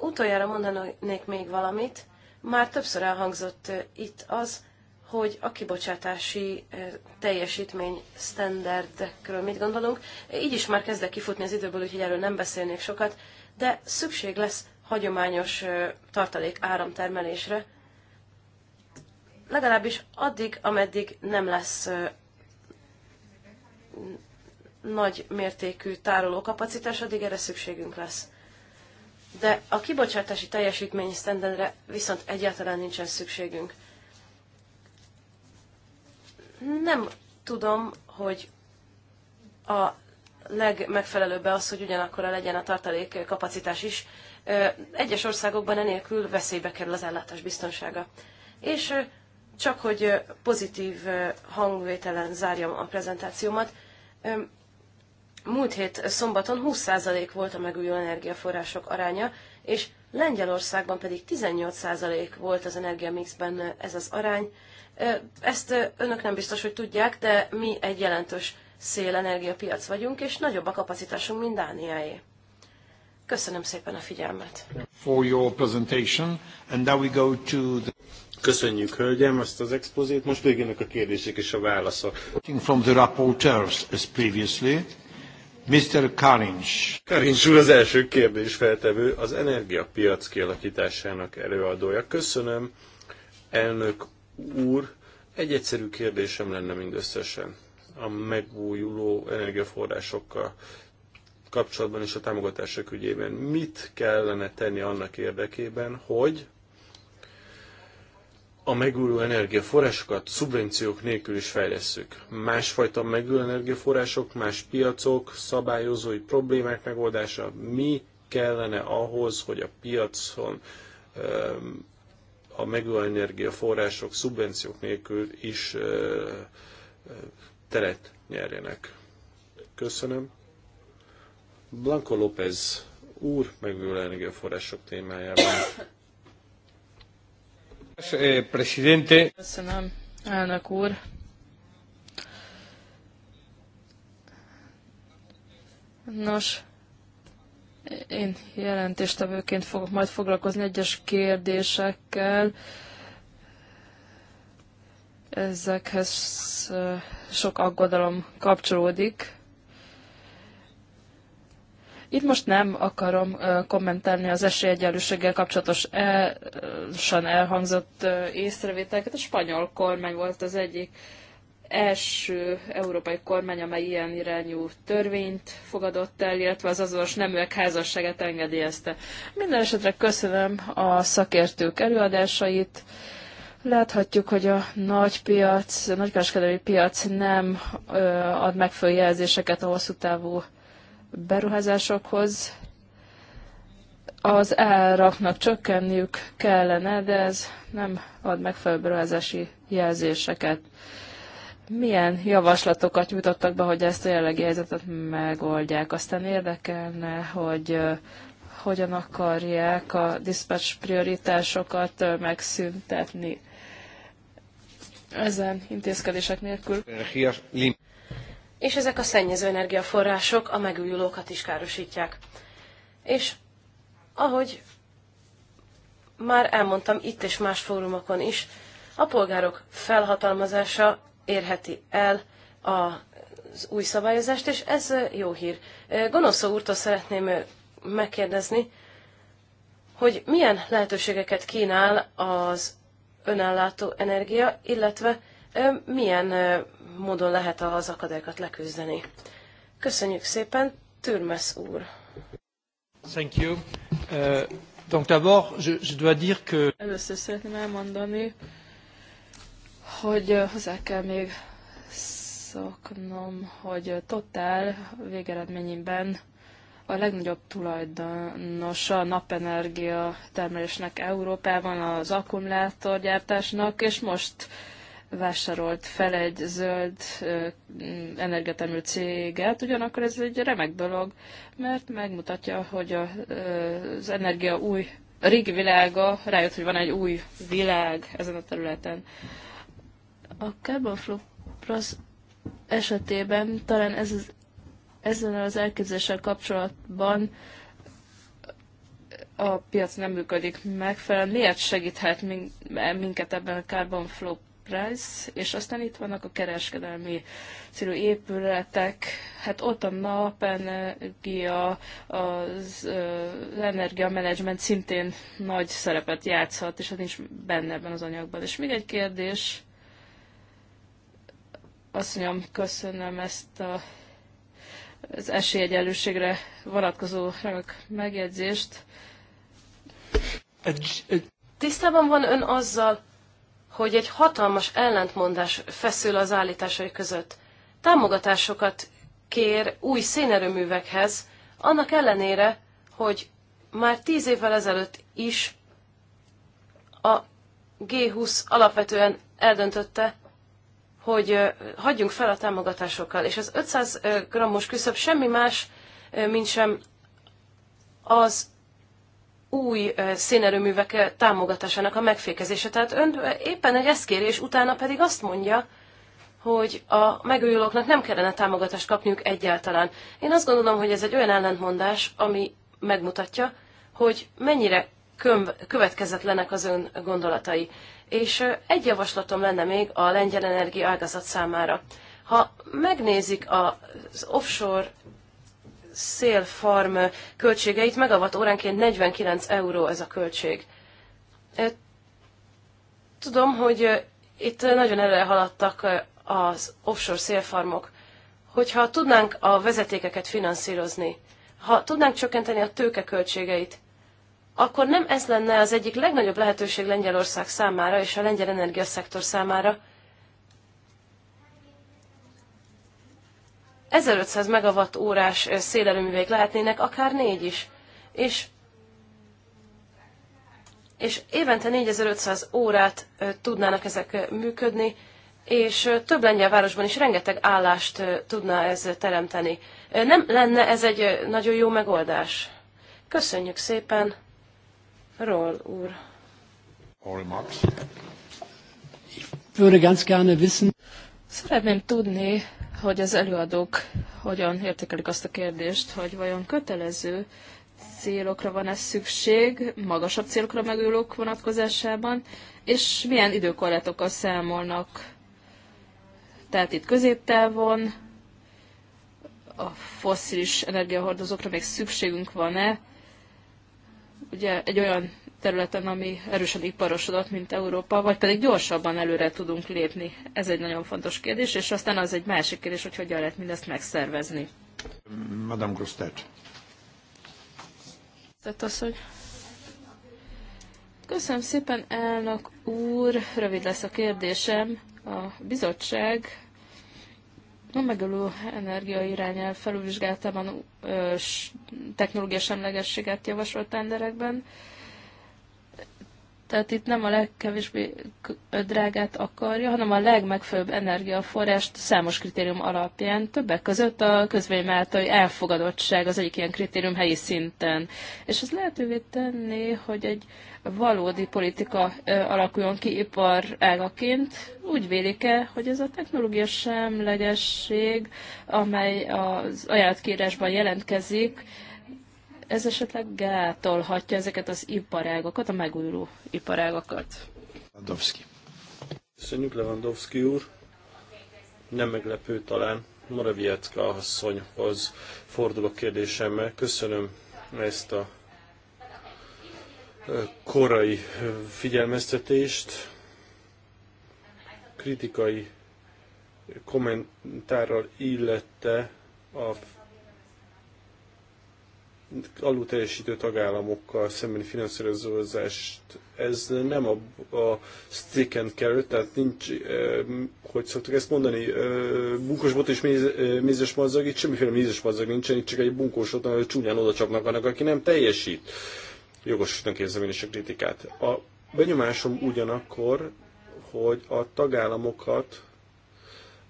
Speaker 2: Utoljára mondanék még valamit. Már többször elhangzott itt az, hogy a kibocsátási teljesítmény standardekről mit gondolunk. Így is már kezdek kifutni az időből, úgyhogy erről nem beszélnék sokat, de szükség lesz hagyományos tartalék áramtermelésre, legalábbis addig, ameddig nem lesz nagy mértékű tárolókapacitás, addig erre szükségünk lesz. De a kibocsátási teljesítmény standardre viszont egyáltalán nincsen szükségünk. Nem tudom, hogy a legmegfelelőbb az, hogy ugyanakkor legyen a tartalék kapacitás is. Egyes országokban enélkül veszélybe kerül az ellátás biztonsága. És csak hogy pozitív hangvételen zárjam a prezentációmat, múlt hét szombaton 20% volt a megújuló energiaforrások aránya, és Lengyelországban pedig 18% volt az energiamixben ez az arány, ezt önök nem biztos, hogy tudják, de mi egy jelentős szélenergiapiac vagyunk, és nagyobb a kapacitásunk, mint Dániáé. Köszönöm szépen a figyelmet.
Speaker 1: For your presentation,
Speaker 3: and now we go to the... Köszönjük, hölgyem, ezt az expozét. Most végének a kérdések és a válaszok. From the rapporteurs as previously, Mr. Karincs. Karincs úr az első kérdés feltevő, az energiapiac kialakításának előadója. Köszönöm, elnök úr, egy egyszerű kérdésem lenne mindösszesen. A megújuló energiaforrásokkal kapcsolatban és a támogatások ügyében mit kellene tenni annak érdekében, hogy a megújuló energiaforrásokat szubvenciók nélkül is fejlesszük. Másfajta megújuló energiaforrások, más piacok, szabályozói problémák megoldása, mi kellene ahhoz, hogy a piacon a megújuló energiaforrások szubvenciók nélkül is teret nyerjenek. Köszönöm. Blanco López úr megújuló energiaforrások témájában.
Speaker 1: Eh, presidente.
Speaker 4: Köszönöm, elnök úr. Nos, én jelentéstevőként fogok majd foglalkozni egyes kérdésekkel. Ezekhez sok aggodalom kapcsolódik. Itt most nem akarom kommentálni az esélyegyenlőséggel kapcsolatosan e, elhangzott észrevételeket. A spanyol kormány volt az egyik első európai kormány, amely ilyen irányú törvényt fogadott el, illetve az azonos neműek házasságát engedélyezte. Minden esetre köszönöm a szakértők előadásait. Láthatjuk, hogy a nagy piac, a nagykereskedelmi piac nem ad megfelelő jelzéseket a hosszú távú beruházásokhoz. Az áraknak csökkenniük kellene, de ez nem ad megfelelő beruházási jelzéseket milyen javaslatokat nyújtottak be, hogy ezt a jelenlegi helyzetet megoldják. Aztán érdekelne, hogy hogyan akarják a dispatch
Speaker 2: prioritásokat megszüntetni ezen intézkedések nélkül. És ezek a szennyező energiaforrások a megújulókat is károsítják. És ahogy már elmondtam itt és más fórumokon is, a polgárok felhatalmazása érheti el az új szabályozást, és ez jó hír. Gonoszó úrtól szeretném megkérdezni, hogy milyen lehetőségeket kínál az önellátó energia, illetve milyen módon lehet az akadályokat leküzdeni. Köszönjük szépen, Türmes úr!
Speaker 1: Thank you. Uh, donc d'abord, je, je dois dire que...
Speaker 4: Először szeretném elmondani, hogy hozzá kell még szoknom, hogy Total végeredményében a legnagyobb tulajdonos a napenergia termelésnek Európában az akkumulátorgyártásnak, és most vásárolt fel egy zöld energetemű céget, ugyanakkor ez egy remek dolog, mert megmutatja, hogy a, az energia új, a régi világa rájött, hogy van egy új világ ezen a területen. A Carbon Plus esetében talán ez az, ezzel az elképzéssel kapcsolatban a piac nem működik megfelelően. Miért segíthet minket ebben a Carbon Flow Price, és aztán itt vannak a kereskedelmi célú épületek, hát ott a napenergia, az, az energiamenedzsment szintén nagy szerepet játszhat, és hát nincs benne ebben az anyagban. És még egy kérdés, Asszonyom, köszönöm ezt a, az esélyegyenlőségre
Speaker 2: vonatkozó megjegyzést. Tisztában van ön azzal, hogy egy hatalmas ellentmondás feszül az állításai között. Támogatásokat kér új szénerőművekhez, annak ellenére, hogy már tíz évvel ezelőtt is a G20 alapvetően eldöntötte, hogy hagyjunk fel a támogatásokkal, és az 500 grammos küszöb semmi más, mint sem az új szénerőművek támogatásának a megfékezése. Tehát ön éppen egy ezt kérés utána pedig azt mondja, hogy a megújulóknak nem kellene támogatást kapniuk egyáltalán. Én azt gondolom, hogy ez egy olyan ellentmondás, ami megmutatja, hogy mennyire következetlenek az ön gondolatai. És egy javaslatom lenne még a lengyel energia ágazat számára. Ha megnézik az offshore szélfarm költségeit, megavat óránként 49 euró ez a költség. Tudom, hogy itt nagyon előre haladtak az offshore szélfarmok. Hogyha tudnánk a vezetékeket finanszírozni, ha tudnánk csökkenteni a tőke költségeit, akkor nem ez lenne az egyik legnagyobb lehetőség Lengyelország számára és a lengyel energiaszektor számára? 1500 megawatt órás szélerőművek lehetnének, akár négy is. És, és évente 4500 órát tudnának ezek működni, és több lengyel városban is rengeteg állást tudna ez teremteni. Nem lenne ez egy nagyon jó megoldás? Köszönjük szépen! Roll úr.
Speaker 1: Würde ganz gerne wissen.
Speaker 4: Szeretném tudni, hogy az előadók hogyan értékelik azt a kérdést, hogy vajon kötelező célokra van ez szükség, magasabb célokra megülők vonatkozásában, és milyen időkorlátokkal számolnak. Tehát itt középtávon a fosszilis energiahordozókra még szükségünk van-e, ugye egy olyan területen, ami erősen iparosodott, mint Európa, vagy pedig gyorsabban előre tudunk lépni? Ez egy nagyon fontos kérdés, és aztán az egy másik kérdés, hogy hogyan lehet mindezt megszervezni.
Speaker 3: Madame Grostert.
Speaker 4: hogy... Köszönöm szépen, elnök úr. Rövid lesz a kérdésem. A bizottság a megölő energia irányel felülvizsgáltában technológia semlegességet javasolt tenderekben. Tehát itt nem a legkevésbé drágát akarja, hanem a legmegfőbb energiaforrást számos kritérium alapján. Többek között a közvény által elfogadottság az egyik ilyen kritérium helyi szinten. És ez lehetővé tenni, hogy egy valódi politika alakuljon ki ipar ágaként. Úgy vélik-e, hogy ez a technológia semlegesség, amely az ajánlatkírásban jelentkezik, ez esetleg gátolhatja ezeket az iparágokat a megújuló iparágokat.
Speaker 3: Lewandowski. Köszönjük Lewandowski úr. Nem meglepő talán. Moraviecka asszonyhoz fordulok kérdésemmel. Köszönöm ezt a korai figyelmeztetést, kritikai kommentárral illette a alul teljesítő tagállamokkal szembeni finanszírozást, ez nem a, a stick and carrot, tehát nincs, eh, hogy szoktuk ezt mondani, eh, bunkos bot és méz, eh, mézes mazzag, itt semmiféle mézes mazzag nincsen, itt csak egy bunkós ott, csúnyán oda csapnak annak, aki nem teljesít. Jogosnak érzem én is a kritikát. A benyomásom ugyanakkor, hogy a tagállamokat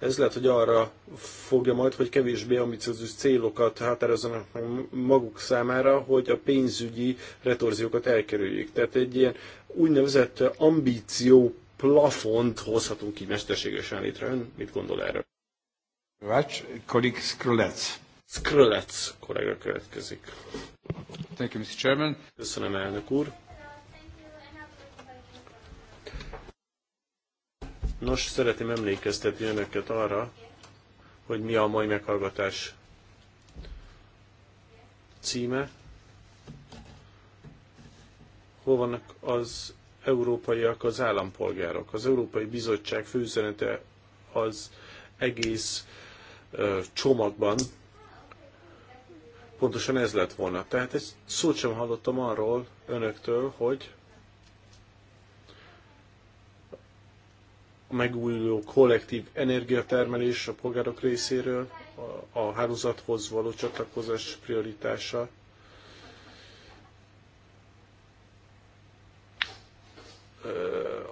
Speaker 3: ez lehet, hogy arra fogja majd, hogy kevésbé ambiciózus célokat határozzanak meg maguk számára, hogy a pénzügyi retorziókat elkerüljék. Tehát egy ilyen úgynevezett ambíció plafont hozhatunk ki mesterségesen létre. Ön mit gondol erről?
Speaker 1: Vács, kolik Skrölec.
Speaker 3: Skrölec kollega következik. Thank you, Mr. Chairman. Köszönöm, elnök úr. Nos, szeretném emlékeztetni önöket arra, hogy mi a mai meghallgatás címe. Hol vannak az európaiak, az állampolgárok? Az Európai Bizottság főüzenete az egész ö, csomagban pontosan ez lett volna. Tehát egy szót sem hallottam arról önöktől, hogy megújuló kollektív energiatermelés a polgárok részéről, a hálózathoz való csatlakozás prioritása,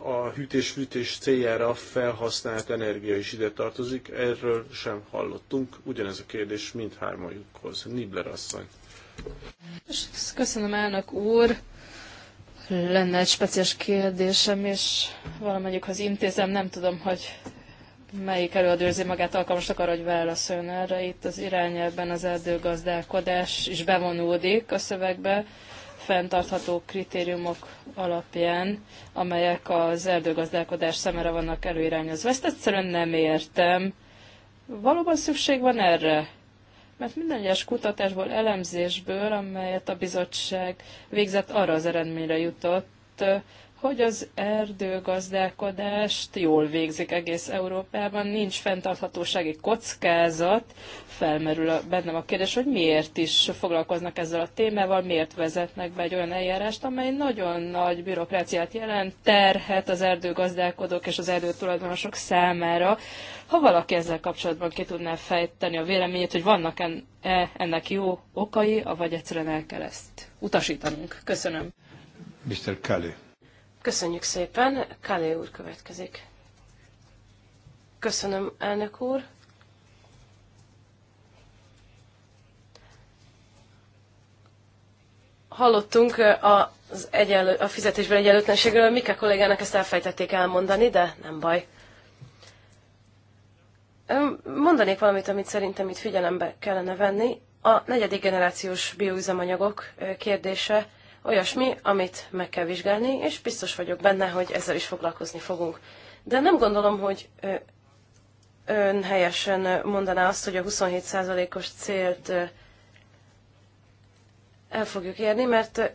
Speaker 3: a hűtés-fűtés céljára felhasznált energia is ide tartozik, erről sem hallottunk. Ugyanez a kérdés mindhármajukhoz. Nibler asszony.
Speaker 4: Köszönöm elnök úr. Lenne egy speciális kérdésem, és az intézem, nem tudom, hogy melyik előadó érzi magát alkalmasnak arra, hogy válaszoljon erre. Itt az irányelben az erdőgazdálkodás is bevonódik a szövegbe fenntartható kritériumok alapján, amelyek az erdőgazdálkodás szemére vannak előirányozva. Ezt egyszerűen nem értem. Valóban szükség van erre? mert minden egyes kutatásból, elemzésből, amelyet a bizottság végzett, arra az eredményre jutott, hogy az erdőgazdálkodást jól végzik egész Európában, nincs fenntarthatósági kockázat, felmerül a, bennem a kérdés, hogy miért is foglalkoznak ezzel a témával, miért vezetnek be egy olyan eljárást, amely nagyon nagy bürokráciát jelent, terhet az erdőgazdálkodók és az erdőtulajdonosok számára. Ha valaki ezzel kapcsolatban ki tudná fejteni a véleményét, hogy vannak en, -e ennek jó okai,
Speaker 2: vagy egyszerűen el kell ezt utasítanunk. Köszönöm.
Speaker 3: Mr. Kelly.
Speaker 2: Köszönjük szépen. Kálé úr következik. Köszönöm, elnök úr. Hallottunk az egyenlő, a fizetésben egyenlőtlenségről. Mika kollégának ezt elfejtették elmondani, de nem baj. Mondanék valamit, amit szerintem itt figyelembe kellene venni. A negyedik generációs bioüzemanyagok kérdése olyasmi, amit meg kell vizsgálni, és biztos vagyok benne, hogy ezzel is foglalkozni fogunk. De nem gondolom, hogy ön helyesen mondaná azt, hogy a 27%-os célt el fogjuk érni, mert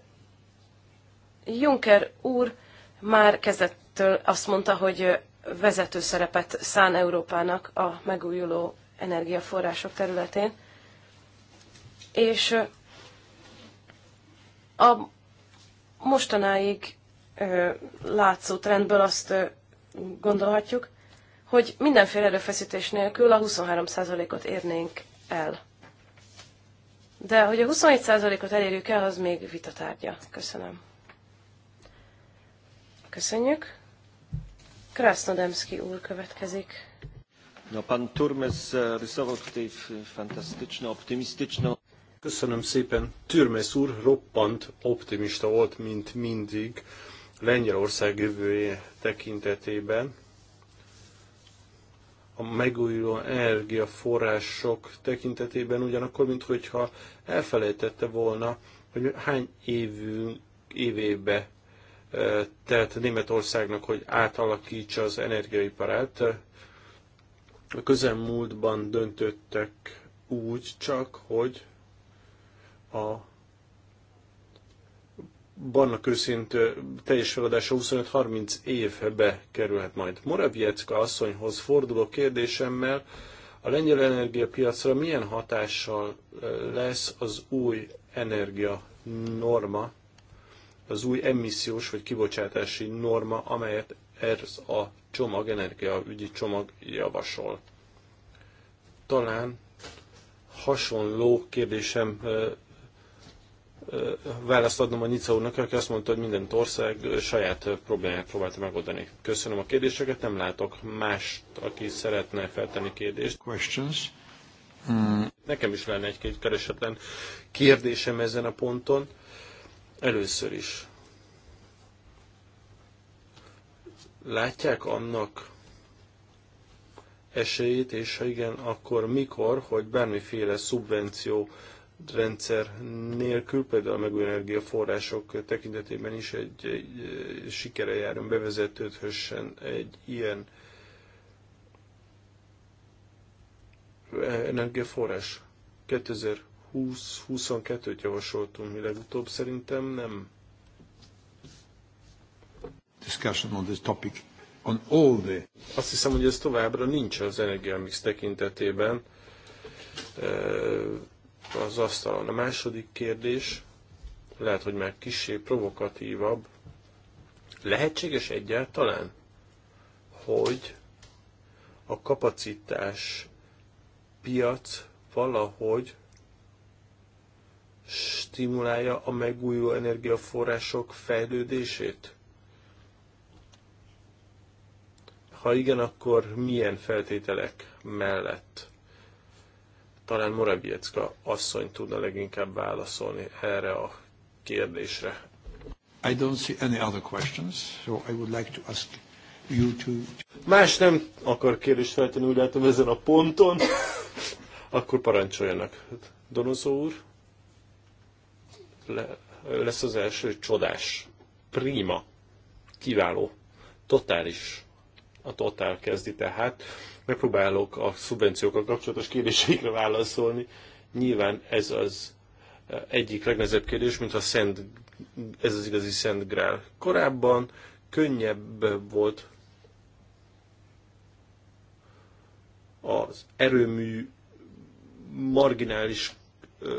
Speaker 2: Juncker úr már kezdettől azt mondta, hogy vezető szerepet szán Európának a megújuló energiaforrások területén. És a mostanáig ö, látszó trendből azt ö, gondolhatjuk, hogy mindenféle erőfeszítés nélkül a 23%-ot érnénk el. De hogy a 27%-ot elérjük el, az még vitatárgya. Köszönöm. Köszönjük. Krasnodemski úr következik.
Speaker 3: No, pan Turmes e, rysował tutaj fantastyczną, optymistyczną... Köszönöm szépen. Türmes úr roppant optimista volt, mint mindig Lengyelország jövője tekintetében. A megújuló energiaforrások tekintetében ugyanakkor, hogyha elfelejtette volna, hogy hány évünk, évébe e, telt Németországnak, hogy átalakítsa az energiaiparát. A közelmúltban döntöttek úgy csak, hogy a barna kőszint teljes feladása 25-30 évbe kerülhet majd. Moraviecka asszonyhoz forduló kérdésemmel a lengyel energiapiacra milyen hatással lesz az új energia norma, az új emissziós vagy kibocsátási norma, amelyet ez a csomag, energiaügyi csomag javasol. Talán hasonló kérdésem választ adnom a Nica úrnak, aki azt mondta, hogy minden ország saját problémáját próbálta megoldani. Köszönöm a kérdéseket, nem látok mást, aki szeretne feltenni kérdést. Questions? Mm. Nekem is lenne egy-két keresetlen kérdésem ezen a ponton. Először is. Látják annak esélyét, és ha igen, akkor mikor, hogy bármiféle szubvenció rendszer nélkül, például a megújuló energiaforrások tekintetében is egy, egy sikere járjon bevezetődhessen egy ilyen energiaforrás. 2020-22-t javasoltunk mi legutóbb, szerintem nem.
Speaker 1: Discussion on this topic on all the...
Speaker 3: Azt hiszem, hogy ez továbbra nincs az energiamix tekintetében az asztalon. A második kérdés lehet, hogy már kissé provokatívabb. Lehetséges egyáltalán, hogy a kapacitás piac valahogy stimulálja a megújuló energiaforrások fejlődését? Ha igen, akkor milyen feltételek mellett? Talán Morabiecka asszony tudna leginkább válaszolni erre a kérdésre.
Speaker 1: I don't see any other questions, so I would like to ask you to...
Speaker 3: Más nem akar kérdést feltenni, úgy látom ezen a ponton. Akkor parancsoljanak. Donozó úr, Le, lesz az első csodás. Prima. Kiváló. Totális. A totál kezdi tehát. Megpróbálok a szubvenciókkal kapcsolatos kérdéseikre válaszolni. Nyilván ez az eh, egyik legnehezebb kérdés, mint a Szent, ez az igazi Szent Grál. Korábban könnyebb volt az erőmű marginális eh,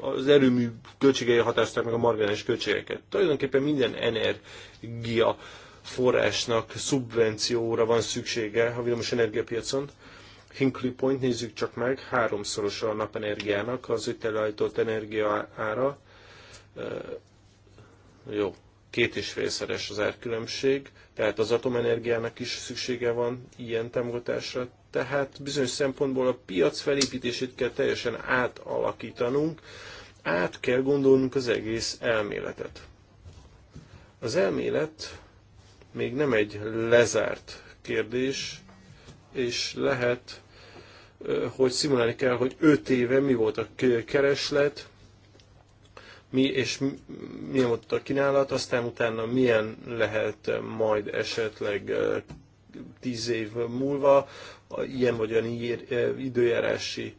Speaker 3: az erőmű költségei határozták meg a marginális költségeket. Tulajdonképpen minden energia forrásnak szubvencióra van szüksége a villamos energiapiacon. Hinkley Point, nézzük csak meg, háromszoros a napenergiának az itt előállított energia ára. Jó, két és félszeres az árkülönbség, tehát az atomenergiának is szüksége van ilyen támogatásra, tehát bizonyos szempontból a piac felépítését kell teljesen átalakítanunk, át kell gondolnunk az egész elméletet. Az elmélet még nem egy lezárt kérdés, és lehet, hogy szimulálni kell, hogy 5 éve mi volt a kereslet, mi és milyen volt a kínálat, aztán utána milyen lehet majd esetleg 10 év múlva ilyen vagy olyan időjárási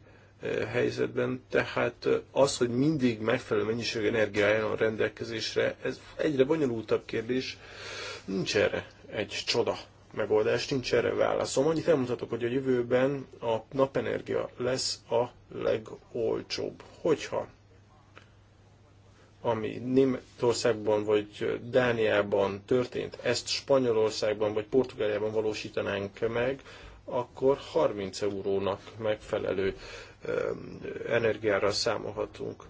Speaker 3: helyzetben, tehát az, hogy mindig megfelelő mennyiségű energia álljon rendelkezésre, ez egyre bonyolultabb kérdés, Nincs erre egy csoda megoldás, nincs erre válaszom. Annyit elmondhatok, hogy a jövőben a napenergia lesz a legolcsóbb. Hogyha ami Németországban vagy Dániában történt, ezt Spanyolországban vagy Portugáliában valósítanánk meg, akkor 30 eurónak megfelelő energiára számolhatunk.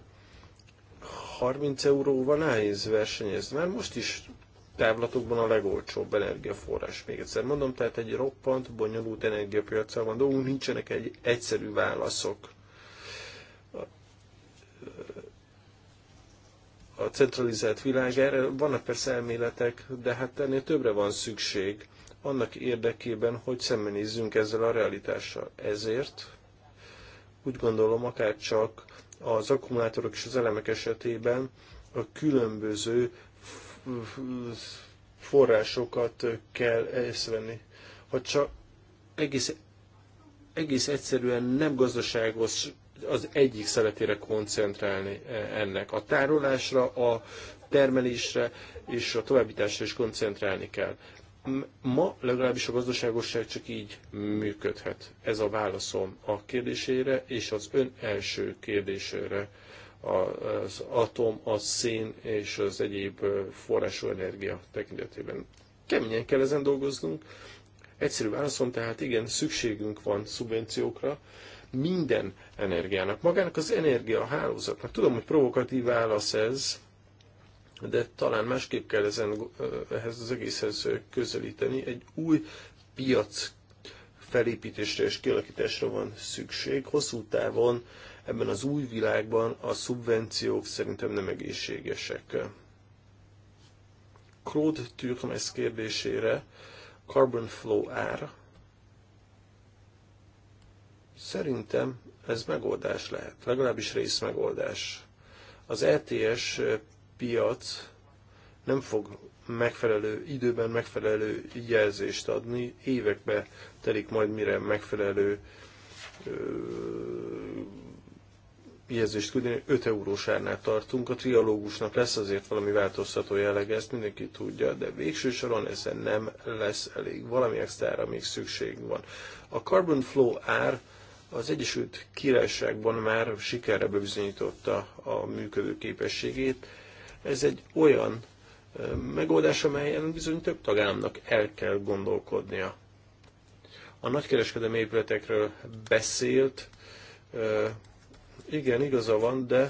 Speaker 3: 30 euróval nehéz versenyezni, mert most is távlatokban a legolcsóbb energiaforrás. Még egyszer mondom, tehát egy roppant, bonyolult energiapiacsal van dolgunk, nincsenek egy egyszerű válaszok. A centralizált világ, erre vannak persze elméletek, de hát ennél többre van szükség annak érdekében, hogy szembenézzünk ezzel a realitással. Ezért úgy gondolom, akár csak az akkumulátorok és az elemek esetében a különböző forrásokat kell észvenni. Ha csak egész, egész egyszerűen nem gazdaságos az egyik szeletére koncentrálni e, ennek. A tárolásra, a termelésre és a továbbításra is koncentrálni kell. Ma legalábbis a gazdaságosság csak így működhet. Ez a válaszom a kérdésére és az ön első kérdésére az atom, a szén és az egyéb forrású energia tekintetében. Keményen kell ezen dolgoznunk. Egyszerű válaszom, tehát igen, szükségünk van szubvenciókra, minden energiának, magának az energiahálózatnak. Tudom, hogy provokatív válasz ez, de talán másképp kell ezen, ehhez az egészhez közelíteni. Egy új piac felépítésre és kialakításra van szükség. Hosszú távon Ebben az új világban a szubvenciók szerintem nem egészségesek. Claude Türmes kérdésére Carbon Flow ár szerintem ez megoldás lehet, legalábbis rész megoldás. Az ETS piac nem fog megfelelő időben megfelelő jelzést adni, évekbe telik majd mire megfelelő jelzést küldeni, 5 árnál tartunk, a trialógusnak lesz azért valami változtató jellege, ezt mindenki tudja, de végső soron ezen nem lesz elég, valami extra még szükség van. A Carbon Flow ár az Egyesült Királyságban már sikerre bebizonyította a működő képességét. Ez egy olyan megoldás, amelyen bizony több tagállamnak el kell gondolkodnia. A nagykereskedelmi épületekről beszélt, igen, igaza van, de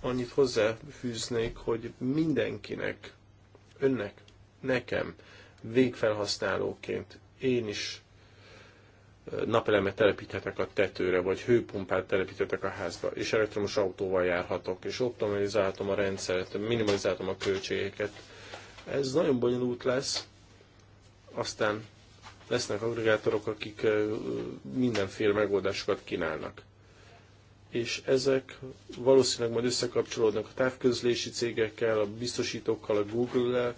Speaker 3: annyit hozzáfűznék, hogy mindenkinek, önnek, nekem, végfelhasználóként én is napelemet telepíthetek a tetőre, vagy hőpumpát telepíthetek a házba, és elektromos autóval járhatok, és optimalizálhatom a rendszert, minimalizálhatom a költségeket. Ez nagyon bonyolult lesz, aztán lesznek aggregátorok, akik mindenféle megoldásokat kínálnak és ezek valószínűleg majd összekapcsolódnak a távközlési cégekkel, a biztosítókkal, a Google-lel,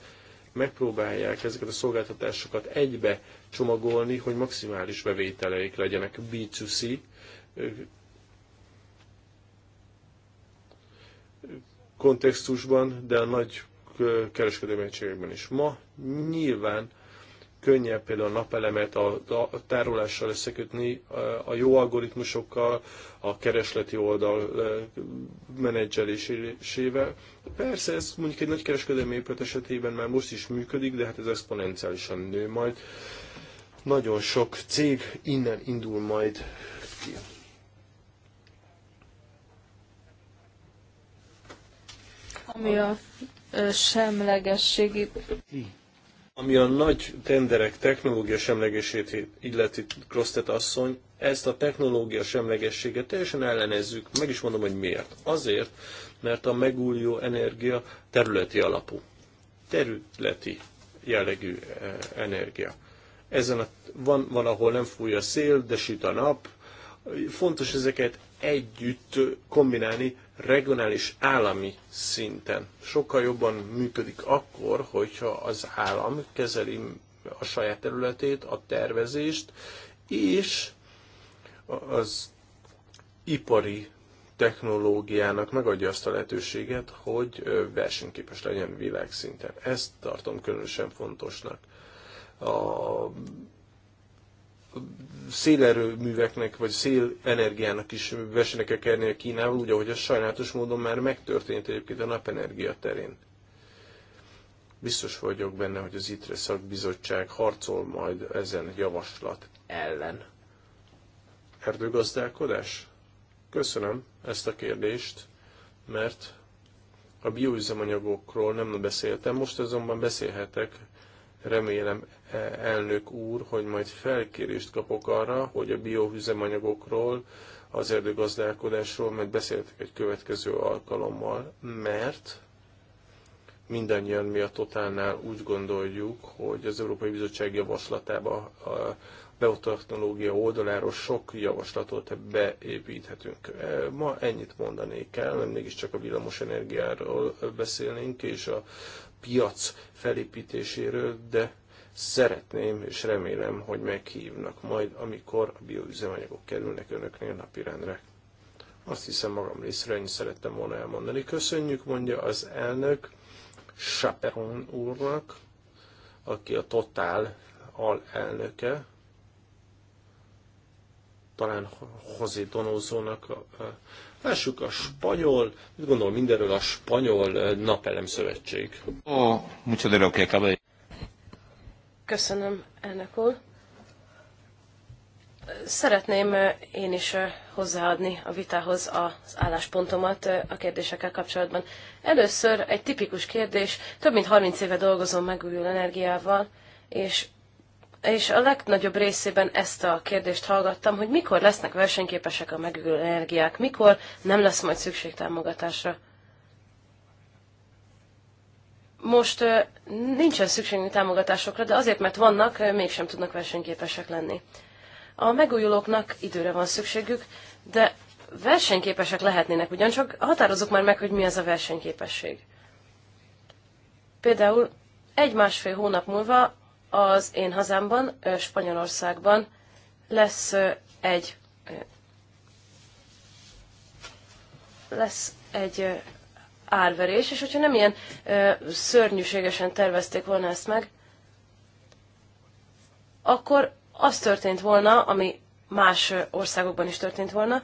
Speaker 3: megpróbálják ezeket a szolgáltatásokat egybe csomagolni, hogy maximális bevételeik legyenek B2C. kontextusban, de a nagy kereskedelmi is. Ma nyilván könnyebb például a napelemet a tárolással összekötni, a jó algoritmusokkal, a keresleti oldal menedzselésével. Persze ez mondjuk egy nagy kereskedelmi épület esetében már most is működik, de hát ez exponenciálisan nő majd. Nagyon sok cég innen indul majd ki.
Speaker 4: Ami a semlegességi...
Speaker 3: Ami a nagy tenderek technológia semlegesét illeti Krosztet asszony, ezt a technológia semlegességet teljesen ellenezzük. Meg is mondom, hogy miért. Azért, mert a megújuló energia területi alapú. Területi jellegű eh, energia. Ezen a, van, van, ahol nem fúj a szél, de süt a nap. Fontos ezeket együtt kombinálni regionális állami szinten. Sokkal jobban működik akkor, hogyha az állam kezeli a saját területét, a tervezést, és az ipari technológiának megadja azt a lehetőséget, hogy versenyképes legyen világszinten. Ezt tartom különösen fontosnak. A szélerőműveknek vagy szélenergiának is vessenek -e a Kínával, úgy, ahogy ez sajnálatos módon már megtörtént egyébként a napenergia terén. Biztos vagyok benne, hogy az ITRE szakbizottság harcol majd ezen javaslat ellen. Erdőgazdálkodás? Köszönöm ezt a kérdést, mert a bioüzemanyagokról nem beszéltem, most azonban beszélhetek, remélem elnök úr, hogy majd felkérést kapok arra, hogy a bioüzemanyagokról, az erdőgazdálkodásról majd beszéltek egy következő alkalommal, mert mindannyian mi a Totálnál úgy gondoljuk, hogy az Európai Bizottság javaslatába a biotechnológia oldaláról sok javaslatot beépíthetünk. Ma ennyit mondanék el, mert mégiscsak a villamos energiáról beszélnénk, és a piac felépítéséről, de Szeretném és remélem, hogy meghívnak majd, amikor a bioüzemanyagok kerülnek önöknél napirendre. Azt hiszem magam részre ennyi szerettem volna elmondani. Köszönjük, mondja az elnök Chaperon úrnak, aki a Total alelnöke. Talán José Donózónak. Lássuk a spanyol, mit gondol mindenről a spanyol szövetség?
Speaker 1: Ó, oh, mucho de lo que
Speaker 2: Köszönöm, elnök úr. Szeretném én is hozzáadni a vitához az álláspontomat a kérdésekkel kapcsolatban. Először egy tipikus kérdés, több mint 30 éve dolgozom megújuló energiával, és és a legnagyobb részében ezt a kérdést hallgattam, hogy mikor lesznek versenyképesek a megújuló energiák, mikor nem lesz majd szükség támogatásra most nincsen szükségünk támogatásokra, de azért, mert vannak, mégsem tudnak versenyképesek lenni. A megújulóknak időre van szükségük, de versenyképesek lehetnének, ugyancsak határozzuk már meg, hogy mi az a versenyképesség. Például egy-másfél hónap múlva az én hazámban, Spanyolországban lesz egy lesz egy árverés, és hogyha nem ilyen ö, szörnyűségesen tervezték volna ezt meg, akkor az történt volna, ami más országokban is történt volna.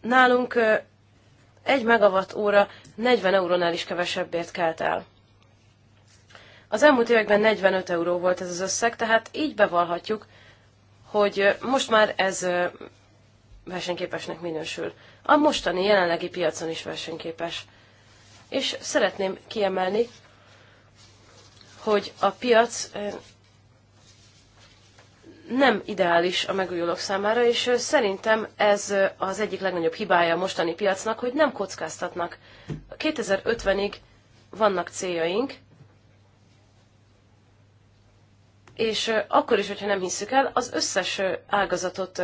Speaker 2: Nálunk ö, egy megawatt óra 40 eurónál is kevesebbért kelt el. Az elmúlt években 45 euró volt ez az összeg, tehát így bevallhatjuk, hogy most már ez versenyképesnek minősül. A mostani jelenlegi piacon is versenyképes és szeretném kiemelni, hogy a piac nem ideális a megújulók számára, és szerintem ez az egyik legnagyobb hibája a mostani piacnak, hogy nem kockáztatnak. 2050-ig vannak céljaink, és akkor is, hogyha nem hiszük el, az összes ágazatot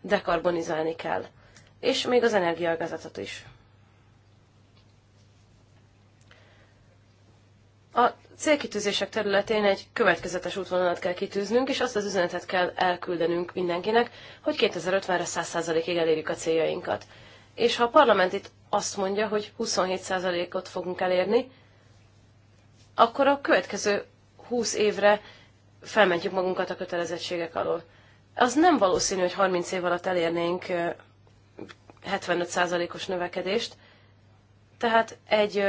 Speaker 2: dekarbonizálni kell, és még az energiaágazatot is. A célkitűzések területén egy következetes útvonalat kell kitűznünk, és azt az üzenetet kell elküldenünk mindenkinek, hogy 2050-re 100%-ig elérjük a céljainkat. És ha a parlament itt azt mondja, hogy 27%-ot fogunk elérni, akkor a következő 20 évre felmentjük magunkat a kötelezettségek alól. Az nem valószínű, hogy 30 év alatt elérnénk 75%-os növekedést, tehát egy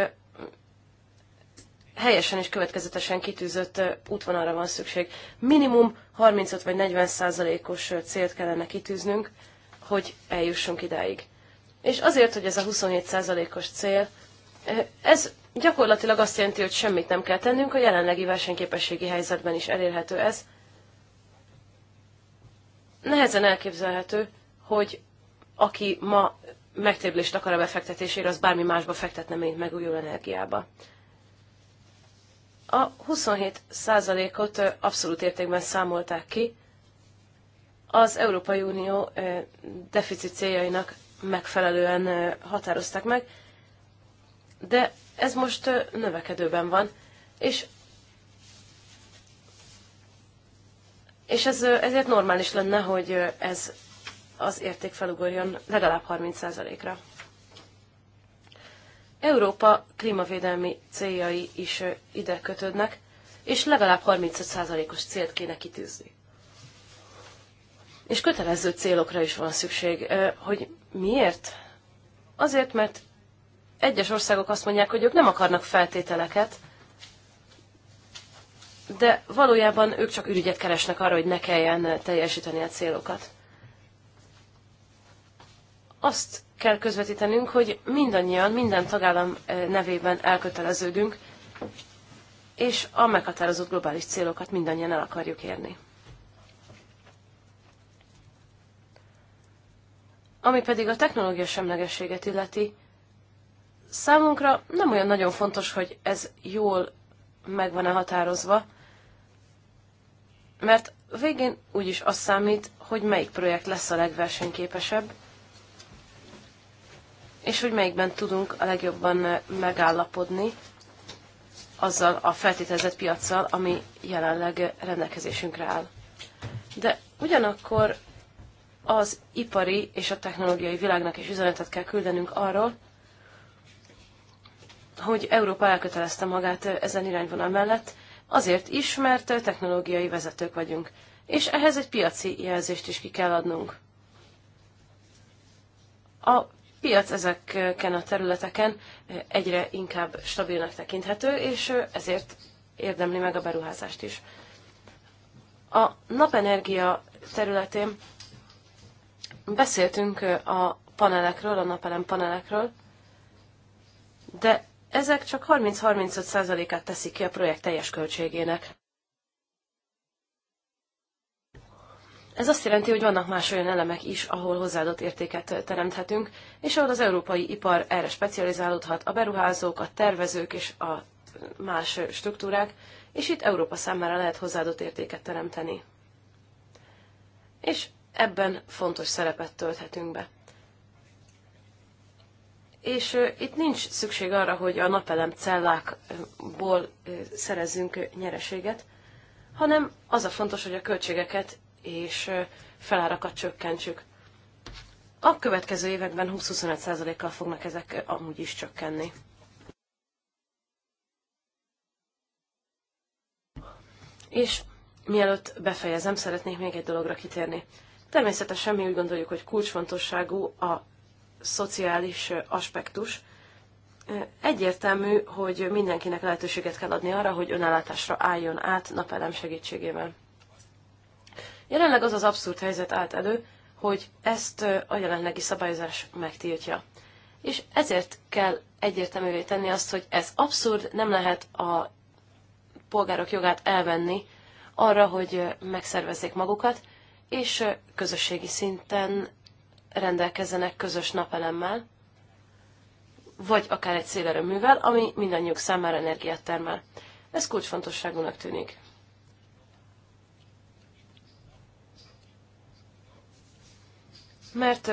Speaker 2: helyesen és következetesen kitűzött útvonalra van szükség. Minimum 35 vagy 40 százalékos célt kellene kitűznünk, hogy eljussunk idáig. És azért, hogy ez a 27 százalékos cél, ez gyakorlatilag azt jelenti, hogy semmit nem kell tennünk, a jelenlegi versenyképességi helyzetben is elérhető ez. Nehezen elképzelhető, hogy aki ma megtérülést akar a befektetésére, az bármi másba fektetne, mint megújuló energiába. A 27%-ot abszolút értékben számolták ki az Európai Unió deficit céljainak megfelelően határozták meg, de ez most növekedőben van, és és ez, ezért normális lenne, hogy ez az érték felugorjon legalább 30%-ra. Európa klímavédelmi céljai is ide kötődnek, és legalább 35%-os célt kéne kitűzni. És kötelező célokra is van szükség. Hogy miért? Azért, mert egyes országok azt mondják, hogy ők nem akarnak feltételeket, de valójában ők csak ürügyet keresnek arra, hogy ne kelljen teljesíteni a célokat. Azt kell közvetítenünk, hogy mindannyian, minden tagállam eh, nevében elköteleződünk, és a meghatározott globális célokat mindannyian el akarjuk érni. Ami pedig a technológia semlegességet illeti, számunkra nem olyan nagyon fontos, hogy ez jól meg van-e határozva, mert végén úgyis az számít, hogy melyik projekt lesz a legversenyképesebb, és hogy melyikben tudunk a legjobban megállapodni azzal a feltételezett piaccal, ami jelenleg rendelkezésünkre áll. De ugyanakkor az ipari és a technológiai világnak is üzenetet kell küldenünk arról, hogy Európa elkötelezte magát ezen irányvonal mellett, azért is, mert technológiai vezetők vagyunk, és ehhez egy piaci jelzést is ki kell adnunk. A piac ezeken a területeken egyre inkább stabilnak tekinthető, és ezért érdemli meg a beruházást is. A napenergia területén beszéltünk a panelekről, a napelem panelekről, de ezek csak 30-35%-át teszik ki a projekt teljes költségének. Ez azt jelenti, hogy vannak más olyan elemek is, ahol hozzáadott értéket teremthetünk, és ahol az európai ipar erre specializálódhat, a beruházók, a tervezők és a más struktúrák, és itt Európa számára lehet hozzáadott értéket teremteni. És ebben fontos szerepet tölthetünk be. És itt nincs szükség arra, hogy a napelem cellákból szerezzünk nyereséget, hanem az a fontos, hogy a költségeket és felárakat csökkentsük. A következő években 20-25%-kal fognak ezek amúgy is csökkenni. És mielőtt befejezem, szeretnék még egy dologra kitérni. Természetesen mi úgy gondoljuk, hogy kulcsfontosságú a szociális aspektus. Egyértelmű, hogy mindenkinek lehetőséget kell adni arra, hogy önállátásra álljon át napelem segítségével. Jelenleg az az abszurd helyzet állt elő, hogy ezt a jelenlegi szabályozás megtiltja. És ezért kell egyértelművé tenni azt, hogy ez abszurd, nem lehet a polgárok jogát elvenni arra, hogy megszervezzék magukat, és közösségi szinten rendelkezzenek közös napelemmel, vagy akár egy szélerőművel, ami mindannyiuk számára energiát termel. Ez kulcsfontosságúnak tűnik. mert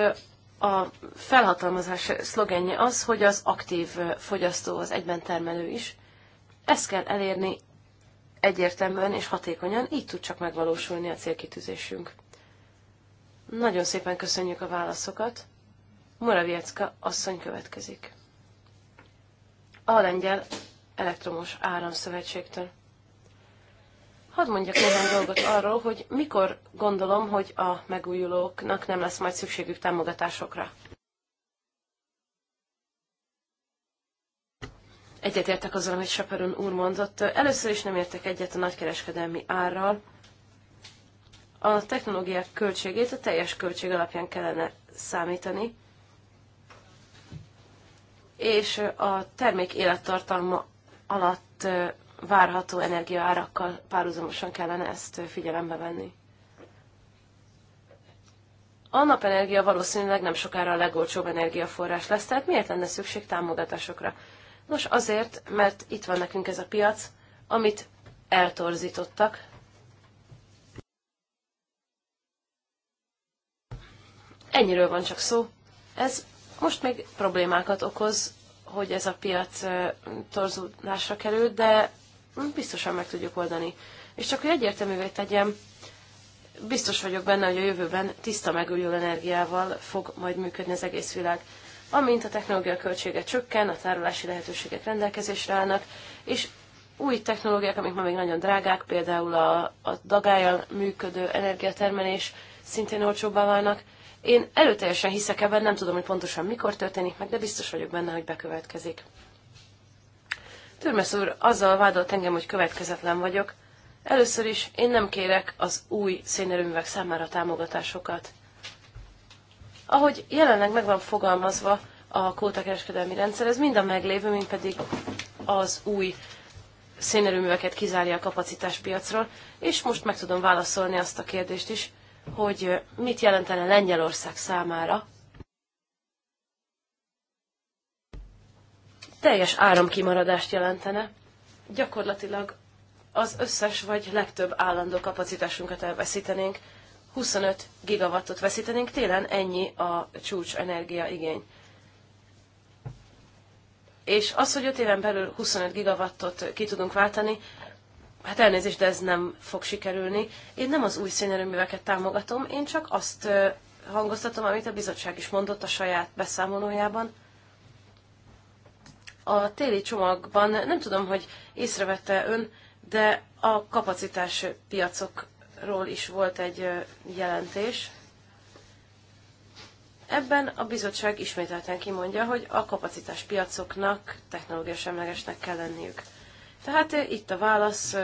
Speaker 2: a felhatalmazás szlogenje az, hogy az aktív fogyasztó az egyben termelő is. Ezt kell elérni egyértelműen és hatékonyan, így tud csak megvalósulni a célkitűzésünk. Nagyon szépen köszönjük a válaszokat. Moraviecka asszony következik. A Lengyel Elektromos Áramszövetségtől. Hadd mondjak néhány dolgot arról, hogy mikor gondolom, hogy a megújulóknak nem lesz majd szükségük támogatásokra. Egyetértek azzal, amit Saperon úr mondott. Először is nem értek egyet a nagykereskedelmi árral. A technológiák költségét a teljes költség alapján kellene számítani, és a termék élettartalma alatt várható energiaárakkal párhuzamosan kellene ezt figyelembe venni. A napenergia valószínűleg nem sokára a legolcsóbb energiaforrás lesz, tehát miért lenne szükség támogatásokra? Nos, azért, mert itt van nekünk ez a piac, amit eltorzítottak. Ennyiről van csak szó. Ez most még problémákat okoz, hogy ez a piac torzulásra került, de biztosan meg tudjuk oldani. És csak hogy egyértelművé tegyem, biztos vagyok benne, hogy a jövőben tiszta megújuló energiával fog majd működni az egész világ. Amint a technológia költsége csökken, a tárolási lehetőségek rendelkezésre állnak, és új technológiák, amik ma még nagyon drágák, például a, a dagájjal működő energiatermelés szintén olcsóbbá válnak. Én előteljesen hiszek ebben, nem tudom, hogy pontosan mikor történik meg, de biztos vagyok benne, hogy bekövetkezik. Törmesz úr azzal vádolt engem, hogy következetlen vagyok. Először is én nem kérek az új szénerőművek számára támogatásokat. Ahogy jelenleg meg van fogalmazva a kótakereskedelmi rendszer, ez mind a meglévő, mind pedig az új szénerőműveket kizárja a kapacitáspiacról, és most meg tudom válaszolni azt a kérdést is, hogy mit jelentene Lengyelország számára teljes áramkimaradást jelentene. Gyakorlatilag az összes vagy legtöbb állandó kapacitásunkat elveszítenénk, 25 gigawattot veszítenénk, télen ennyi a csúcs energia igény. És az, hogy 5 éven belül 25 gigawattot ki tudunk váltani, hát elnézést, de ez nem fog sikerülni. Én nem az új szénerőműveket támogatom, én csak azt hangoztatom, amit a bizottság is mondott a saját beszámolójában, a téli csomagban, nem tudom, hogy észrevette ön, de a kapacitás piacokról is volt egy jelentés. Ebben a bizottság ismételten kimondja, hogy a kapacitás piacoknak technológia semlegesnek kell lenniük. Tehát itt a válasz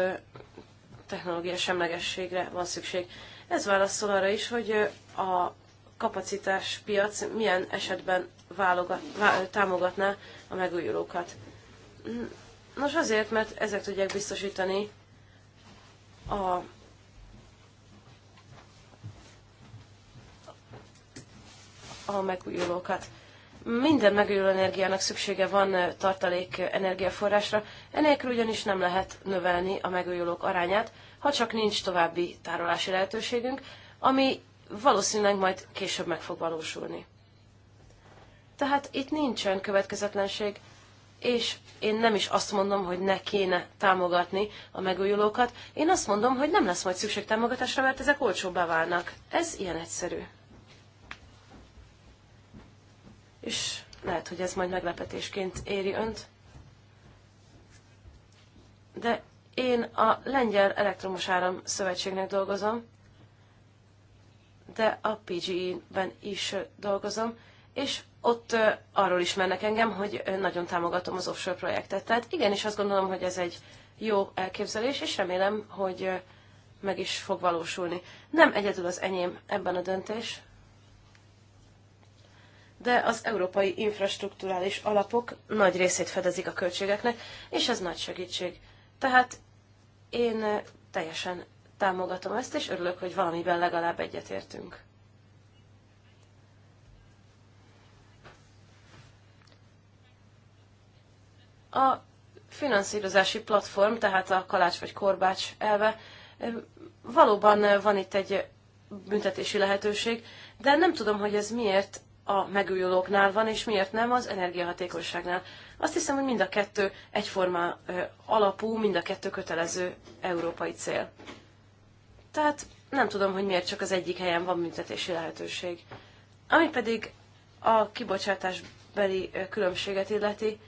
Speaker 2: technológia semlegességre van szükség. Ez válaszol arra is, hogy a kapacitás piac milyen esetben válogat, vá, támogatná a megújulókat. Nos, azért, mert ezek tudják biztosítani a a megújulókat. Minden megújuló energiának szüksége van tartalék energiaforrásra, enélkül ugyanis nem lehet növelni a megújulók arányát, ha csak nincs további tárolási lehetőségünk, ami valószínűleg majd később meg fog valósulni. Tehát itt nincsen következetlenség, és én nem is azt mondom, hogy ne kéne támogatni a megújulókat, én azt mondom, hogy nem lesz majd szükség támogatásra, mert ezek olcsóbbá válnak. Ez ilyen egyszerű. És lehet, hogy ez majd meglepetésként éri önt. De én a Lengyel Elektromos Áram Szövetségnek dolgozom, de a pge ben is dolgozom, és ott arról ismernek engem, hogy nagyon támogatom az offshore projektet. Tehát igenis azt gondolom, hogy ez egy jó elképzelés, és remélem, hogy meg is fog valósulni. Nem egyedül az enyém ebben a döntés, de az európai infrastruktúrális alapok nagy részét fedezik a költségeknek, és ez nagy segítség. Tehát én teljesen támogatom ezt, és örülök, hogy valamiben legalább egyetértünk. A finanszírozási platform, tehát a kalács vagy korbács elve, valóban van itt egy büntetési lehetőség, de nem tudom, hogy ez miért a megújulóknál van, és miért nem az energiahatékonyságnál. Azt hiszem, hogy mind a kettő egyforma alapú, mind a kettő kötelező európai cél. Tehát nem tudom, hogy miért csak az egyik helyen van büntetési lehetőség. Ami pedig a kibocsátásbeli különbséget illeti,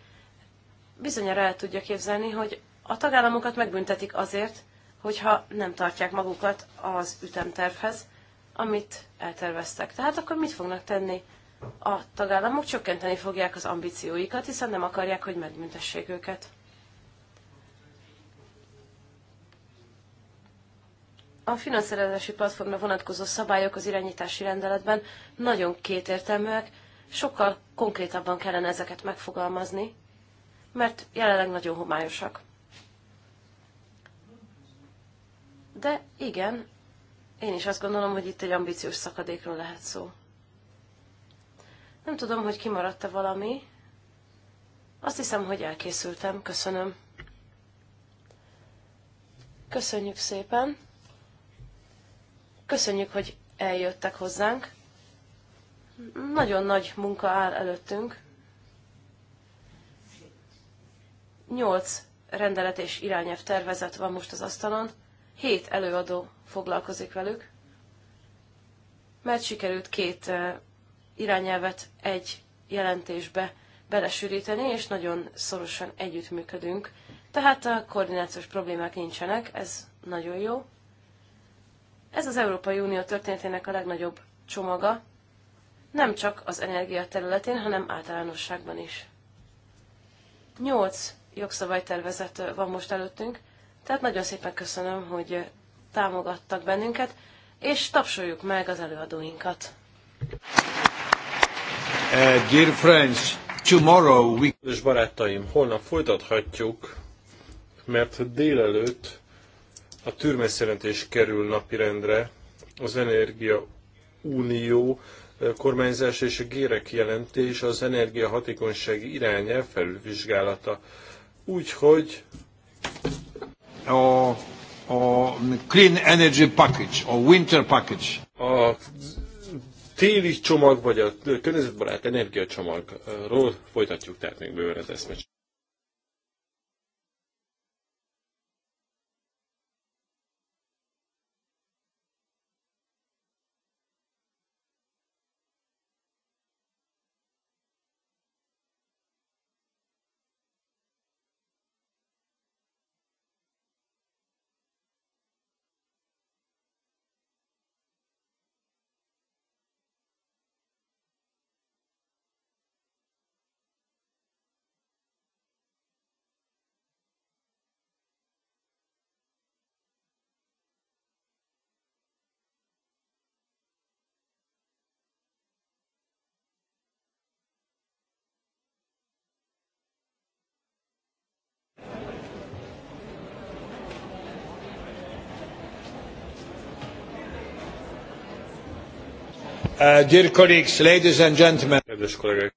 Speaker 2: bizonyára el tudja képzelni, hogy a tagállamokat megbüntetik azért, hogyha nem tartják magukat az ütemtervhez, amit elterveztek. Tehát akkor mit fognak tenni? A tagállamok csökkenteni fogják az ambícióikat, hiszen nem akarják, hogy megbüntessék őket. A finanszírozási platformra vonatkozó szabályok az irányítási rendeletben nagyon kétértelműek, sokkal konkrétabban kellene ezeket megfogalmazni, mert jelenleg nagyon homályosak. De igen, én is azt gondolom, hogy itt egy ambíciós szakadékról lehet szó. Nem tudom, hogy kimaradt-e valami. Azt hiszem, hogy elkészültem. Köszönöm. Köszönjük szépen. Köszönjük, hogy eljöttek hozzánk. Nagyon nagy munka áll előttünk. Nyolc rendelet és irányelv tervezet van most az asztalon, hét előadó foglalkozik velük, mert sikerült két eh, irányelvet egy jelentésbe belesűríteni, és nagyon szorosan együttműködünk. Tehát a koordinációs problémák nincsenek, ez nagyon jó. Ez az Európai Unió történetének a legnagyobb csomaga, nem csak az energia területén, hanem általánosságban is. Nyolc jogszabálytervezet van most előttünk, tehát nagyon szépen köszönöm, hogy támogattak bennünket, és tapsoljuk meg az előadóinkat.
Speaker 1: Uh, dear friends, tomorrow we...
Speaker 3: És barátaim, holnap folytathatjuk, mert délelőtt a türmeszjelentés kerül napirendre, az Energia Unió uh, kormányzás és a gérek jelentés, az energiahatékonysági irányel felülvizsgálata. Úgyhogy a, a Clean Energy Package, a Winter Package. A téli csomag, vagy a környezetbarát energiacsomagról folytatjuk tehát még bőven az eszmecsét. Uh, Kedves kollégák,